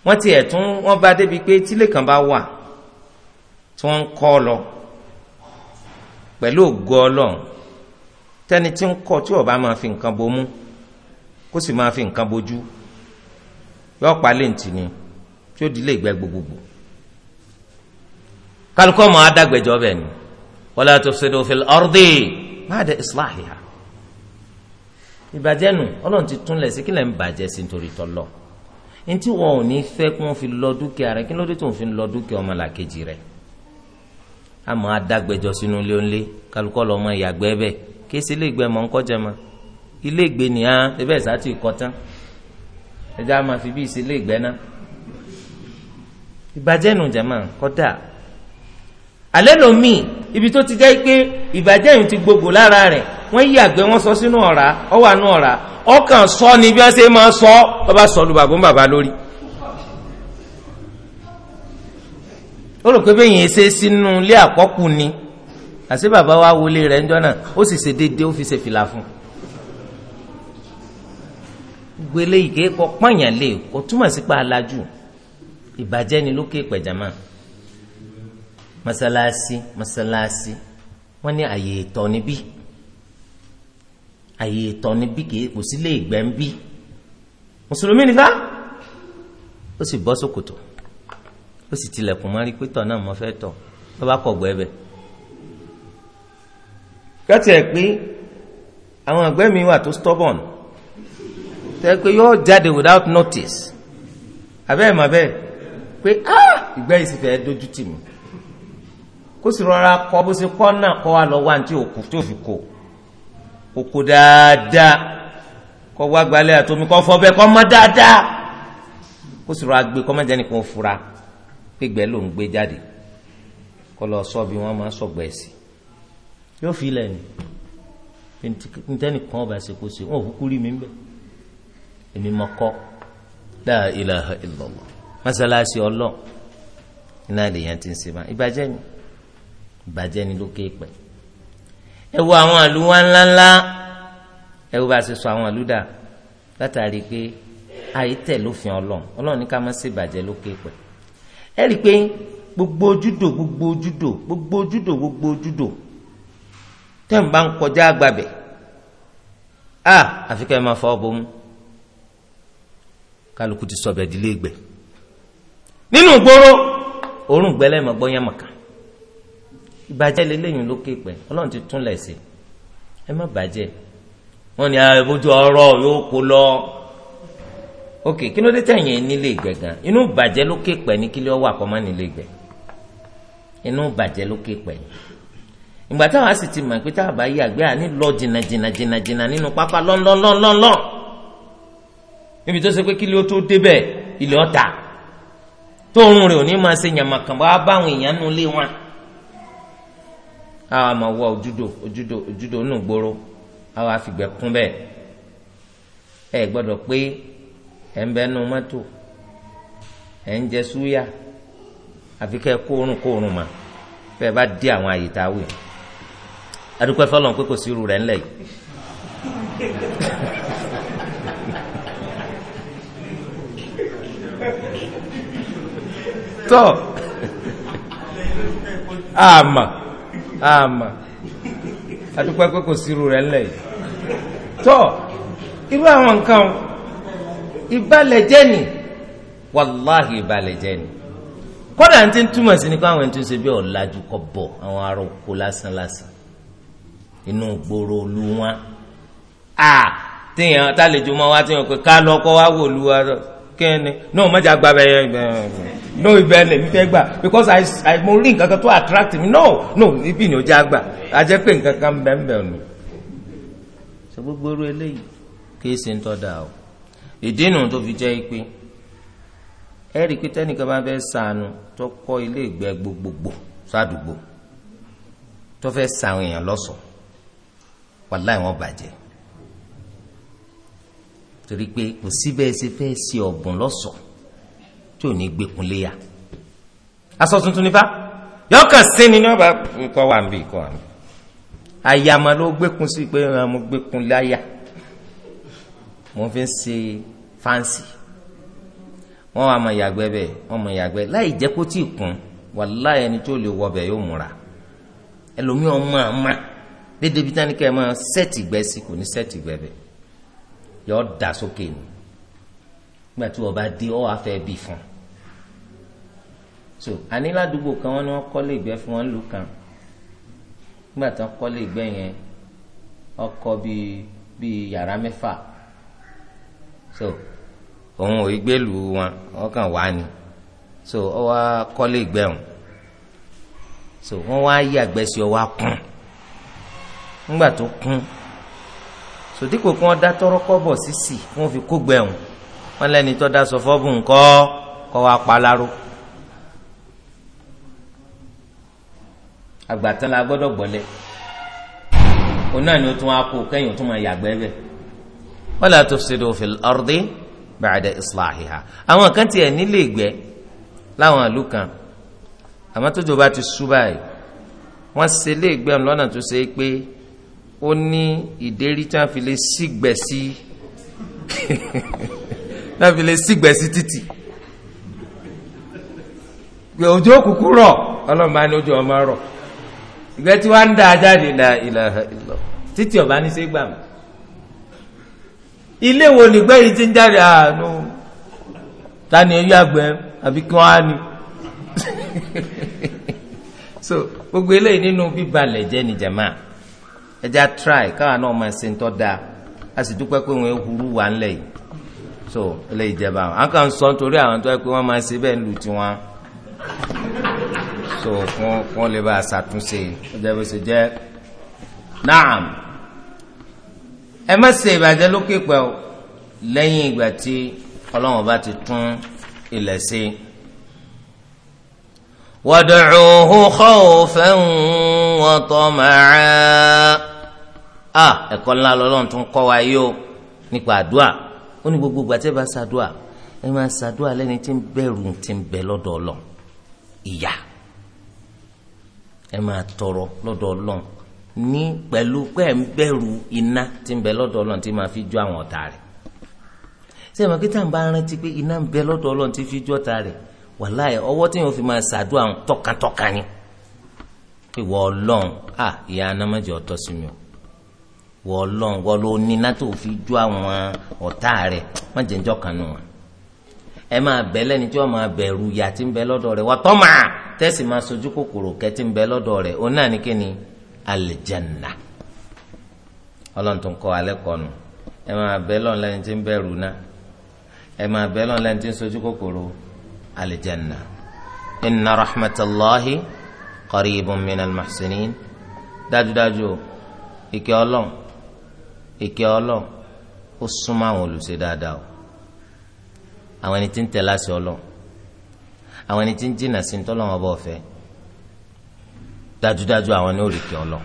wọ́n ti ẹ̀tún wọ́n bá débi pé tílé kan bá wà tí wọ́n ń kọ́ lọ pẹ̀lú ògo ọlọ́run tẹ́ni tí ń kọ́ tí ó máa fi nǹkan bomú kó sì máa fi nǹkan bojú yọ palẹ̀ ntì ni tí ó di ilé ìgbẹ́ gbogbogbò kálukọ́ mọ́ adágbẹ́jọ́ bẹ́ẹ̀ ni wala tufsidu fil ardi ba'da islahiha ìbàjẹ́ nù ọlọ́run ti túnlẹ̀ sí kí lẹ́ ń bàjẹ́ sí nítorí tọ́lọ̀ ntí wọn ò ní fẹ́ kí wọ́n fi lọ dúkìá rẹ kí ló dé tó ń fi lọ dúkìá ọmọlàkejì rẹ àmọ́ adágbẹ́jọ sínú ilé ńlé kálukọ́ lọ́mọ ìyàgbẹ́ bẹ́ẹ̀ kí sí ilé ìgbẹ́ mọ̀ ń kọjá ma ilé ìgbẹ́ nìyà ah, ebẹ́ sátì kọ́ tán ẹja máa fi bí ìsílé ìgbẹ́ náà ìbàjẹ́ nù jẹ́ máa kọ́ dáa alẹ́ lomi ibi tó ti jẹ́ pé ìbàjẹ́ yìí ti gbogbo lára rẹ̀ wọ́n yí àgbẹ̀ wọ́n sọ sínú ọ̀rá ọwọ́ àánú ọ̀rá ọkàn sọ ni bí wọ́n ṣe máa sọ bàbá sọ̀lù bàbá ń bàbá lórí. ó rò pé bẹ́yìn ṣe sínú ilé àkọ́kù ni àti bàbá wa wọlé rẹ̀ ńjọ́ náà ó sì ṣe déédéé ó fi ṣe fìlà fún un gbélé ìké pọ́nyàn lè e. kó túmọ̀ sí pa alájú ìbàjẹ́ ni lókè pẹ̀jámà. Masalasi, masalasi. wọ́n ní àyè ìtọ̀ níbí àyè ìtọ̀ níbí kò sí lè gbẹ́ ń bí mùsùlùmí nìkan ó sì bọ́ sókòtò ó sì tilẹ̀kùn mọ́rí pétọ̀ náà mo fẹ́ tọ̀ ló bá kọ̀ gbẹ́ bẹ́ẹ̀. kẹ́tì ẹ̀ pé àwọn àgbẹ̀ mi wà tó stubborn tẹ́ pé yóò jáde without notice abẹ́ẹ̀ mọ̀ bẹ́ẹ̀ pé ah ìgbẹ́ yìí sì fẹ́ dojú tì mí ó sì rọra kọ bó ṣe kọ́ náà kọ́ wa lọ wá ní tí òkú tó fi kò kòkò dáadáa kọ́ wá gbalẹ̀ àtomi kọ́ fọbẹ́ kọ́ mọ́ dáadáa ó sì rọra gbé kọ́ mọ́ jẹ́ni kan fura gbégbẹ́ ló ń gbé jáde kọ́ lọ sọ bí wọ́n máa sọ̀gbọ́ ẹ̀sìn yóò fi ilẹ̀ ni ntẹ́ni kan ọba ṣe kó ṣe wọn ò kúkú rí mi bẹ́ẹ̀ èmi mọ kọ́ la ilaha illallah mọ́sálásí ọlọ́ọ̀ iná lèèyàn ti ń ṣe máa ìbàjẹ́ ni bàjẹ́ ni lókè pẹ̀ ẹ wo àwọn àlù wa ńláńlá ẹ wo bá a ṣe sọ àwọn àlù dà látàrí pé àyè tẹ̀ lófin ọlọ́run ọlọ́run ní ká má ṣe bàjẹ́ lókè pẹ̀ ẹ rí i pé gbogbo ojúdò gbogbo ojúdò gbogbo ojúdò gbogbo ojúdò tẹ̀ bá ń kọjá àgbàbẹ̀ a àfi ká ẹ máa fọ ọbọ mu kálukú ti sọ̀bẹ̀ dílé gbẹ̀ nínú gbòòrò òórùn gbẹ́lẹ́ mọ̀ gbọ́ mọ̀ kàn. ìbàjẹ́ lélẹ́yìn lókè pẹ́ ọlọ́run ti túnlẹ̀ sí ẹ má bàjẹ́ wọ́n ní àbójú ọ̀rọ̀ yóò kó lọ ok kí ló dé tẹ̀yìn nílé inú bàjẹ́ lókè pẹ́ ní kílẹ̀ ọwọ́ inú bàjẹ́ ìgbà táwọn sì ti mọ̀ pé táwọn bá yí jìnnà jìnnà jìnnà jìnnà nínú pápá níbi tó ṣe pé tó débẹ̀ ilẹ̀ ọ̀tà rẹ̀ máa ṣe yàmàkàn bá báwọn àwa máa wá ojudo ojúdò ojúdò nù gbòòrò àwa fìgbẹ́ kún bẹ́ẹ̀ ẹ gbọ́dọ̀ pé ẹ ń bẹ nu mọ́tò ẹ ń jẹ súyà àfi kẹ́ kóorùn kóorùn mà bẹ́ẹ̀ bá dé àwọn àyè tá a wè pé kò sí irú yìí [LAUGHS] [LAUGHS] àmà àdúpẹ́ pé kò sí irú rẹ̀ ńlẹ̀ yìí tọ́ irú àwọn nǹkan ìbàlẹ̀jẹ́ ni wàláhì ìbàlẹ̀jẹ́ ni kódà ní ti ń túmọ̀ sí ni kó àwọn ẹni tó ń ṣe bí ọ̀làjú kọ bọ̀ àwọn ará oko lásán lásán inú gbòòrò olú wọn a téèyàn tálejò máa wá téèyàn pé ká lọ́kọ́ wá wò lu wa kẹ́ni náà mọ̀jà gbàbẹ́yẹ bẹ́ẹ̀ bẹ́ẹ̀ no ibẹ̀ lèmi fẹ́ gbà because I I mo rí nǹkan kan tó attract me. no no ibi ni ó já gbà a jẹ́ pé nǹkan kan bẹ́ẹ̀ bẹ́ẹ̀ nù. ṣe gbogbo oru eléyìí kìí ṣe ń tọ́da o ìdínú tó fi jẹ́ pé ẹ rí i pé tẹ́nìkan bá fẹ́ sànù tó kọ́ ilé ìgbẹ́ gbogbogbò sádùúgbò tó fẹ́ sàwọn èèyàn lọ́sọ̀ọ́ wàláì wọn bàjẹ́ torí pé kò síbẹ̀ ṣe fẹ́ ṣe ọ̀bùn lọ́sọ̀ọ́ tí ò ní gbẹkùn léyà aṣọ tuntun nípa yọkàn sínni ní ọba ikọ wà ń bí ikọ wà ń bí àyàmọ ló gbẹkùn sí pé mo gbẹkùn láyà mo fi ń ṣe fáǹsì wọn wà mọ ìyàgbẹ́ bẹ́ẹ̀ wọn mọ ìyàgbẹ́ láì jẹ kó tí ì kún ẹni tó lè wọbẹ yóò múra ẹlòmíì ọmọ àmà dédébi tani máa sẹẹtì gbẹ kò ní sẹẹtì gbẹ yọ ọ da sókè ni nígbà tí wọ́n bá dé ọ́ wàá fún so àníládùúgbò kan wọn ni wọ́n kọ́ lè gbẹ́ fún wọn lù kan nígbà tí wọ́n kọ́ lè gbẹ́ yẹn ọkọ bíi bíi yàrá mẹ́fà so òun ò gbẹ́lú wọn wọ́n kàn wá ni so ọ wá kọ́ lè wọn so wọ́n wá yí àgbẹ̀sí ọ wá kún nígbà tó kún sòdípò kí wọ́n dá tọ́rọ́kọ́ bọ̀ sísì wọ́n fi kó gbẹ́ wọn wọn lẹni tó daṣọ fọ́bù ńkọ́ kọ́ wa palaro àgbàtàn la gbọ́dọ̀ gbọ́lẹ̀ òun náà ni ó tún wá kó kẹ́yìn tún máa yàgbẹ́ bẹ́ẹ̀ wala tufsidu fil ardi ba'da islahiha àwọn kan tiẹ̀ nílé ìgbẹ́ láwọn ìlú kan àmọ́ tójò bá ti sú báyìí wọ́n ṣe lé ìgbẹ́ ọ̀hún lọ́nà tó ṣe pé ó ní ìdérí tí wọ́n fi lè sígbẹ̀ sí [LAUGHS] náà fi lè sígbẹ́ sí títì òjò kúkú rọ̀ ọlọ́mọ àni ojú ọmọ rọ̀ ìgbẹ́ tí wàá ń da jáde la ilaha illallah títì ọ̀bá ní sẹ́gbà mi ilé wo nìgbẹ́ yìí ti ń jáde àánú ta ni ẹyọ àgbẹ̀ àbí kí wọ́n á ní [LAUGHS] so gbogbo eléyìí nínú bíbalẹ̀ jẹ́ ni jàmáà ẹja try káwa náà máa ṣe ń tọ́ da a sì dúpẹ́ pé wọ́n ehuru wà ńlẹ̀ yìí so ilé ìjẹba àwọn kan sọ nítorí àwọn tó yẹ pé wọ́n máa ṣe bẹ́ẹ̀ lù tiwọn so fún fún lè bá a ṣàtúnṣe ọjọ́ bó ṣe jẹ́ naam ẹ má ṣe ìbàjẹ́ lókè pẹ́ o lẹ́yìn ìgbà tí ọlọ́run bá ti tún ilẹ̀ ṣe. wad'uuhu khawfan wa tama'a a ah, ẹ̀kọ́ ńlá lọ́lọ́run tún kọ́ wa yìí nípa àdúrà ó ní gbogbo gbàtẹ́ bá ṣàdúà ẹ máa ṣàdúà lẹ́ni tí ń bẹ̀rù tí ń bẹ lọ́dọ̀ ọlọ́run ìyá ẹ máa tọrọ lọ́dọ̀ ọlọ́run ní pẹ̀lú pé ẹ̀ ń bẹ̀rù iná tí ń bẹ lọ́dọ̀ ọlọ́run tí máa fi jó àwọn ọ̀tá rẹ̀ ṣé ẹ mọ̀ kí táwọn bá rántí pé iná ń bẹ lọ́dọ̀ ọlọ́run tí fi jó ọ̀tá rẹ̀ wàláyé ọwọ́ tí yóò fi máa ṣàdúà tọkàntọkàn ni ìwọ ọlọ́run à ìyá anamọ́jọ́ ọ̀tọ́ sí mi wọ́n lọ́n wọ́n ló ní látò fi ju àwọn ọ̀tá rẹ̀ wọ́n jẹ́ njọ́ kan nù wọn. ẹ máa bẹ lẹ́ni tí wọ́n máa bẹ̀rù ìyà tí ń bẹ lọ́dọ̀ rẹ̀ wọ́n tọ́mà tẹ́sí máa sojú kòkòrò kẹ́ tí ń bẹ lọ́dọ̀ rẹ̀ òun náà ní kíni alìjẹ́nà ọlọ́run tó ń kọ́ alẹ́ kọ́nu ẹ máa bẹ lọ́n lẹ́ni tí ń bẹ̀rù náà ẹ máa bẹ lọ́n lẹ́ni tí ń sojú kòkòrò alìjẹ́nà inna ike ọlọ ó súnmọ́ àwọn dáadáa o àwọn ẹni tí ń tẹ̀lé àṣẹ ọlọ́ àwọn ẹni tí ń jìnnà sí ntọ́lọ́wọ́n bá ọ̀fẹ́ dájúdájú àwọn ní òrìkì ọlọ́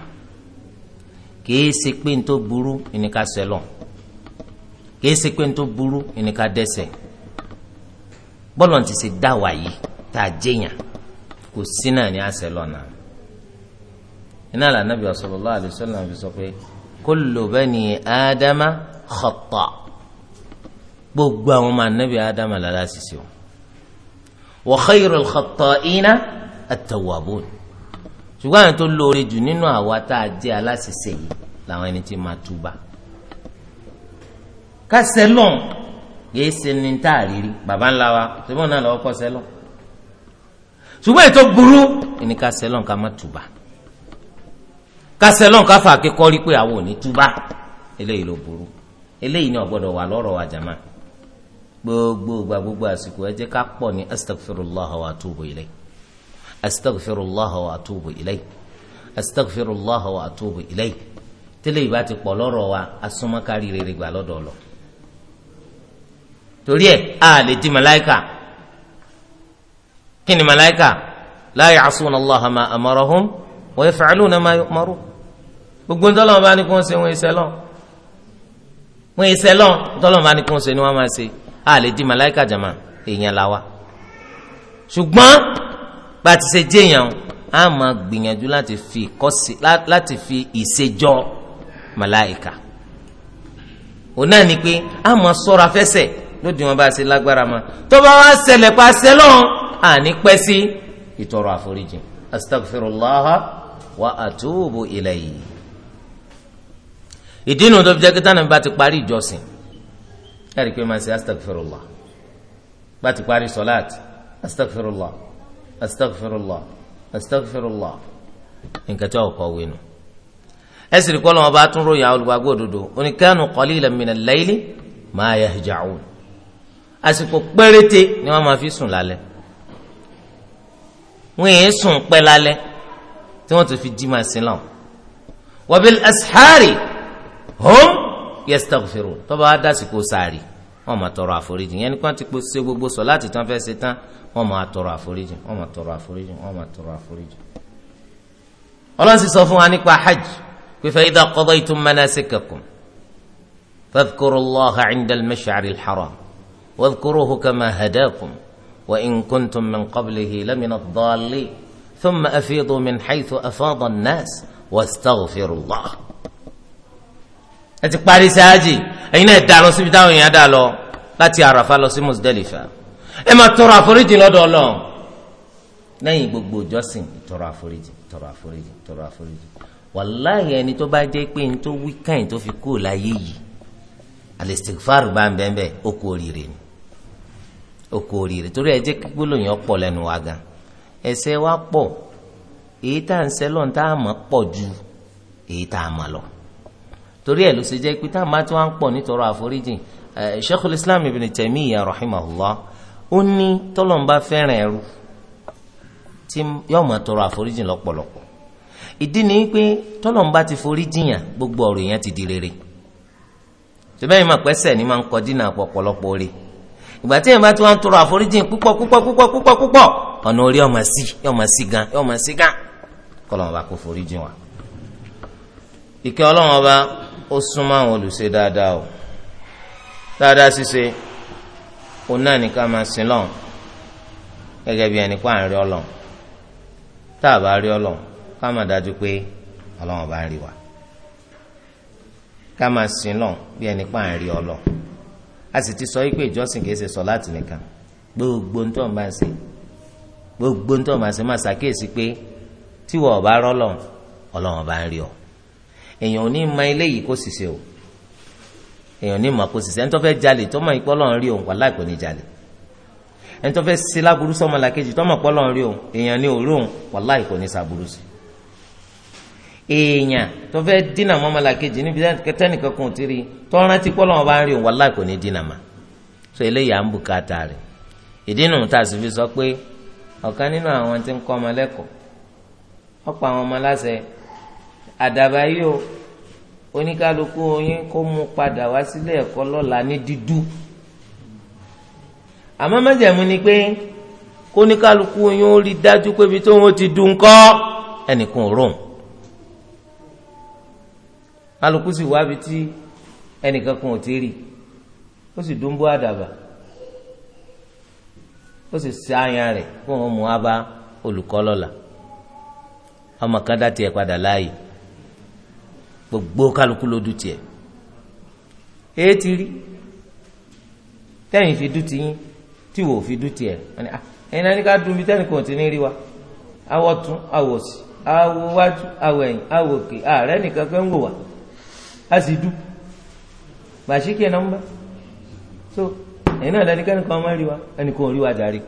kìí ṣe pé ntó burú ni ká kìí ṣe pé burú bọ́lọ̀ ti ṣe dá wà yìí tá a jẹ́yàn kò sí náà ní àṣẹ lọ́nà iná kullu bani ádámà khata gbogbo àwọn ọmọ anabi ádámà lára ṣiṣẹ́ o wa khayrul khata'ina at-tawwabun ṣùgbọ́n àwọn tó lóore jù nínú àwa tá a jẹ́ aláṣiṣẹ́ yìí làwọn ẹni tí máa túbà ká sẹ́lọ̀n yéé ṣe tá a rírí bàbá ńlá wa ṣùgbọ́n náà lọ́wọ́ kọ́ sẹ́lọ̀n ṣùgbọ́n ètò burú ẹni ká sẹ́lọ̀n ká má túbà kásẹlọ́n káfà akẹ́kọ̀ọ́ rí pé àwọn ò ní túbà eléyìí ló burú eléyìí ni ọ̀gbọ́dọ̀ wà lọ́rọ̀ wa jàmá gbogbo gba gbogbo àsìkò ẹ jẹ́ ká pọ̀ ní astaghfirullah wa atubu ilay astaghfirullah wa atubu ilay astaghfirullah wa atubu ilay tẹ́lẹ̀ ìbá ti pọ̀ lọ́rọ̀ wa asúnmọ́kárí rere gbà lọ́dọ̀ lọ torí ẹ̀ a lè di màláìkà kí ni màláìkà la ya'suna Allaha ma amarahum wa yaf'aluna ma yu'marun gbogbo ntọ́lọ́wọ́n bá ní kó ń ṣe wọn ìṣẹ́ lọ wọn ìṣẹ́ lọ ntọ́lọ́wọ́n bá ní kó ń ṣe ni wọ́n máa ṣe a lè di màláìka jàmá èèyàn la wa ṣùgbọ́n bá a ti ṣe jéèyàn a máa gbìyànjú láti fi kọ́sí láti fi ìṣèjọ́ màláìka òun náà ni pé a máa sọ́ra fẹ́sẹ̀ lóde wọn bá a ṣe lágbára ma tó bá wá ṣẹlẹ̀ pa ṣẹ́ lọ àní pẹ́ sí ìtọrọ àforíjì astaghfirullah wa atubu ilayi ìdí nu tó fi jẹ́ kí tánà bá ti parí ìjọsìn ẹ rí i pé máa ṣe astagfirullah bá ti parí sọláàtì astagfirullah astagfirullah astagfirullah nǹkan tí wọ́n kọ́ wé nu. ẹ sì rí i kọ́ lọ́wọ́ bá tún ròyìn àwọn olùgbàgbọ́ òdodo oníkanu qalilan minal layli ma yahja'un àsìkò péréte ni wọ́n máa fi sùn lálẹ́ wọ́n yẹn sùn pẹ́ lálẹ́ tí wọ́n tún fi jí máa sin lọ. wa bil ashari. هم يستغفرون طبعا هذا سكو ساري وما ترى فريج يعني كنت تقول سبب بصلاة تان في ستان وما ترى فريج وما ترى فريج وما ترى فريج الله سيصفون عنك حج فإذا قضيتم مناسككم فاذكروا الله عند المشعر الحرام واذكروه كما هداكم وإن كنتم من قبله لمن الضالين ثم أفيضوا من حيث أفاض الناس واستغفروا الله ẹ ti parí sáájì ẹ̀yin náà dà lọ síbi táwọn èèyàn dà lọ láti àràfà lọ sí Muzdalifa ẹ máa tọrọ àforíjì lọ́dọ̀ Ọlọ́run lẹ́yìn gbogbo ìjọsìn tọrọ àforíjì tọrọ àforíjì tọrọ àforíjì wàláyé ẹni tó bá jẹ́ pé ní tó wíkàn tó fi kú láyé yìí alistighfar bá ń bẹ́ẹ̀ ó kú oríire ni ó kú oríire torí ẹ jẹ́ gbólóyìn ọ̀pọ̀ lẹ́nu wa gan ẹ̀ṣẹ̀ wa pọ̀ èyí tá à torí ẹ̀ ló ṣe jẹ́ pé tá a máa tún wá ń pọ̀ nítorọ àforíjìn Sheikhul Islam Ibn Taymiyyah rahimahullah ó ní tọ́lọ́mbà fẹ́ràn ẹrú tí yóò máa tọrọ àforíjìn lọ́pọ̀lọpọ̀ ìdí ni pé tọ́lọ́mbà ti foríjìyàn gbogbo ọ̀rọ̀ yẹn ti di rere tẹ́lẹ̀ yìí máa pẹ́sẹ̀ ní máa ń kọ dínà ọ̀pọ̀lọpọ̀ rẹ̀ ìgbà tí èèyàn bá ti wá ń tọrọ àforíjìn púpọ̀ púpọ̀ púpọ̀ púpọ̀ púpọ̀ ọ̀nà orí ọmọ sí ọmọ sí gan ọmọ sí gan kọ́lọ́mọba kò foríjìn wa ìkẹ́ ọlọ́mọba ó súnmọ́ àwọn olùṣe dáadáa o dáadáa ṣíṣe òun náà ní ká máa sin lọ́n gẹ́gẹ́ bí ẹni pa à ń rí ọlọ́n tá a bá rí ọlọ́n ká máa dájú pé ọlọ́run bá ń rí wa ká máa sin lọ́n bí ẹni pa à ọlọ́n a sì ti sọ wípé ìjọsìn kìí ṣe sọ láti nìkan gbogbo ntọ́ máa ṣe gbogbo ntọ́ máa ṣe máa ṣàkíyèsí pé tíwọ́ ọ̀bá rọ́lọ́n ọlọ́run bá ń rí ọ èèyàn ò ní ma eléyìí kó ṣiṣẹ́ o èèyàn ò ní ma kó ṣiṣẹ́ ẹni tó fẹ́ jalè tó mọ ìpọ́ lọ́run rí òun wà láì ní jalè ẹni tó fẹ́ ṣe láburú sọ́mọ làkejì tó mọ ìpọ́ lọ́run rí òun èèyàn ní òru òun wà láì ní sàbúrú sí èèyàn tó fẹ́ dínà níbi ti tọ́ran so eléyìí à ń ìdí sì sọ pé ọ̀kan nínú àwọn àdàbà yìí o oníkálukú yín kó mú padà wá sílé ẹ̀kọ́ lọ́la ní dídú àmọ́ májẹ̀mú ni pé kóníkálukú yín ó rí dájú pé ibi tó ń ti dùn ńkọ́ ẹnìkan ò rọ̀hún sì wábi tí ẹnìkan kan ò ti rí ó sì dún àdàbà ó sì ṣe àyàn rẹ̀ kó wọn mú olùkọ́ lọ́la ọmọ kan dá tiẹ̀ padà láàyè gbogbo kálukú ló dùn tiẹ̀ èyí ti rí tẹ́yìn fi dùn tiyín tí wò fi dùn tiẹ̀ ah, ẹ̀yin náà ní ká dùn bí tẹ́yìn kò tí ní rí wa awọ tún awọ sí awọ wájú awọ ẹ̀yìn awọ òkè ààrẹ nìkan fẹ́ ń wò wá a sì dùn bàṣíkì ẹ̀ náà ń bá so ẹ̀yin náà lẹ́ni kẹ́nìkan máa rí wa ẹnìkan ò rí wa dàrí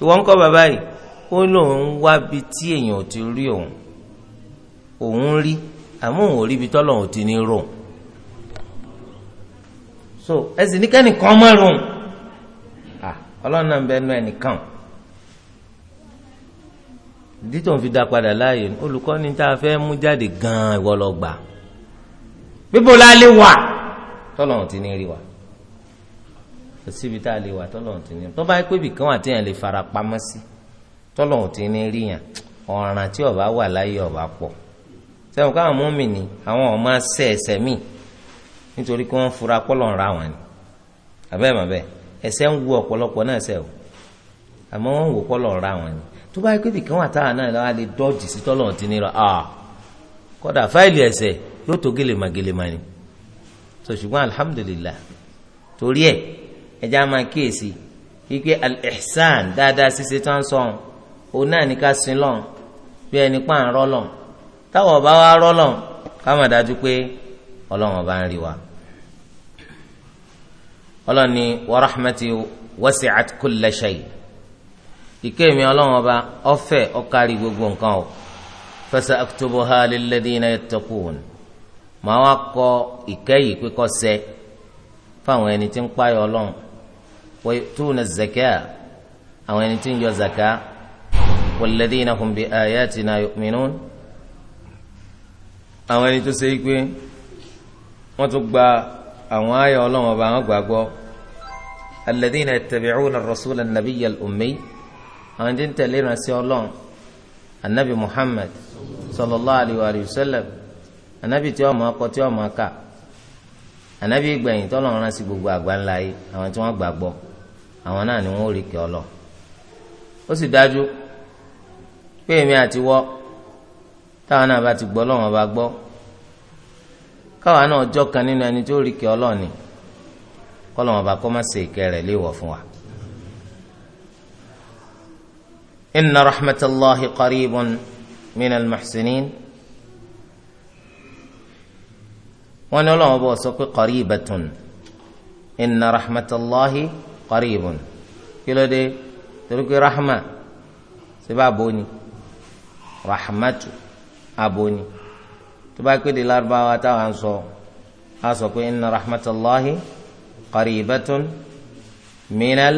ìwọ ń kọ́ bàbá yìí ó lóun wá bi tí èèyàn ò ti rí òun òun rí àmọ́ òun ò rí ibi tọ́lọ̀ ò ti ní rùn so ẹ sì ní kẹ́nìkan mọ́ rùn ọlọ́run náà ń bẹ nú ẹnìkan dítò ń fi dá padà láàyè olùkọ́ ní tá a fẹ́ mú jáde gan-an ìwọ lọ gbà bíbo la lè wà tọ́lọ́run ti ní rí wa síbi tá a lè wà tọ́lọ́run ti ní rí tó bá yẹ pé ibìkan wà téèyàn lè fara pamọ́ sí tọ́lọ́run ti ní rí yàn ọ̀ràn tí ọba wà láyé ọba pọ̀ sẹ́wọ̀n káwọn mọ́mì ni àwọn ọmọ ṣe ẹ̀ṣẹ̀ míì nítorí kí wọ́n fura pọ́lọ̀ ń ra wọn ni àbẹ́ẹ̀ mà bẹ́ẹ̀ ẹ̀ṣẹ̀ ń wu ọ̀pọ̀lọpọ̀ náà ṣẹ̀ o àmọ́ wọ́n wò pọ́lọ̀ ń ra wọn ni tó bá yẹ pé bìkan wà táwọn náà lọ́wọ́ lè dọ́ọ̀jì sí tọ́lọ̀ ti ní lọ ah, kọ́dà fáìlì ẹ̀ṣẹ̀ yóò tó gèlèmà gèlèmà ni so ṣùgbọ́n alhamdulillah torí ẹ̀ ẹja máa kíyèsí wípé al-ihsan dáadáa ṣíṣe tó ń sọ òun náà ní ká sin lọ́n bí ẹni pààrọ̀ lọ́n táwọn ọba wa rọlọ káwọn dájú pé Ọlọ́run ọba ń rí wa Ọlọ́run ni wa rahmati wasi'at kulla shay ìkẹ́ mi Ọlọ́run ọba ó fẹ̀ ó kárí gbogbo nǹkan o fẹsẹ akutubuha lilladhina yattaqun màá wá kọ ìkẹ́ yìí pípọ sẹ fáwọn ẹni tí ń páyọ Ọlọ́run wọ́n tó na zakaa àwọn ẹni tí ń yọ zakaa walladhina hum bi ayatina yu'minun àwọn ẹni tó ṣe é pé wọ́n tún gba àwọn ayọ̀ ọlọ́run ọba àwọn gbàgbọ́ alladhina yattabi'una ar-rasula an-nabiyya al-ummi àwọn tí ń tẹ̀lé ìránṣẹ́ ọlọ́run anabi muhammad sallallahu alayhi wa sallam anabi tí wọ́n máa kọ tí wọ́n máa kà anabi gbẹ̀yìn tí ọlọ́run rán gbogbo àgbáńlá yìí àwọn tí wọ́n gbàgbọ́ àwọn náà ni wọ́n ò rí kí ọlọ́ ó sì dájú pé èmi àti wọ́n táwọn náà bá ti gbọ́ lọ́wọ́n bá gbọ́ káwọn náà jọ́ kan nínú ẹni tó rí kí ọlọ́ọ̀ni kọ́lọ́wọ́n bá kọ́ má ṣe ìkẹ́ rẹ̀ léèwọ̀ fún wa. inna rahmatulahi qaribun min almuhsinin wọn ní ọlọ́wọ́n bá sọ pé qaribatun inna rahmatulahi qaribun kí ló dé torí pé rahma ṣe bá bóni rahmatu abo ni tó bá kéde lárúbáwá táwa ń sọ á sọ pé inna rahmatulahi qaribatun minal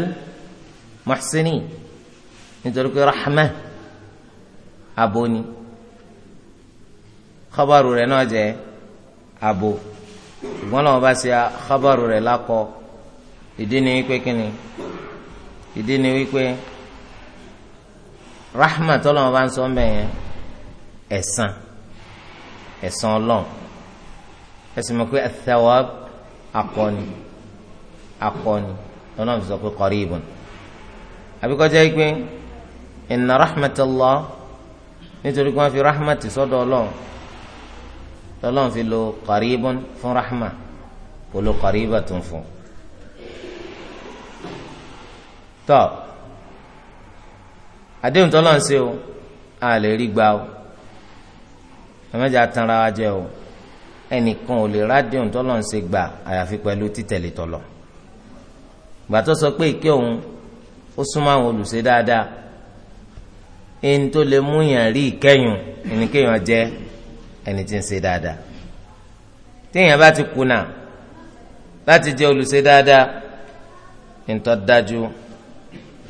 muhsinin nítorí pé rahma abo ni khabaru rẹ̀ náà jẹ́ abo ṣùgbọ́n làwọn bá ṣe khabaru rẹ̀ lákọ ìdí ni wípé kíni ìdí ni wípé rahma tọ́lọ́wọ́n bá ń sọ mẹ́yẹn ẹ̀san ẹ̀san ọlọ́run ẹ̀sìn mọ̀ pé athawab akọni akọni lọ́nà fi sọ pé qaribun àbíkọ́jà yìí pé inna rahmatallah nítorí kí wọ́n fi rahmati sọ́dọ̀ ọlọ́run lọ́lọ́run fi lo qaribun fún rahma kò lo qaribatun fún tọ́ àdéhùn tọ́lọ́ ń ṣe o a lè rí gbà o ẹ̀mẹ́jà tanra wa jẹ́ o ẹnìkan ò lè rádìọ̀n tọ́lọ̀ ń ṣe gbà àyàfi pẹ̀lú títẹ̀lé tọ̀lọ̀ gbàtọ́ sọ pé ìké òun ó súnmọ́ àwọn olùṣe dáadáa ẹni tó lè mú yàn rí ìkẹyùn ẹni kéèyàn jẹ́ ẹni tí ń ṣe dáadáa téèyàn bá ti kùnà láti jẹ́ olùṣe dáadáa ntọ́ dájú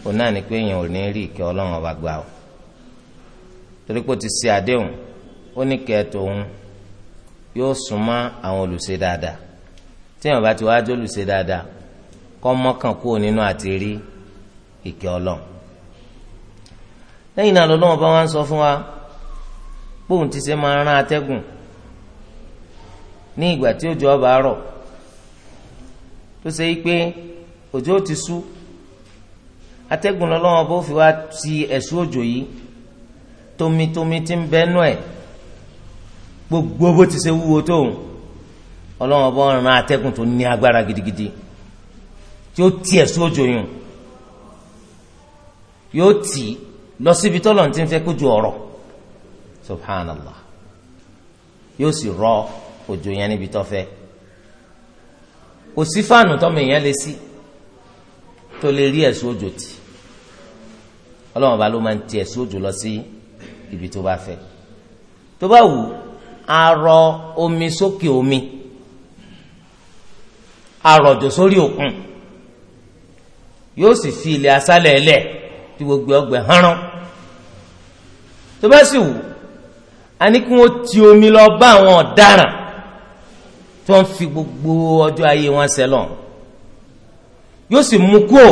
òun náà ni pé èèyàn ò ní rí ìkẹ́ ọlọ́run ọba gbà o torí pé ó ti ṣe àdéhùn oníkẹtò òun yóò súnmọ́ àwọn olùṣe dáadáa tí yàrá ti wá jẹ́ olùṣe dáadáa kọ́ mọ́kàn kúrò nínú àti rí ìkẹ́ ọlọ́run lẹ́yìn náà lọ́lọ́wọ́ bá wá ń sọ fún wa bóun ti ṣe máa rán atẹ́gùn ní ìgbà tí òjò ọba rọ̀ tó ṣe yí pé òjò ti sú atẹ́gùn lọ́lọ́wọ́ bó fi wá ti ẹ̀sùn òjò yìí tómitómi ti ń bẹ́nu ẹ̀ gbogbo bó ti ṣe wúwo tó òun ọlọ́run ọba ọ̀ràn atẹ́gùn tó ní agbára gidigidi tí ó tiẹ̀ sójò yùn yóò tì í lọ síbi tọ́lọ̀ tí ń fẹ́ kójú ọ̀rọ̀ subhanallah yóò sì rọ òjò yẹn níbi tó fẹ́ kò sí fáànù tọ́mọ èèyàn lè sí tó lè rí ẹ̀sùn òjò tì ọlọ́run ọba ló máa ń ti ẹ̀sùn òjò lọ sí ibi tó bá fẹ́ tó bá wù ú arọ omi sókè omi arọ̀jò sórí òkun yóò sì fi ilẹ̀ asálẹ̀ ẹlẹ̀ tí gbogbo ọgbẹ̀ hánrán tó bá sì wù a ní kí wọ́n ti omi lọ bá àwọn ọ̀daràn tí wọ́n fi gbogbo ọjọ́ ayé wọn sẹ́lọ̀ yóò sì mú kúò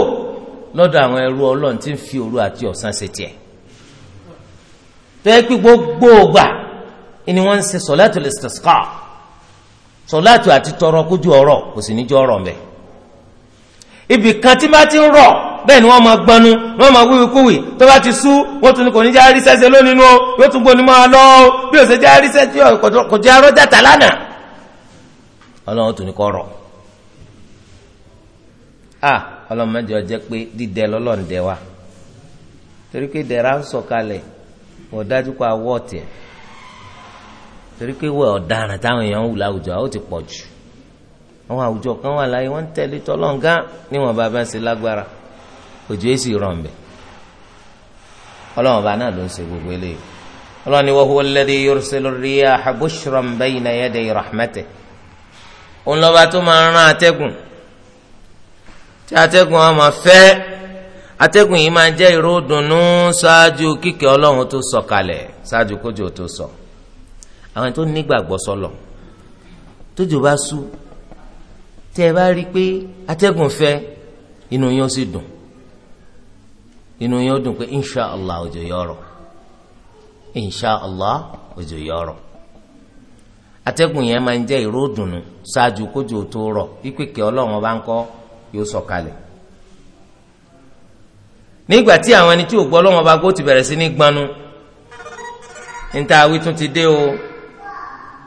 lọ́dọ̀ àwọn ẹrú ọlọ́run tí ń fi òru àti ọ̀sán ṣe tiẹ̀ tẹ́ pé gbogbo ògbà ni wọ́n ń ṣe sọ̀láàtù istisqa sọ̀láàtù àti tọrọ kójú ọ̀rọ̀ kò sì ní jẹ́ ọ̀rọ̀ mbẹ́ ibì kan tí bá ti ń rọ̀ bẹ́ẹ̀ ni wọ́n máa gbanu ni wọ́n máa wíwí kúwì tó bá ti sú wọ́n tún ni kò ní jẹ́ àríṣẹ́ṣe lónìí nù yóò tún gbóni máa lọ bí ó ṣe jẹ́ àríṣẹ́ṣe kò jẹ́ arọ́jà tà lánàá ọlọ́run tún ní kọ́ rọ̀ a ah, ọlọ́run mẹ́jọ jẹ́ pé dídẹ lọ́lọ́run dẹ wa torí pé dẹ̀ra ń sọ̀kalẹ̀ wọ́n dájú pa wọ́ọ̀tì ẹ̀ torí pé wọ́n ọ̀daràn táwọn èèyàn ń wù láwùjọ àwọn ò ti pọ̀ jù àwọn àwùjọ kan wà láyé wọ́n ń tẹ̀lé tọ́lọ́ǹgá níwọ̀n bá bá ń ṣe lágbára òjò èsì rọ̀ mbẹ́ ọlọ́wọ́n bá náà ló ń ṣe gbogbo eléyìí ọlọ́wọ́n ni wa huwa alladhi yursilu riyaha bushran bayna yaday rahmatihi òun lọ́ba tó máa rán atẹ́gùn tí atẹ́gùn wa máa fẹ́ atẹ́gùn yìí máa jẹ́ ìró ṣáájú kíkẹ́ ọlọ́run tó sọ̀kalẹ̀ ṣáájú kójò tó sọ̀ so àwọn tó nígbàgbọ́ sọlọ̀ tójò bá sú tẹ́ ẹ bá rí i pé atẹ́gùn fẹ́ inú yín ó sì dùn inú yín ó dùn pé insha allah òjò yọrọ insha allah òjò yọrọ atẹ́gùn yẹn máa ń jẹ́ ìró dùnú ṣáájú kójú tó rọ̀ pípèkè ọlọ́run bá ń kọ́ yóò sọ̀kalẹ̀ nígbà tí àwọn ẹni tí ò gbọ́ ọlọ́run bá gbó ti bẹ̀rẹ̀ sí ní gbanu níta awí tún ti dé o.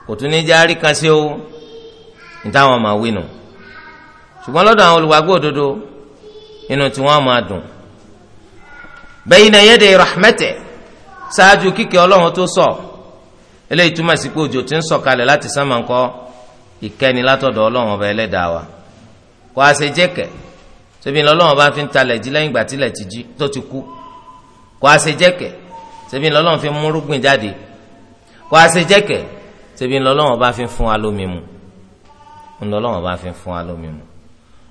kò tún ní járí kan sí o nítawọn máa wí nù ṣùgbọ́n lọ́dọ̀ àwọn olùwàgbọ́ òdodo inú tí wọ́n máa dùn bayna yaday rahmati ṣáájú kíkẹ́ ọlọ́run tó sọ eléyìí túmọ̀ sí pé òjò tí ń sọ̀kalẹ̀ láti sánmà ńkọ́ ìkẹ́ni látọ̀dọ̀ ọlọ́run ọba ẹlẹ́dàá wa kó a ṣe jẹ́kẹ̀ ṣebí lọ́lọ́run ọba fi ń talẹ̀ jí lẹ́yìn ìgbà tílẹ̀ ti jí tó ti kú kó a ṣe jẹ́kẹ̀ ṣebí lọ́lọ́run fi mú rúgbìn jáde kó a ṣe jẹ́kẹ̀ ṣebí ńlọlọ́wọ́n bá fi fún wa lómi mu ńlọlọ́wọ́n bá fi fún wa lómi mu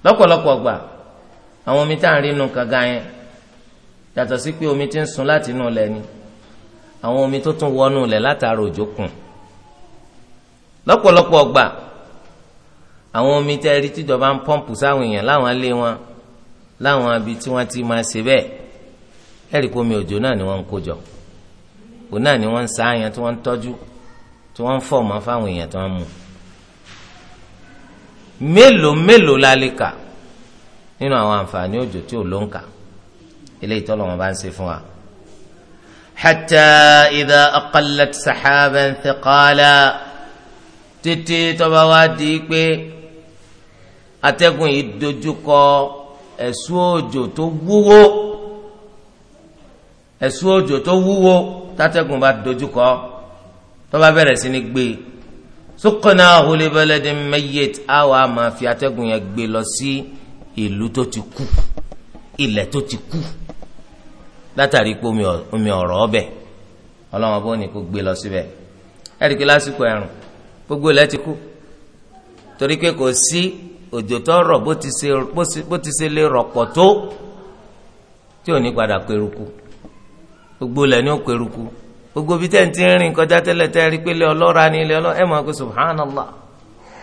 lọ́pọ̀lọpọ̀ gbà àwọn omi tá à ń rí inú kànga yẹn yàtọ̀ sí pé omi ti ń sun láti inú ilẹ̀ ni àwọn omi tó tún wọnú ilẹ̀ látara òjò kùn lọ́pọ̀lọpọ̀ gbà àwọn omi tẹ́ rí tíjọba ń pọ́ǹpù sáwọn èèyàn láwọn ilé wọn láwọn abi tí wọ́n ti máa ṣe bẹ́ẹ̀ ẹ̀rí pé omi òjò náà ni wọ́n ń kó jọ òun náà ni wọ́n ń sáyàn tí wọ́n ń tọ́jú tí wọ́n ń fọ̀ mọ́ fáwọn èèyàn tí wọ́n mú mélòó mélòó la lè kà nínú àwọn àǹfààní òjò tí ò ló eléyìí tọ́lọ̀ wọn bá ń ṣe fún wa. hatta idha aqallat sahaban thiqala títí tọ́ba wa di pé atẹ́gùn yìí dojúkọ ẹ̀sùn òjò tó wúwo ẹ̀sùn òjò tó wúwo tátẹ́gùn bá dojúkọ tó bá bẹ̀rẹ̀ sí ni gbé sókànnà ahòlè bẹlẹdẹ mẹyẹt àwọn àmà fi atẹ́gùn yẹn gbé lọ sí ìlú tó ti kú ilẹ̀ tó ti kú látàrí pé omi ọ̀rọ̀ ọbẹ̀ ọlọ́wọ́n bó ni kò gbé lọ síbẹ̀ ẹ̀rí pé lásìkò ẹ̀rùn gbogbo ilẹ̀ ti kú torí pé kò sí òjò tó rọ̀ bó ti ṣe lè rọ̀pọ̀ tó tí ò ní padà pẹ̀rùkù gbogbo ilẹ̀ ni ó pẹ̀rùkù gbogbo bíi tẹ́ǹtì rìn kọjá tẹ́lẹ̀ tẹ́ rí pélé ọlọ́ra ni ilé ọlọ́ra ẹ̀ mọ̀ pé subhanallah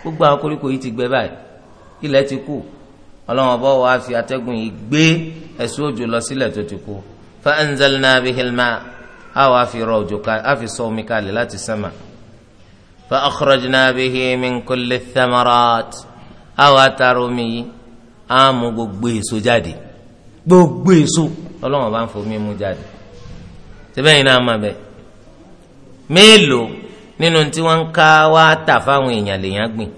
gbogbo àwọn koríko yìí ti gbẹ báyìí ilẹ̀ ti kú ọlọ́wọ́n bọ́ wàá fi atẹ́gùn yìí gbé ẹ̀sùn òjò lọ sílẹ̀ tó ti kú fa anzalna bihil ma a wàá fi rọ òjò ká a fi sọ omi kalẹ̀ láti sẹ́mà fa akhrajna bihi min kulli thamarat a wàá tara omi yìí a mú gbogbo èso jáde gbogbo èso ọlọ́wọ́n bá ń fomi mú jáde síbẹ̀ náà má bẹ́ẹ̀ mélòó nínú tí wọn ń ká wá tà fáwọn èèyàn lèèyàn gbìn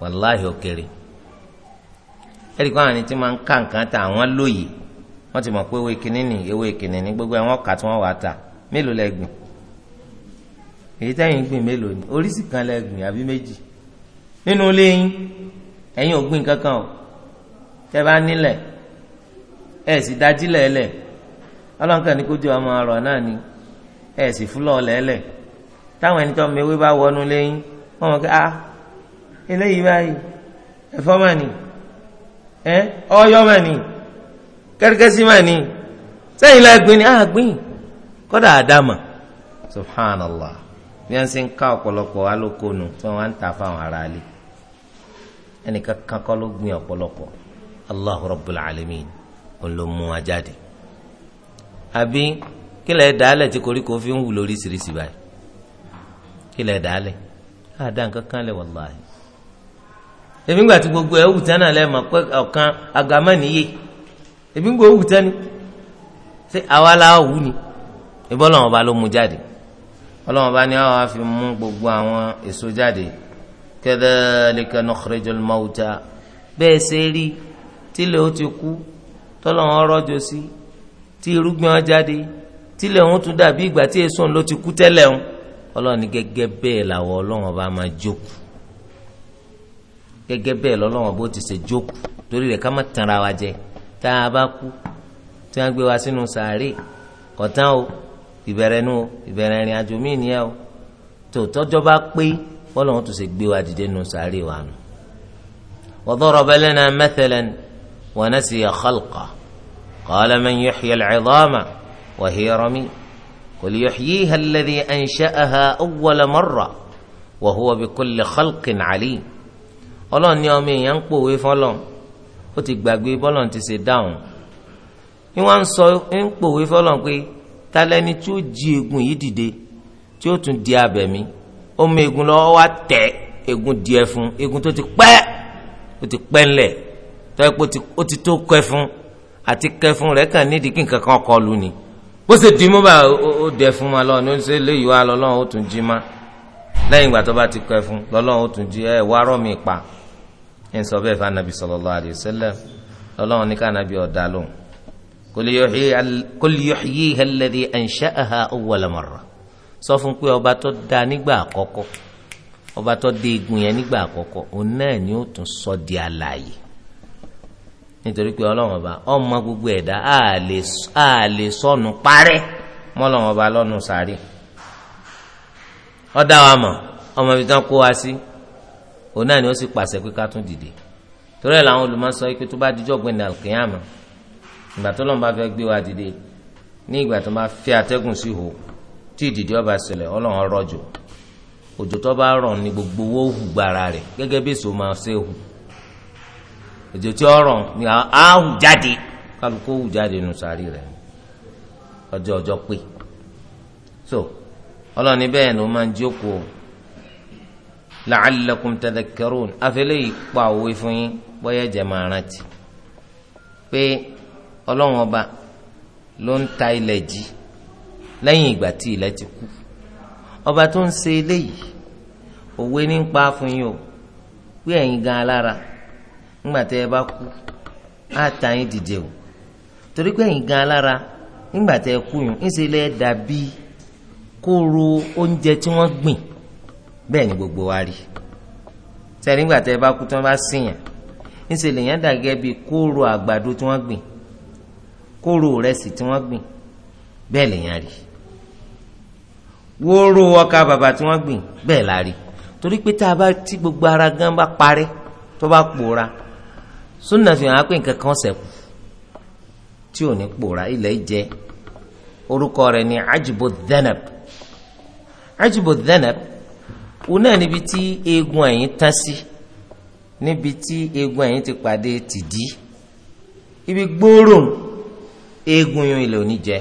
wàláhì òkèrè ẹ̀rí àwọn ẹni tí wọ́n ń ká nǹkan tà lóye wọ́n ti mọ̀ pé ewé kìíní ni ewé gbogbo ọ̀kà tí wọ́n wà tà mélòó lẹ gbìn èyí táyìn gbìn mélòó ni oríṣi kan lẹ gbìn àbí méjì nínú kankan o tẹ́ bá nílẹ̀ ẹ̀ sì dájílẹ̀ ẹ̀ lẹ̀ ọmọ ọ̀rọ̀ náà ẹ si fúlọ̀ lẹ́lẹ̀ táwọn ẹni tó mewé bá wọnú lẹ́yìn wọ́n mọ̀ a ah, eléyìí báyìí ẹ̀fọ́ mà ní ẹ ọyọ́ mà ní kẹ́rẹ́kẹ́sì mà ní sẹ́yìn la ni ah, kọ́dà àdàmà subhanallah bí wọ́n ṣe ń ká ọ̀pọ̀lọpọ̀ alókòónù tí wọ́n wá ń ta fáwọn kọ́ ló ọ̀pọ̀lọpọ̀ allahu rabbul alamin òun ló mú wa kí lẹ dàálẹ̀ tí koríko fi ń wù lóríṣiríṣi báyìí kí lẹ dàálẹ̀ àdá nǹkan kan lẹ wàláhì ebi ńgbà tí gbogbo ẹ wù tán náà lẹ mọ̀ pé ọ̀kan àgàmánìyè ebi ńgbà ó wù tán ni ṣé àwa la wù ni ìbọn lọ́wọ́ ba ló mu jáde ọlọ́wọ́n bá ní àwọn afi mú gbogbo àwọn èso jáde kadhalika nukhrijul mauta bẹ́ẹ̀ ṣe rí tílẹ̀ ó ti kú tọ́lọ́wọ́n rọ́jò sí tí irúgbìn ọ jáde tílẹ̀ òun tún dàbí ìgbà tí èso ló ti kú tẹ́lẹ̀ òun ọlọ́run ní gẹ́gẹ́ bẹ́ẹ̀ làwọn ọlọ́run ọba máa jókòó gẹ́gẹ́ bẹ́ẹ̀ lọ́lọ́run ọba ó ti ṣe jókòó torí rẹ̀ ká má tanra wa jẹ tá a bá kú tí wọ́n gbé wa sínú sàárè kọ̀tán o ìbẹ̀rẹ̀ nu o ìbẹ̀rẹ̀ ìrìn àjò míì nìyẹn o tòótọ́jọ́ bá pé bọ́lọ́run tó ṣe gbé wa dìde nu sàárè wa nù. wa daraba lana mathalan wa nasiya khalqa qala man yuhyi al-'idhama وهي رمي قل يحييها الذي أنشأها أول مرة وهو بكل خلق عليم ọlọ́run ní ọmọ èèyàn ń pòwe fọlọ́n ó ti gbàgbé bọ́lọ́n ti ṣe dáhùn ni wọ́n ń sọ ń pòwe fọlọ́n pé talẹ́ni tí ó jí egun yìí dìde tí ó tún di abẹ̀mí ọmọ egun lọ́wọ́ wá tẹ̀ egun díẹ̀ fún egun tó ti pẹ́ ó ti pẹ́ ńlẹ̀ tọ́ ẹ pé ó ti tó kẹfún àti kẹfún rẹ̀ kàn nídìí kí nǹkan kan kọlù ni bó ṣe dì í mú bá ó dẹ fún ma lọ ní ó ṣe léyìí wá lọ́lọ́run ó tún jí má lẹ́yìn ìgbà tó bá ti kọ́ ẹ fún lọ́lọ́run ó tún jí ẹ wá rọ́ mi pa ẹ̀ ń sọ bẹ́ẹ̀ fún anabi sallallahu alayhi wa sallam lọ́lọ́run ní ká anabi ọ̀dà lóhùn kul yuhyiha alladhi ansha'aha awwala marra sọ fún pé ọba tó dá nígbà àkọ́kọ́ ọba tó dé igun yẹn nígbà àkọ́kọ́ òun náà ni ó tún sọ di alààyè nítorí pé ọlọ́run ọba ọmọ gbogbo ẹ̀dá a lè sọnù parẹ́ mọ́lọ́run ọba lọ́nù sáré ọ̀dà wa mọ̀ ọmọ ibi tán kó wa sí òun náà ni ó sì pàṣẹ pé ká tún dìde torí ẹ̀ làwọn olùmọ̀ sọ pé tó bá dijọ́ gbẹ̀ndé àlùkìyàmọ̀ ìgbà tó lọ́n bá fẹ́ gbé wa dìde ní ìgbà tó máa fẹ́ atẹ́gùn sí ihò tí ìdìde ọba ṣẹlẹ̀ ọlọ́run rọ̀jò òjò tó bá rọ̀ ní gbogbo owó hù gbàrà rẹ̀ gẹ́gẹ́ bí èso máa ṣe hù òjò tí ó rọ̀ ni á hù jáde kálukú hù jáde nù sàárì rẹ̀ ọjọ́ ọjọ́ pé so ọlọ́ni bẹ́ẹ̀ ló máa ń jókòó la'allakum tadhakkarun afẹ́lẹ́ yìí pa òwe fún yín bóyá jẹ́ máa rántí pé ọlọ́run ọba ló ń ta ilẹ̀ jí lẹ́yìn ìgbà tí ilẹ̀ ti kú ọba tó ń ṣe eléyìí òwe ní ń pa fún yín o pé ẹ̀yin gan alára ńgbà tẹ ẹ bá kú á ta yín dìde o torí pé ẹ̀yin gan alára ńgbà tẹ ẹ kú yùn ńṣe lẹ dàbí kóró oúnjẹ tí wọ́n gbìn bẹ́ẹ̀ ni gbogbo wa rí sẹ́ni ńgbà tẹ ẹ bá kú tí wọ́n bá sìyàn ńṣe lèyàn dàgẹ́ bí kóró àgbàdo tí wọ́n gbìn kóró rẹsì tí wọ́n gbìn bẹ́ẹ̀ lèyàn rí wóró ọkà bàbà tí wọ́n gbìn bẹ́ẹ̀ la rí torí pé tá a bá tí gbogbo ara gan bá parẹ́ tó bá pòórá súnà fi hàn pé nǹkan kan ṣẹ́kù tí ò ní pòórá ilẹ̀ jẹ orúkọ rẹ̀ ní ajibo dhanab ajibo dhanab òun náà níbi tí eegun ẹ̀yìn tán sí níbi tí eegun ẹ̀yìn ti pàdé tìdí ibi gbóòrò eegun yun ilẹ̀ òní jẹ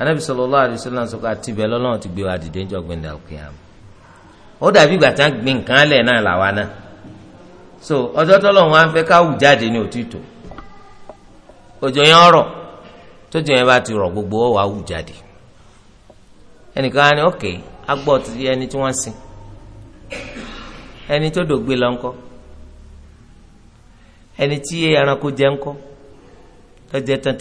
anabi sallallahu alaihi wasallam sọkọ àti ibẹ̀ lọ́lọ́run ti gbé wa dìde níjọ́ gbẹndà òkè àmọ́ ó dàbí ìgbà tá a lẹ náà làwa náà so ọjọ́ tọ́lọ̀ wọn á fẹ́ káwù jáde ní òtítọ́ òjò yẹn ọ̀rọ̀ tójò yẹn bá ti rọ gbogbo ọ̀ wá wù jáde ẹnìkan á ní ọ̀kẹ́ agbọ́ ti ẹni tí wọ́n sìn ẹni tó tí ẹranko jẹ tán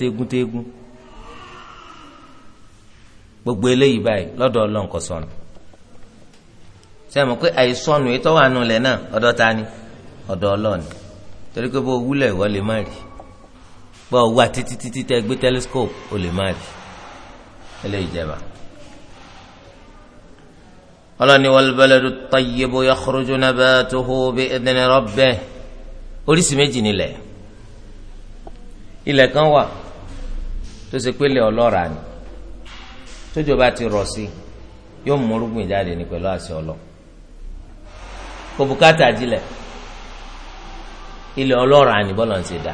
gbogbo eléyìí báyìí lọ́dọ̀ ọlọ́nkọ sọnù pé àìsọnù ọ̀dọ̀ ọlọ́ọ̀ni torí pé bó wúlẹ̀ ìwọ lè má rí bó wà títí títí tẹ gbé telescope ó lè má rí eléyìí jẹba. ọlọ́ni walbaladu tayyibu yakhruju nabatuhu bi idni rabbih oríṣi méjì nílẹ̀ ilẹ̀ kan wà tó ṣe pé lè ọlọ́ra ni tójò ti rọ̀ sí yóò mú orúgbìn jáde ní pẹ̀lú àṣẹ ọlọ́ kò bùkátà jílẹ̀ ilẹ̀ ọlọ́ràá àní bọ́lọ̀ ń ṣe dà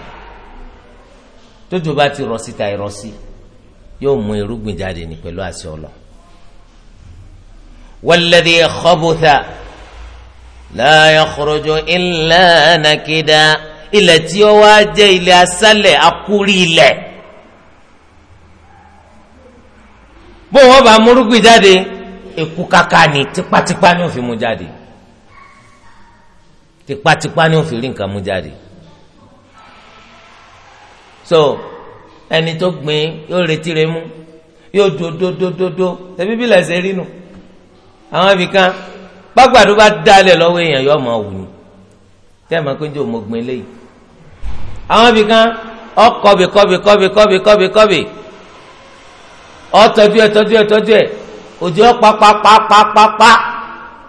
tójú bá ti rọ síta irọ́ sí yóò mú irúgbìn jáde ní pẹ̀lú àṣẹ ọlọ. wàlẹ́dì ẹ̀kọ́bùtà láyà kọ̀rọ̀jọ ilẹ̀ nàkídà ilẹ̀ tí ó wá jẹ́ ilẹ̀ asálẹ̀ akúrí ilẹ̀. bó wọn bá múrúgbìn jáde èkú kàkà ní tipátipá ni ó fi mú jáde tipátipá ni ó fi rí nǹkan mú jáde so ẹni tó gbìn yóò retí rẹ̀ mú yóò do. ẹbí bí lẹsẹ rí nu àwọn ibìkan gbàgbàdo bá dalẹ̀ lọ́wọ́ èèyàn yóò máa wù ní tẹ́ ẹ̀ máa pé ń jẹ́ òmògbìn eléyìí àwọn ibìkan ọkọ̀bì kọ̀bì kọ̀bì kọ̀bì kọ̀bì kọ̀bì ọ̀tọ́jú ẹ̀ tọ́jú ẹ̀ tọ́jú ẹ̀ òjò pápápápápá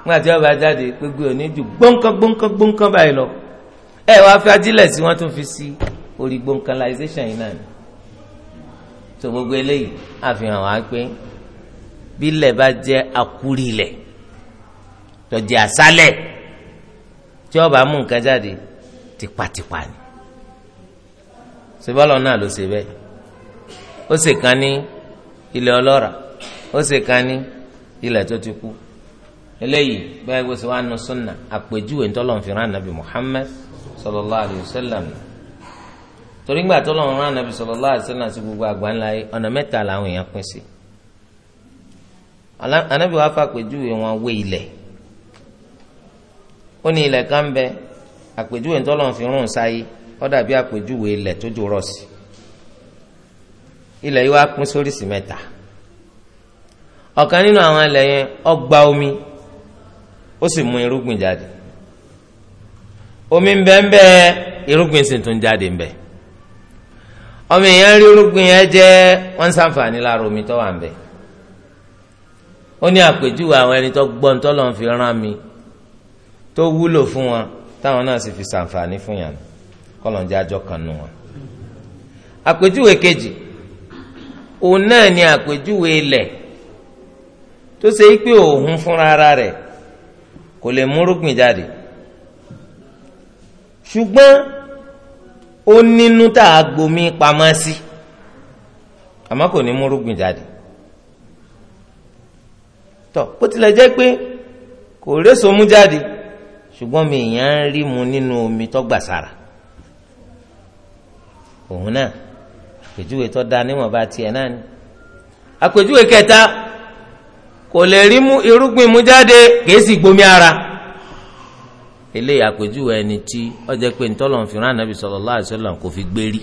nígbà tí wọ́n bá jáde gbogbo òní ju gbóǹkan gbóǹkan gbóǹkan báyìí lọ ẹ wá fi ajílẹ̀ sí wọ́n tún fi sí orí gbóǹkanlization yìí náà ni tó gbogbo eléyìí àfihàn wá pé bílẹ̀ bá jẹ́ akúrí ilẹ̀ tó jẹ́ àṣálẹ̀ tí ó bá mú nǹkan jáde tipatipa ni sebọlọ náà ló ṣe bẹ́ẹ̀ ó ṣe kan ní ilẹ̀ ọlọ́ràá ó ṣe kan ní ilẹ̀ tó ti kú eléyìí bẹ́ẹ̀ gbèsè wa nù súnà àpèjúwe ntọ́lọ́n fi rán nàbì Muhammad sallallahu alayhi wa sallam torí gbà tọ́lọ́n rán nàbì sallallahu alayhi wa sallam sí gbogbo àgbáńlá yìí ọ̀nà mẹ́ta làwọn èèyàn pín sí anabi wa fa àpèjúwe wọn wé ilẹ̀ ó ní ilẹ̀ kan bẹ àpèjúwe ntọ́lọ́n fi rún sáyé ó dàbí àpèjúwe ilẹ̀ tó jò rọ̀ sí ilẹ̀ yìí wá pín sóríṣi mẹ́ta ọ̀kan nínú àwọn ilẹ̀ yẹn ó omi ó sì mú irúgbìn jáde omi ń bẹ ń bẹ irúgbìn sì tún jáde ń bẹ ọmọ èèyàn rí irúgbìn yẹn jẹ wọn ṣàǹfààní lára omi tó wà ń bẹ ó ní àpèjúwe àwọn ẹni tó gbọ́n tó lọ́n fi rán mi tó wúlò fún wọn táwọn náà sì fi ṣàǹfààní fún yàn kọlọ̀njẹ́ àjọ kan nù wọn. àpèjúwe kejì òun náà ni àpèjúwe ilẹ̀ tó ṣe é pé òun fúnra rẹ̀ kò lè múrúgbìn jáde ṣùgbọ́n ó nínú tá a gbomi pamọ́ sí àmọ́ kò ní múrúgbìn jáde tọ́ bó tilẹ̀ jẹ́ pé kò réso mú jáde ṣùgbọ́n mi ìyàn ń rí mu nínú omi tó gbà sára òun náà àpèjúwe tó da níwọ̀nba tiẹ̀ náà ni àpèjúwe kẹta kò lè rí mú irúgbìn mú jáde kìí sì gbomi ara eléyìí àpèjúwe ẹni tí ó jẹ́ pé ntọ́lọ̀ ń fi rán anabi sallallahu alaihi wasallam kò fi gbé rí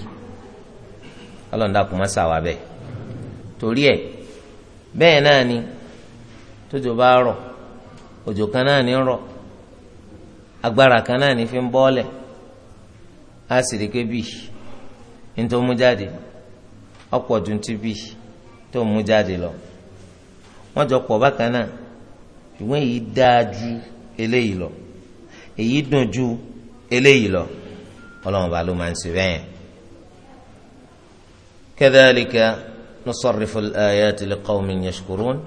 ọlọ́run dàkú má sàwà bẹ́ẹ̀ torí ẹ̀ bẹ́ẹ̀ náà ni tójò bá rọ̀ òjò kan náà ní rọ̀ agbára kan náà ní fi ń bọ́ọ̀lẹ̀ á sì rí i ní tó mú jáde ọ̀pọ̀ ju ti tó mú jáde lọ wọ́n jọ pọ̀ bákan náà ṣùgbọ́n èyí dáa ju eléyìí lọ èyí dùn ju eléyìí lọ ọlọ́run bá ló máa ń ṣe bẹ́ẹ̀. kadhalika nusarrifu al-ayati liqawmin yashkurun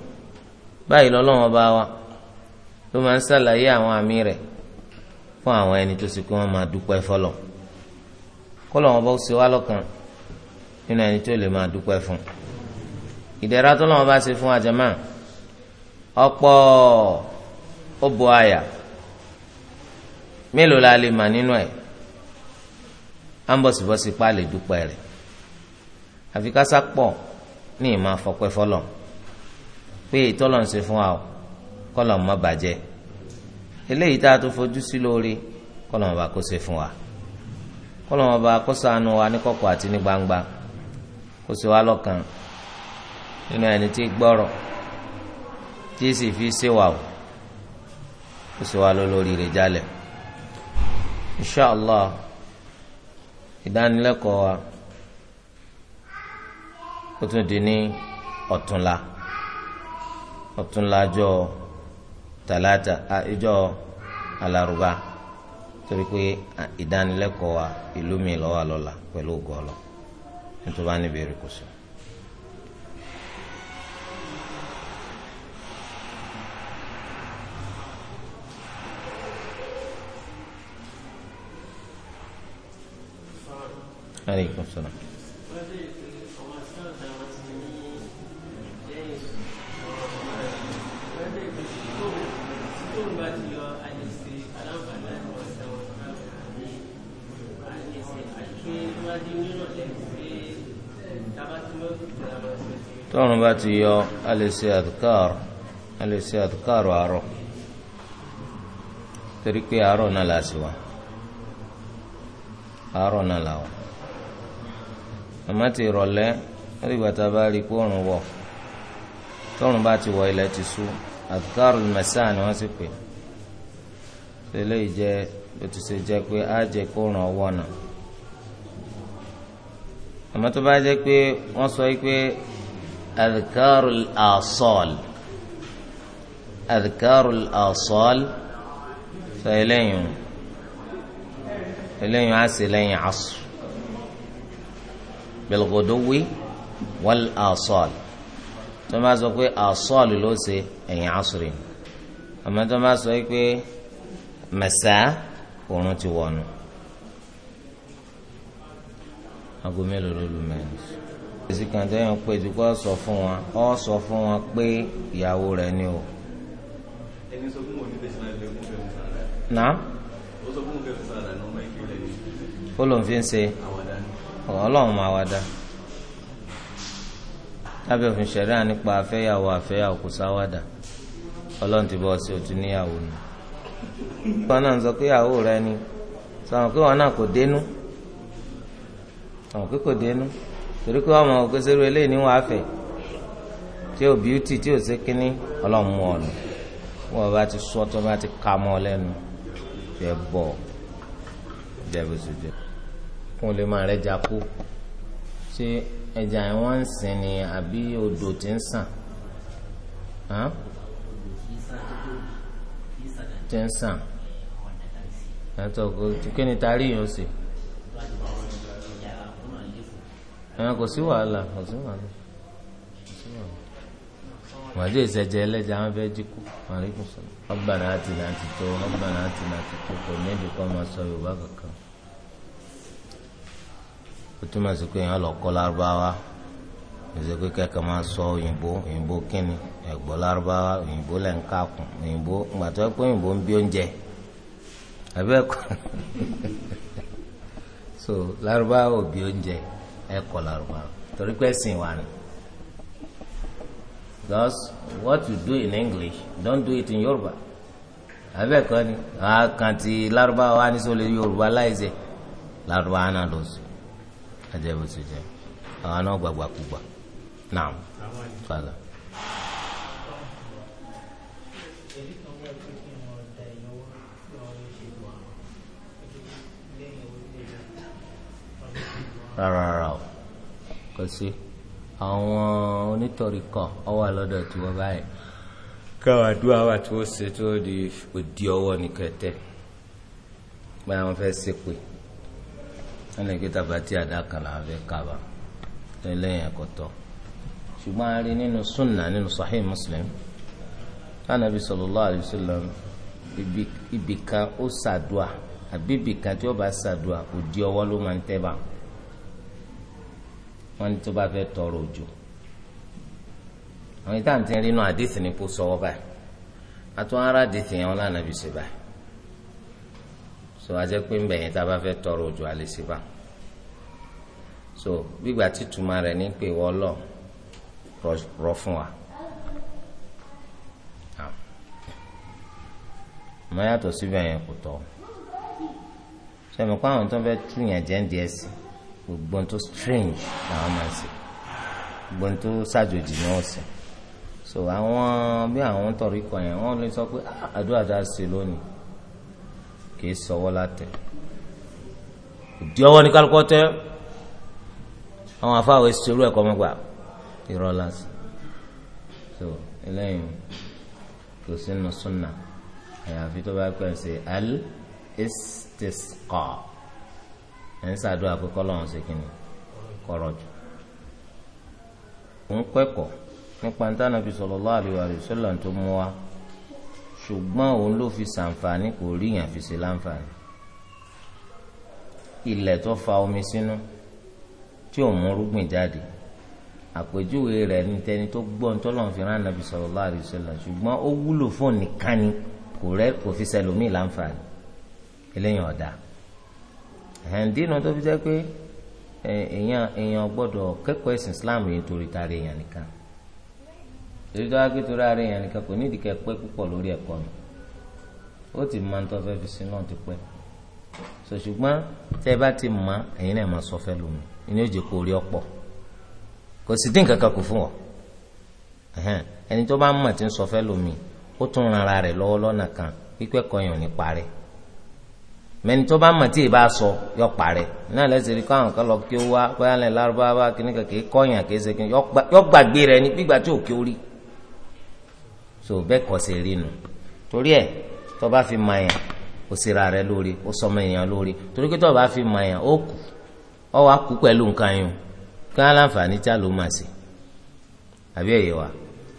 báyìí lọ́lọ́run bá wa ló máa ń ṣàlàyé àwọn àmì rẹ̀ fún àwọn ẹni tó sì kí wọ́n máa dúpẹ́ fọlọ́ kọ́lọ́run bá ṣe wá lọ́kàn nínú ẹni tó lè máa dúpẹ́ fún ìdẹ̀ra tó lọ́wọ́ bá ṣe fún àjẹmáà ọ̀pọ̀ ọbọ àyà mélòó la lè mà nínú ẹ à ń bọ̀sibọ́sí pa lè dúpẹ́ rẹ̀ àfi kásá pọ̀ ní ìmọ̀ àfọ̀pẹ́ fọlọ̀ pé ìtọ́lọ̀ ń ṣe fún wa kọ́lọ̀ mọ́ bàjẹ́ eléyìí tá a tó fojú sí lórí kọ́lọ̀ mọ́ kó ṣe fún wa kọ́lọ̀ mọ́ kó ṣàánú wa ní kọ̀kọ̀ àti ní gbangba kó ṣe wa lọ́kàn nínú ẹni tí gbọ́rọ̀ tí sì fi ṣe wà o ó sì wà lórí rẹ̀ jalè inshàlá ìdánilẹ́kọ̀ọ́ wa ó tún di ní ọ̀túnla ọ̀túnla jọ tàlátà àìjọ alárùbá torí pé ìdánilẹ́kọ̀ọ́ wa ìlú mi lọ́wọ́ àlọ́la pẹ̀lú ògọ́ ọlọ́ nítorí wọn á níbi èrè kò sí. aleykum salaam. tọ́run bá ti yọ alẹ́sẹ̀ àdùkárù alẹ́sẹ̀ àdùkárù àárọ̀ torí pé àárọ̀ náà là sí wa àárọ̀ náà là wà àmọ́ ti rọ̀lẹ́ lórí ìgbà tá a bá rí i pé òrùn wọ̀ tọ́rùn bá ti wọ̀ ilẹ̀ ti sú àtúkárù mẹ́sàn-án ni wọ́n sì pè eléyìí jẹ́ bó ti ṣe jẹ́ pé á jẹ́ kó ràn ọ́ wọ̀nà àmọ́ tó bá jẹ́ pé wọ́n sọ pé àtúkárù àsọ̀l àtúkárù àsọ̀l sọ eléyìí eléyìí á sì lẹ́yìn asùn bilgodowi wal asal tó máa sọ pé asal ló ṣe ẹ̀yìn asùrì àmọ́ tó máa sọ pé mẹsà òun ti wọnú aago mélòó ló lù mẹ́rin èsì kan tẹ́yìn pé ju sọ fún wọn ọ sọ fún wọn pé ìyàwó rẹ̀ ni o. ẹni sọ fún wọn ní tẹsán ẹgbẹ́ fún fẹ́ẹ́ fún sára. náà. ó sọ fún fẹ́ẹ́ fún sára ní ọmọ ìkíni ó ló fi ń ṣe. àwọn ọ̀rọ̀ ọlọ́run máa wá dá lábẹ́ òfin ṣẹ̀ríà nípa afẹ́yàwó afẹ́yàwó kò sáwádà ọlọ́run ti bọ́ sí òtún níyàwó nù. wọn náà ń sọ pé ìyàwó rẹ ni sọ̀rọ̀ pé wọn náà kò dénú sọ̀rọ̀ pé kò dénú torí pé wọn mọ̀ òkè tí ò kó lè máa rẹ́jà kú ṣé ẹja yẹn wọ́n ń sìn ni àbí odò ti ń sàn ti ń sàn yàtọ̀ kí ni taari yìí ó sì ẹ̀ kò sí wàhálà kò sí wàhálà wàjú ìsẹjẹ ẹlẹjà wọn fẹẹ dínkù màríkù sọ ọgbàrá àti nàti tó ọgbàrá àti nàti tó kò ní ìdíkọ máa sọ yorùbá kankan túmọ̀ sí pé èèyàn lọ kọ́ lárúbáwá ẹsẹ̀ pé kẹ́kẹ́ máa sọ òyìnbó òyìnbó kínni ẹ̀gbọ́ lárúbáwá òyìnbó lẹ̀ ń kàkùn òyìnbó ìgbà tó yẹ pé òyìnbó ń bí oúnjẹ ẹ̀bẹ́ [LAUGHS] so lárúbáwá ò bí oúnjẹ ẹ̀ kọ́ lárúbáwá torí pé ẹ̀sìn wà ní. Thus, what you do in English, don't do it in Yoruba. Yorùbá ẹ̀bẹ́ kọ́ ni àkàntì lárúbáwá ní sọ lè Yorùbá láìsẹ̀ lárúbáwá náà lọ sí ẹjẹ bó ti jẹ àwọn náà gbàgbà kúgbà náà padà. rárá rárá o kò sí àwọn onítọ̀rí kan ọ wà lọ́dọ̀ tí wọ́n báyìí káwọn àdúrà wà tí wọ́n ṣe tó di òdi ọwọ́ ní kẹtẹ́ báyà wọ́n fẹ́ ṣépè ẹnlẹ́ kí tàbá tí àdáka là ń fẹ́ kaba lẹ́yìn ẹ̀kọ́ tọ́ ṣùgbọ́n a rí nínú sunna nínú sahih muslim anabi sallallahu alayhi wa sallam ibìkan ó ṣàdúà àbí ibìkan tí ó bá ṣàdúà kò di ọwọ́ ló máa ń tẹ́ bá wọn bá fẹ́ tọrọ òjò àwọn ìtàn tí rí inú àdìsí ni kò sọ ọ báyìí àtúwárá àdìsí yẹn wọn lànà bí ṣe báyìí so ajẹ́ pé ńbẹ̀ yẹn tá a tọrọ òjò alẹ́ sí bá so gbígbà títúmọ̀ rẹ̀ ní pé wọ́n lọ rọ fún wa. Ah. mọ yàtọ̀ síbẹ̀ yẹn kò tọ́ sẹ́mi kó àwọn tó ń fẹ́ tú yẹn jẹ́ ń di ẹ̀sìn gbogbo tó strange làwọn máa ń sè gbogbo tó ṣàjòjì ni wọ́n sè so àwọn bí àwọn tọ̀rí kọ yẹn wọ́n lè sọ pé ah, àdúrà dá sí lónìí kì í sọwọ́ látẹ̀ ìdí ọwọ́ ní kálukọ́ tẹ́ àwọn afáwọ̀ èsì orú ẹ̀kọ́ mọ́gbà irọ́ lásì so eléyìí kò sí nù súnà àyàfi tó bá pẹ́ ṣe al istisqa ẹ̀ ń sàdúrà pé kọ́lọ́hún ṣe kìnnì kọ́rọ̀ jù ń kọ́ ẹ̀kọ́ nípa ní tánàbí sallallahu alaihi wa sallam tó mú wa ṣùgbọ́n òun ló fi ṣàǹfààní kò rí yàn fi ṣe láǹfààní ilẹ̀ tó fa omi sínú tí ò mú rúgbìn jáde àpèjúwe rẹ̀ ní tẹni tó gbọ́ ní tọ́lọ́run fi rán nàbì sallallahu alaihi wasallam ṣùgbọ́n ó wúlò fún nìkan kò rẹ́ kò fi ṣẹlòmíì láǹfààní eléyìí ọ̀dà ẹ̀ǹdínú tó fi jẹ́ pé èèyàn gbọ́dọ̀ kẹ́kọ̀ọ́ ẹ̀sìn Islam yìí torí tari èèyàn nìkan torí tó wá pé torí ara èèyàn nìkan kò ní ìdíkẹ́ pẹ́ púpọ̀ lórí ẹ̀kọ́ mi ó ti máa ń tọ́ fẹ́ fi sínú ti pẹ́ ṣùgbọ́n tẹ́ ẹ bá ti mọ̀ ẹ̀yin náà máa sọ fẹ́ lómi ìní ó jẹ́ kó ọ̀pọ̀ kò sì dín kankan kù fún ọ ẹni tó bá mọ̀ tí ń sọ fẹ́ lómi ó tún ran ara rẹ̀ lọ́wọ́ lọ́nà kan pípẹ́ ní parẹ́ sọ yọ parẹ́ náà lẹ́sẹ̀ rí káwọn kan lọ kí ó wá lárúbáwá so bẹ́ẹ̀ kọ́ sí rí nu torí ẹ̀ tó fi ma ya ó rẹ lórí ó sọmọ èèyàn lórí torí pé tó fi ma ya ó kù ọ wá kú pẹ̀lú nǹkan yẹn kí wọ́n láǹfààní tí a ló máa àbí wa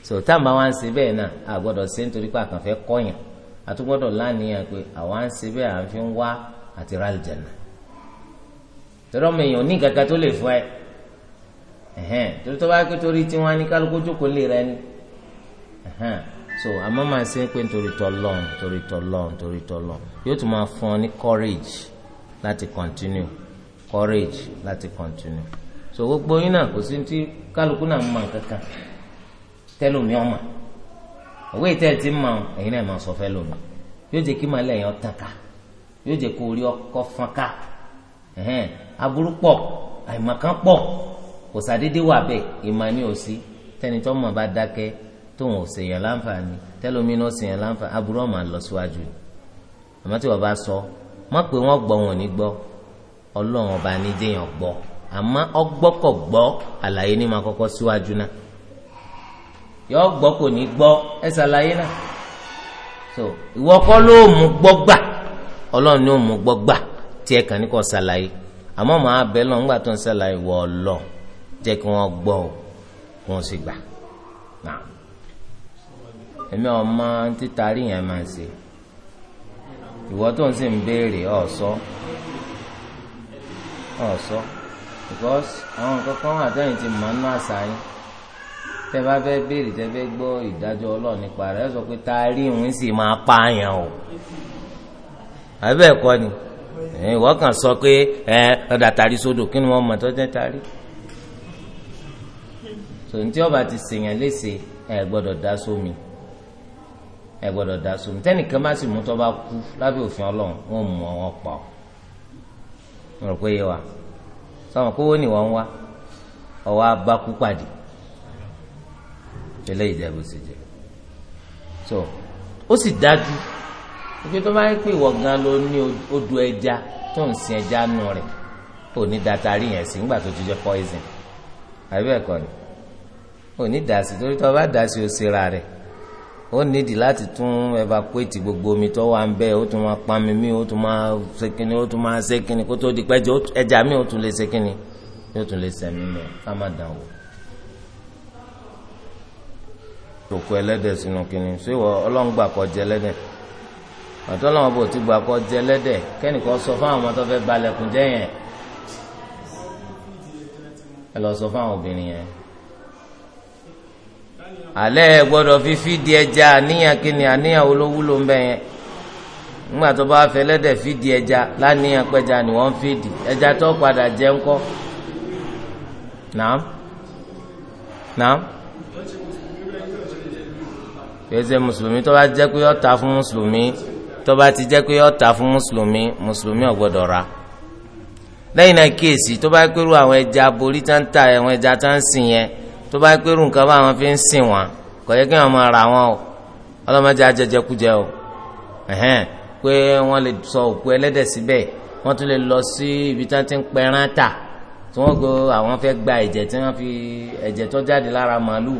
so táàmù àwọn bẹ́ẹ̀ náà a gbọ́dọ̀ nítorí pé àkànfẹ́ kọ́yàn a tún gbọ́dọ̀ pé àwọn bẹ́ẹ̀ à ń fi wá àti tọ́lọ́ mi èèyàn ní tó lè ẹ ẹ̀hẹ́n torí tó bá pé torí so àmọ́ máa se pe pé nítorí tọ́lọ́n nítorí tọ́lọ́n nítorí tọ́lọ́n yóò tún máa fún ọ ní courage láti continue courage láti continue so gbogbo yín náà kò sí ti kálukú náà mọ kankan tẹlómi ọmọ òwe tẹ ti mọ ẹ̀yin náà máa sọ fẹ lómi yóò jẹ kí màálẹ yẹn tàn ká yóò jẹ kó orí ọkọ fọn ká aburú kò sàdédé tóun ò sèyàn láǹfààní tẹlómìnà ò ṣèyàn láǹfààní aburú ọmọ àlọ síwájú tí wọ́n bá sọ má pé wọ́n gbọ́ wọn ò ní gbọ́ Ọlọ́run ọba ní déèyàn gbọ́ àmọ́ gbọ́ àlàyé ní ma kọ́kọ́ síwájú náà yọ gbọ́ kò gbọ́ ẹ náà so ìwọ ló èmi ọmọ títa rí yẹn máa ń ṣe ìwọ tó ń sìn ń béèrè ọ̀sọ́ ọ̀sọ́ because àwọn nǹkan kan wà tẹ́yìn ti mọ̀ nínú àṣà yín tẹ́ bá fẹ́ béèrè tẹ́ fẹ́ gbọ́ ìdájọ́ nípa rẹ̀ ẹ sọ pé ta rí òun sì máa pààyàn o àbẹ́ ẹ̀kọ́ ni ìwọ kan sọ pé ẹ ọ̀dà tari sódò kí ni wọ́n mọ̀ tó jẹ́ tari tòun tí ọba ti sèyàn léṣe ẹ dá sómi. So, ẹ gbọ́dọ̀ dá sómi tẹ́nìkan bá sì mú tó bá kú lábẹ́ òfin Ọlọ́run wọn mú wọn pa ọ mo rò pé yé wa sọmọ kówó ni wọn wá ọwọ́ abákú pàdé eléyìí jẹ bó jẹ so ó sì dájú ìpè tó bá yẹ pé ìwọ gan ló ní odò ẹja tó ń sin ẹja nù rẹ ò ní datari yẹn sí nígbà tó ti jẹ poison àbí ẹ̀kọ́ ni ò ní dàsí torí tó bá dàsí ó ṣera rẹ̀ ó nídìí láti tún evacuate gbogbo omi tó wà ń bẹ ó tún máa pami mi ó tún máa ṣèkínni ó tún máa ṣèkínni kó tó di pẹ́jọ ẹja mi ó tún lè ṣèkínni yóò tún lè sẹ̀mí mọ́ ká má dàn wò. òkú ẹlẹ́dẹ̀ sínú kínní ṣé ìwọ ọlọ́run gbà kọ́ jẹ ẹlẹ́dẹ̀ ọ̀tọ́ lọ́wọ́ bò ti gbà kọ́ jẹ ẹlẹ́dẹ̀ kẹ́nìkan sọ fún àwọn tó fẹ́ balẹ̀kùn jẹ́ yẹn ẹ lọ sọ fún àwọn obìnrin yẹn alẹ́ gbọ́dọ̀ fífi di ẹja àníyàn kínní àníyàn olówó ló ń bẹ yẹn nígbà tó bá fẹ́ lẹ́dẹ̀ fi ẹja láníyàn pẹ́ja ni wọ́n fi di ẹja tó padà jẹ́ ńkọ́ nàám nàám fèsì mùsùlùmí tó bá jẹ́ pé ó ta fún mùsùlùmí tó bá ti jẹ́ pé ó ta fún mùsùlùmí mùsùlùmí ò ra lẹ́yìn náà kíyèsí tó bá pẹ́rù àwọn ẹja borí tá ń ta àwọn ẹja tá ń sìn yẹn tó bá pé nǹkan bá wọn fi ń sìn wọn kò yẹ kí wọn máa ra wọn o ọlọ́mọdé ajẹjẹkújẹ o ẹ̀hẹ́n pé wọ́n lè sọ òkú ẹlẹ́dẹ̀ síbẹ̀ wọ́n tún lè lọ sí ibi tí wọ́n ti ń pẹran tà tí wọ́n gbọ́ àwọn fẹ́ gba ẹ̀jẹ̀ tí wọ́n fi ẹ̀jẹ̀ tó jáde lára màálùú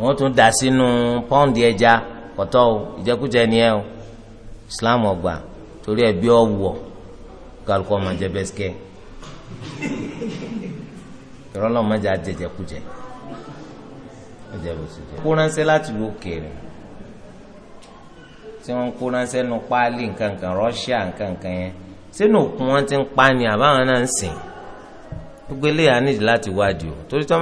wọ́n tún dà sínú pọ́ǹdì ẹja kọ̀tọ́ o ìjẹkújẹ ni ẹ o Islam ọgbà torí ẹ bí ọ wọ̀ kálukọ́ máa jẹ bẹ́sikẹ́. tọrọ lọ́wọ́ mọ́jà jẹjẹkújẹ jẹ. kó ránṣẹ́ láti tí wọ́n kó ránṣẹ́ nu nkankan Russia nkankan yẹn sínú òkun wọn ti ń pa ni àbáwọn náà ń sìn gbogbo láti torí tó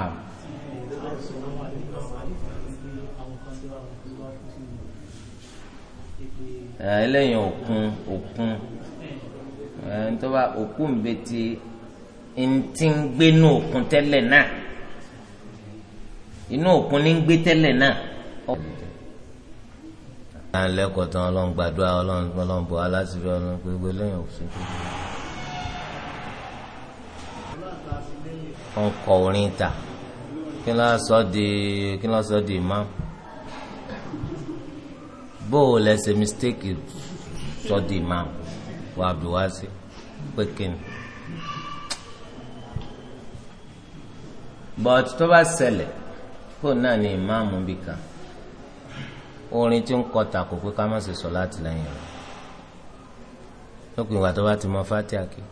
[LAUGHS] ẹlẹ́yìn eh, òkun òkun eh, ntọ́ba òkú nbẹ̀tì ntí ń gbé inú òkun tẹ́lẹ̀ náà inú òkun ní ń gbé tẹ́lẹ̀ náà. à ń lẹ́kọ̀ọ́ tán ọlọ́run gbàdúrà ọlọ́run ọlọ́run bọ̀ aláṣìírí ọlọ́run gbogbo lẹ́yìn òkú. wọ́n orin ta kí ló sọ di kí ló sọ di imam bó o lẹ ṣe mistake sọdí imam wa abdulwasi pé kíni. but tó bá ṣẹlẹ̀ kó náà ni ìmáàmù bì kan orin tí ń kọ tako pé ká má ṣe sọ láti lẹ́yìn rẹ̀ lópin ìgbà tó bá ti mọ fatia kí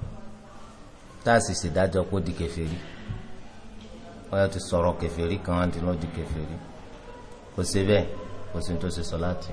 tá a sì ṣèdájọ́ kó di kèfèrí wọ́n yóò ti sọ̀rọ̀ kèfèrí kan á ti lọ́ọ́ di kèfèrí kò sí bẹ́ẹ̀ kò sí ní tó ṣe sọ láti.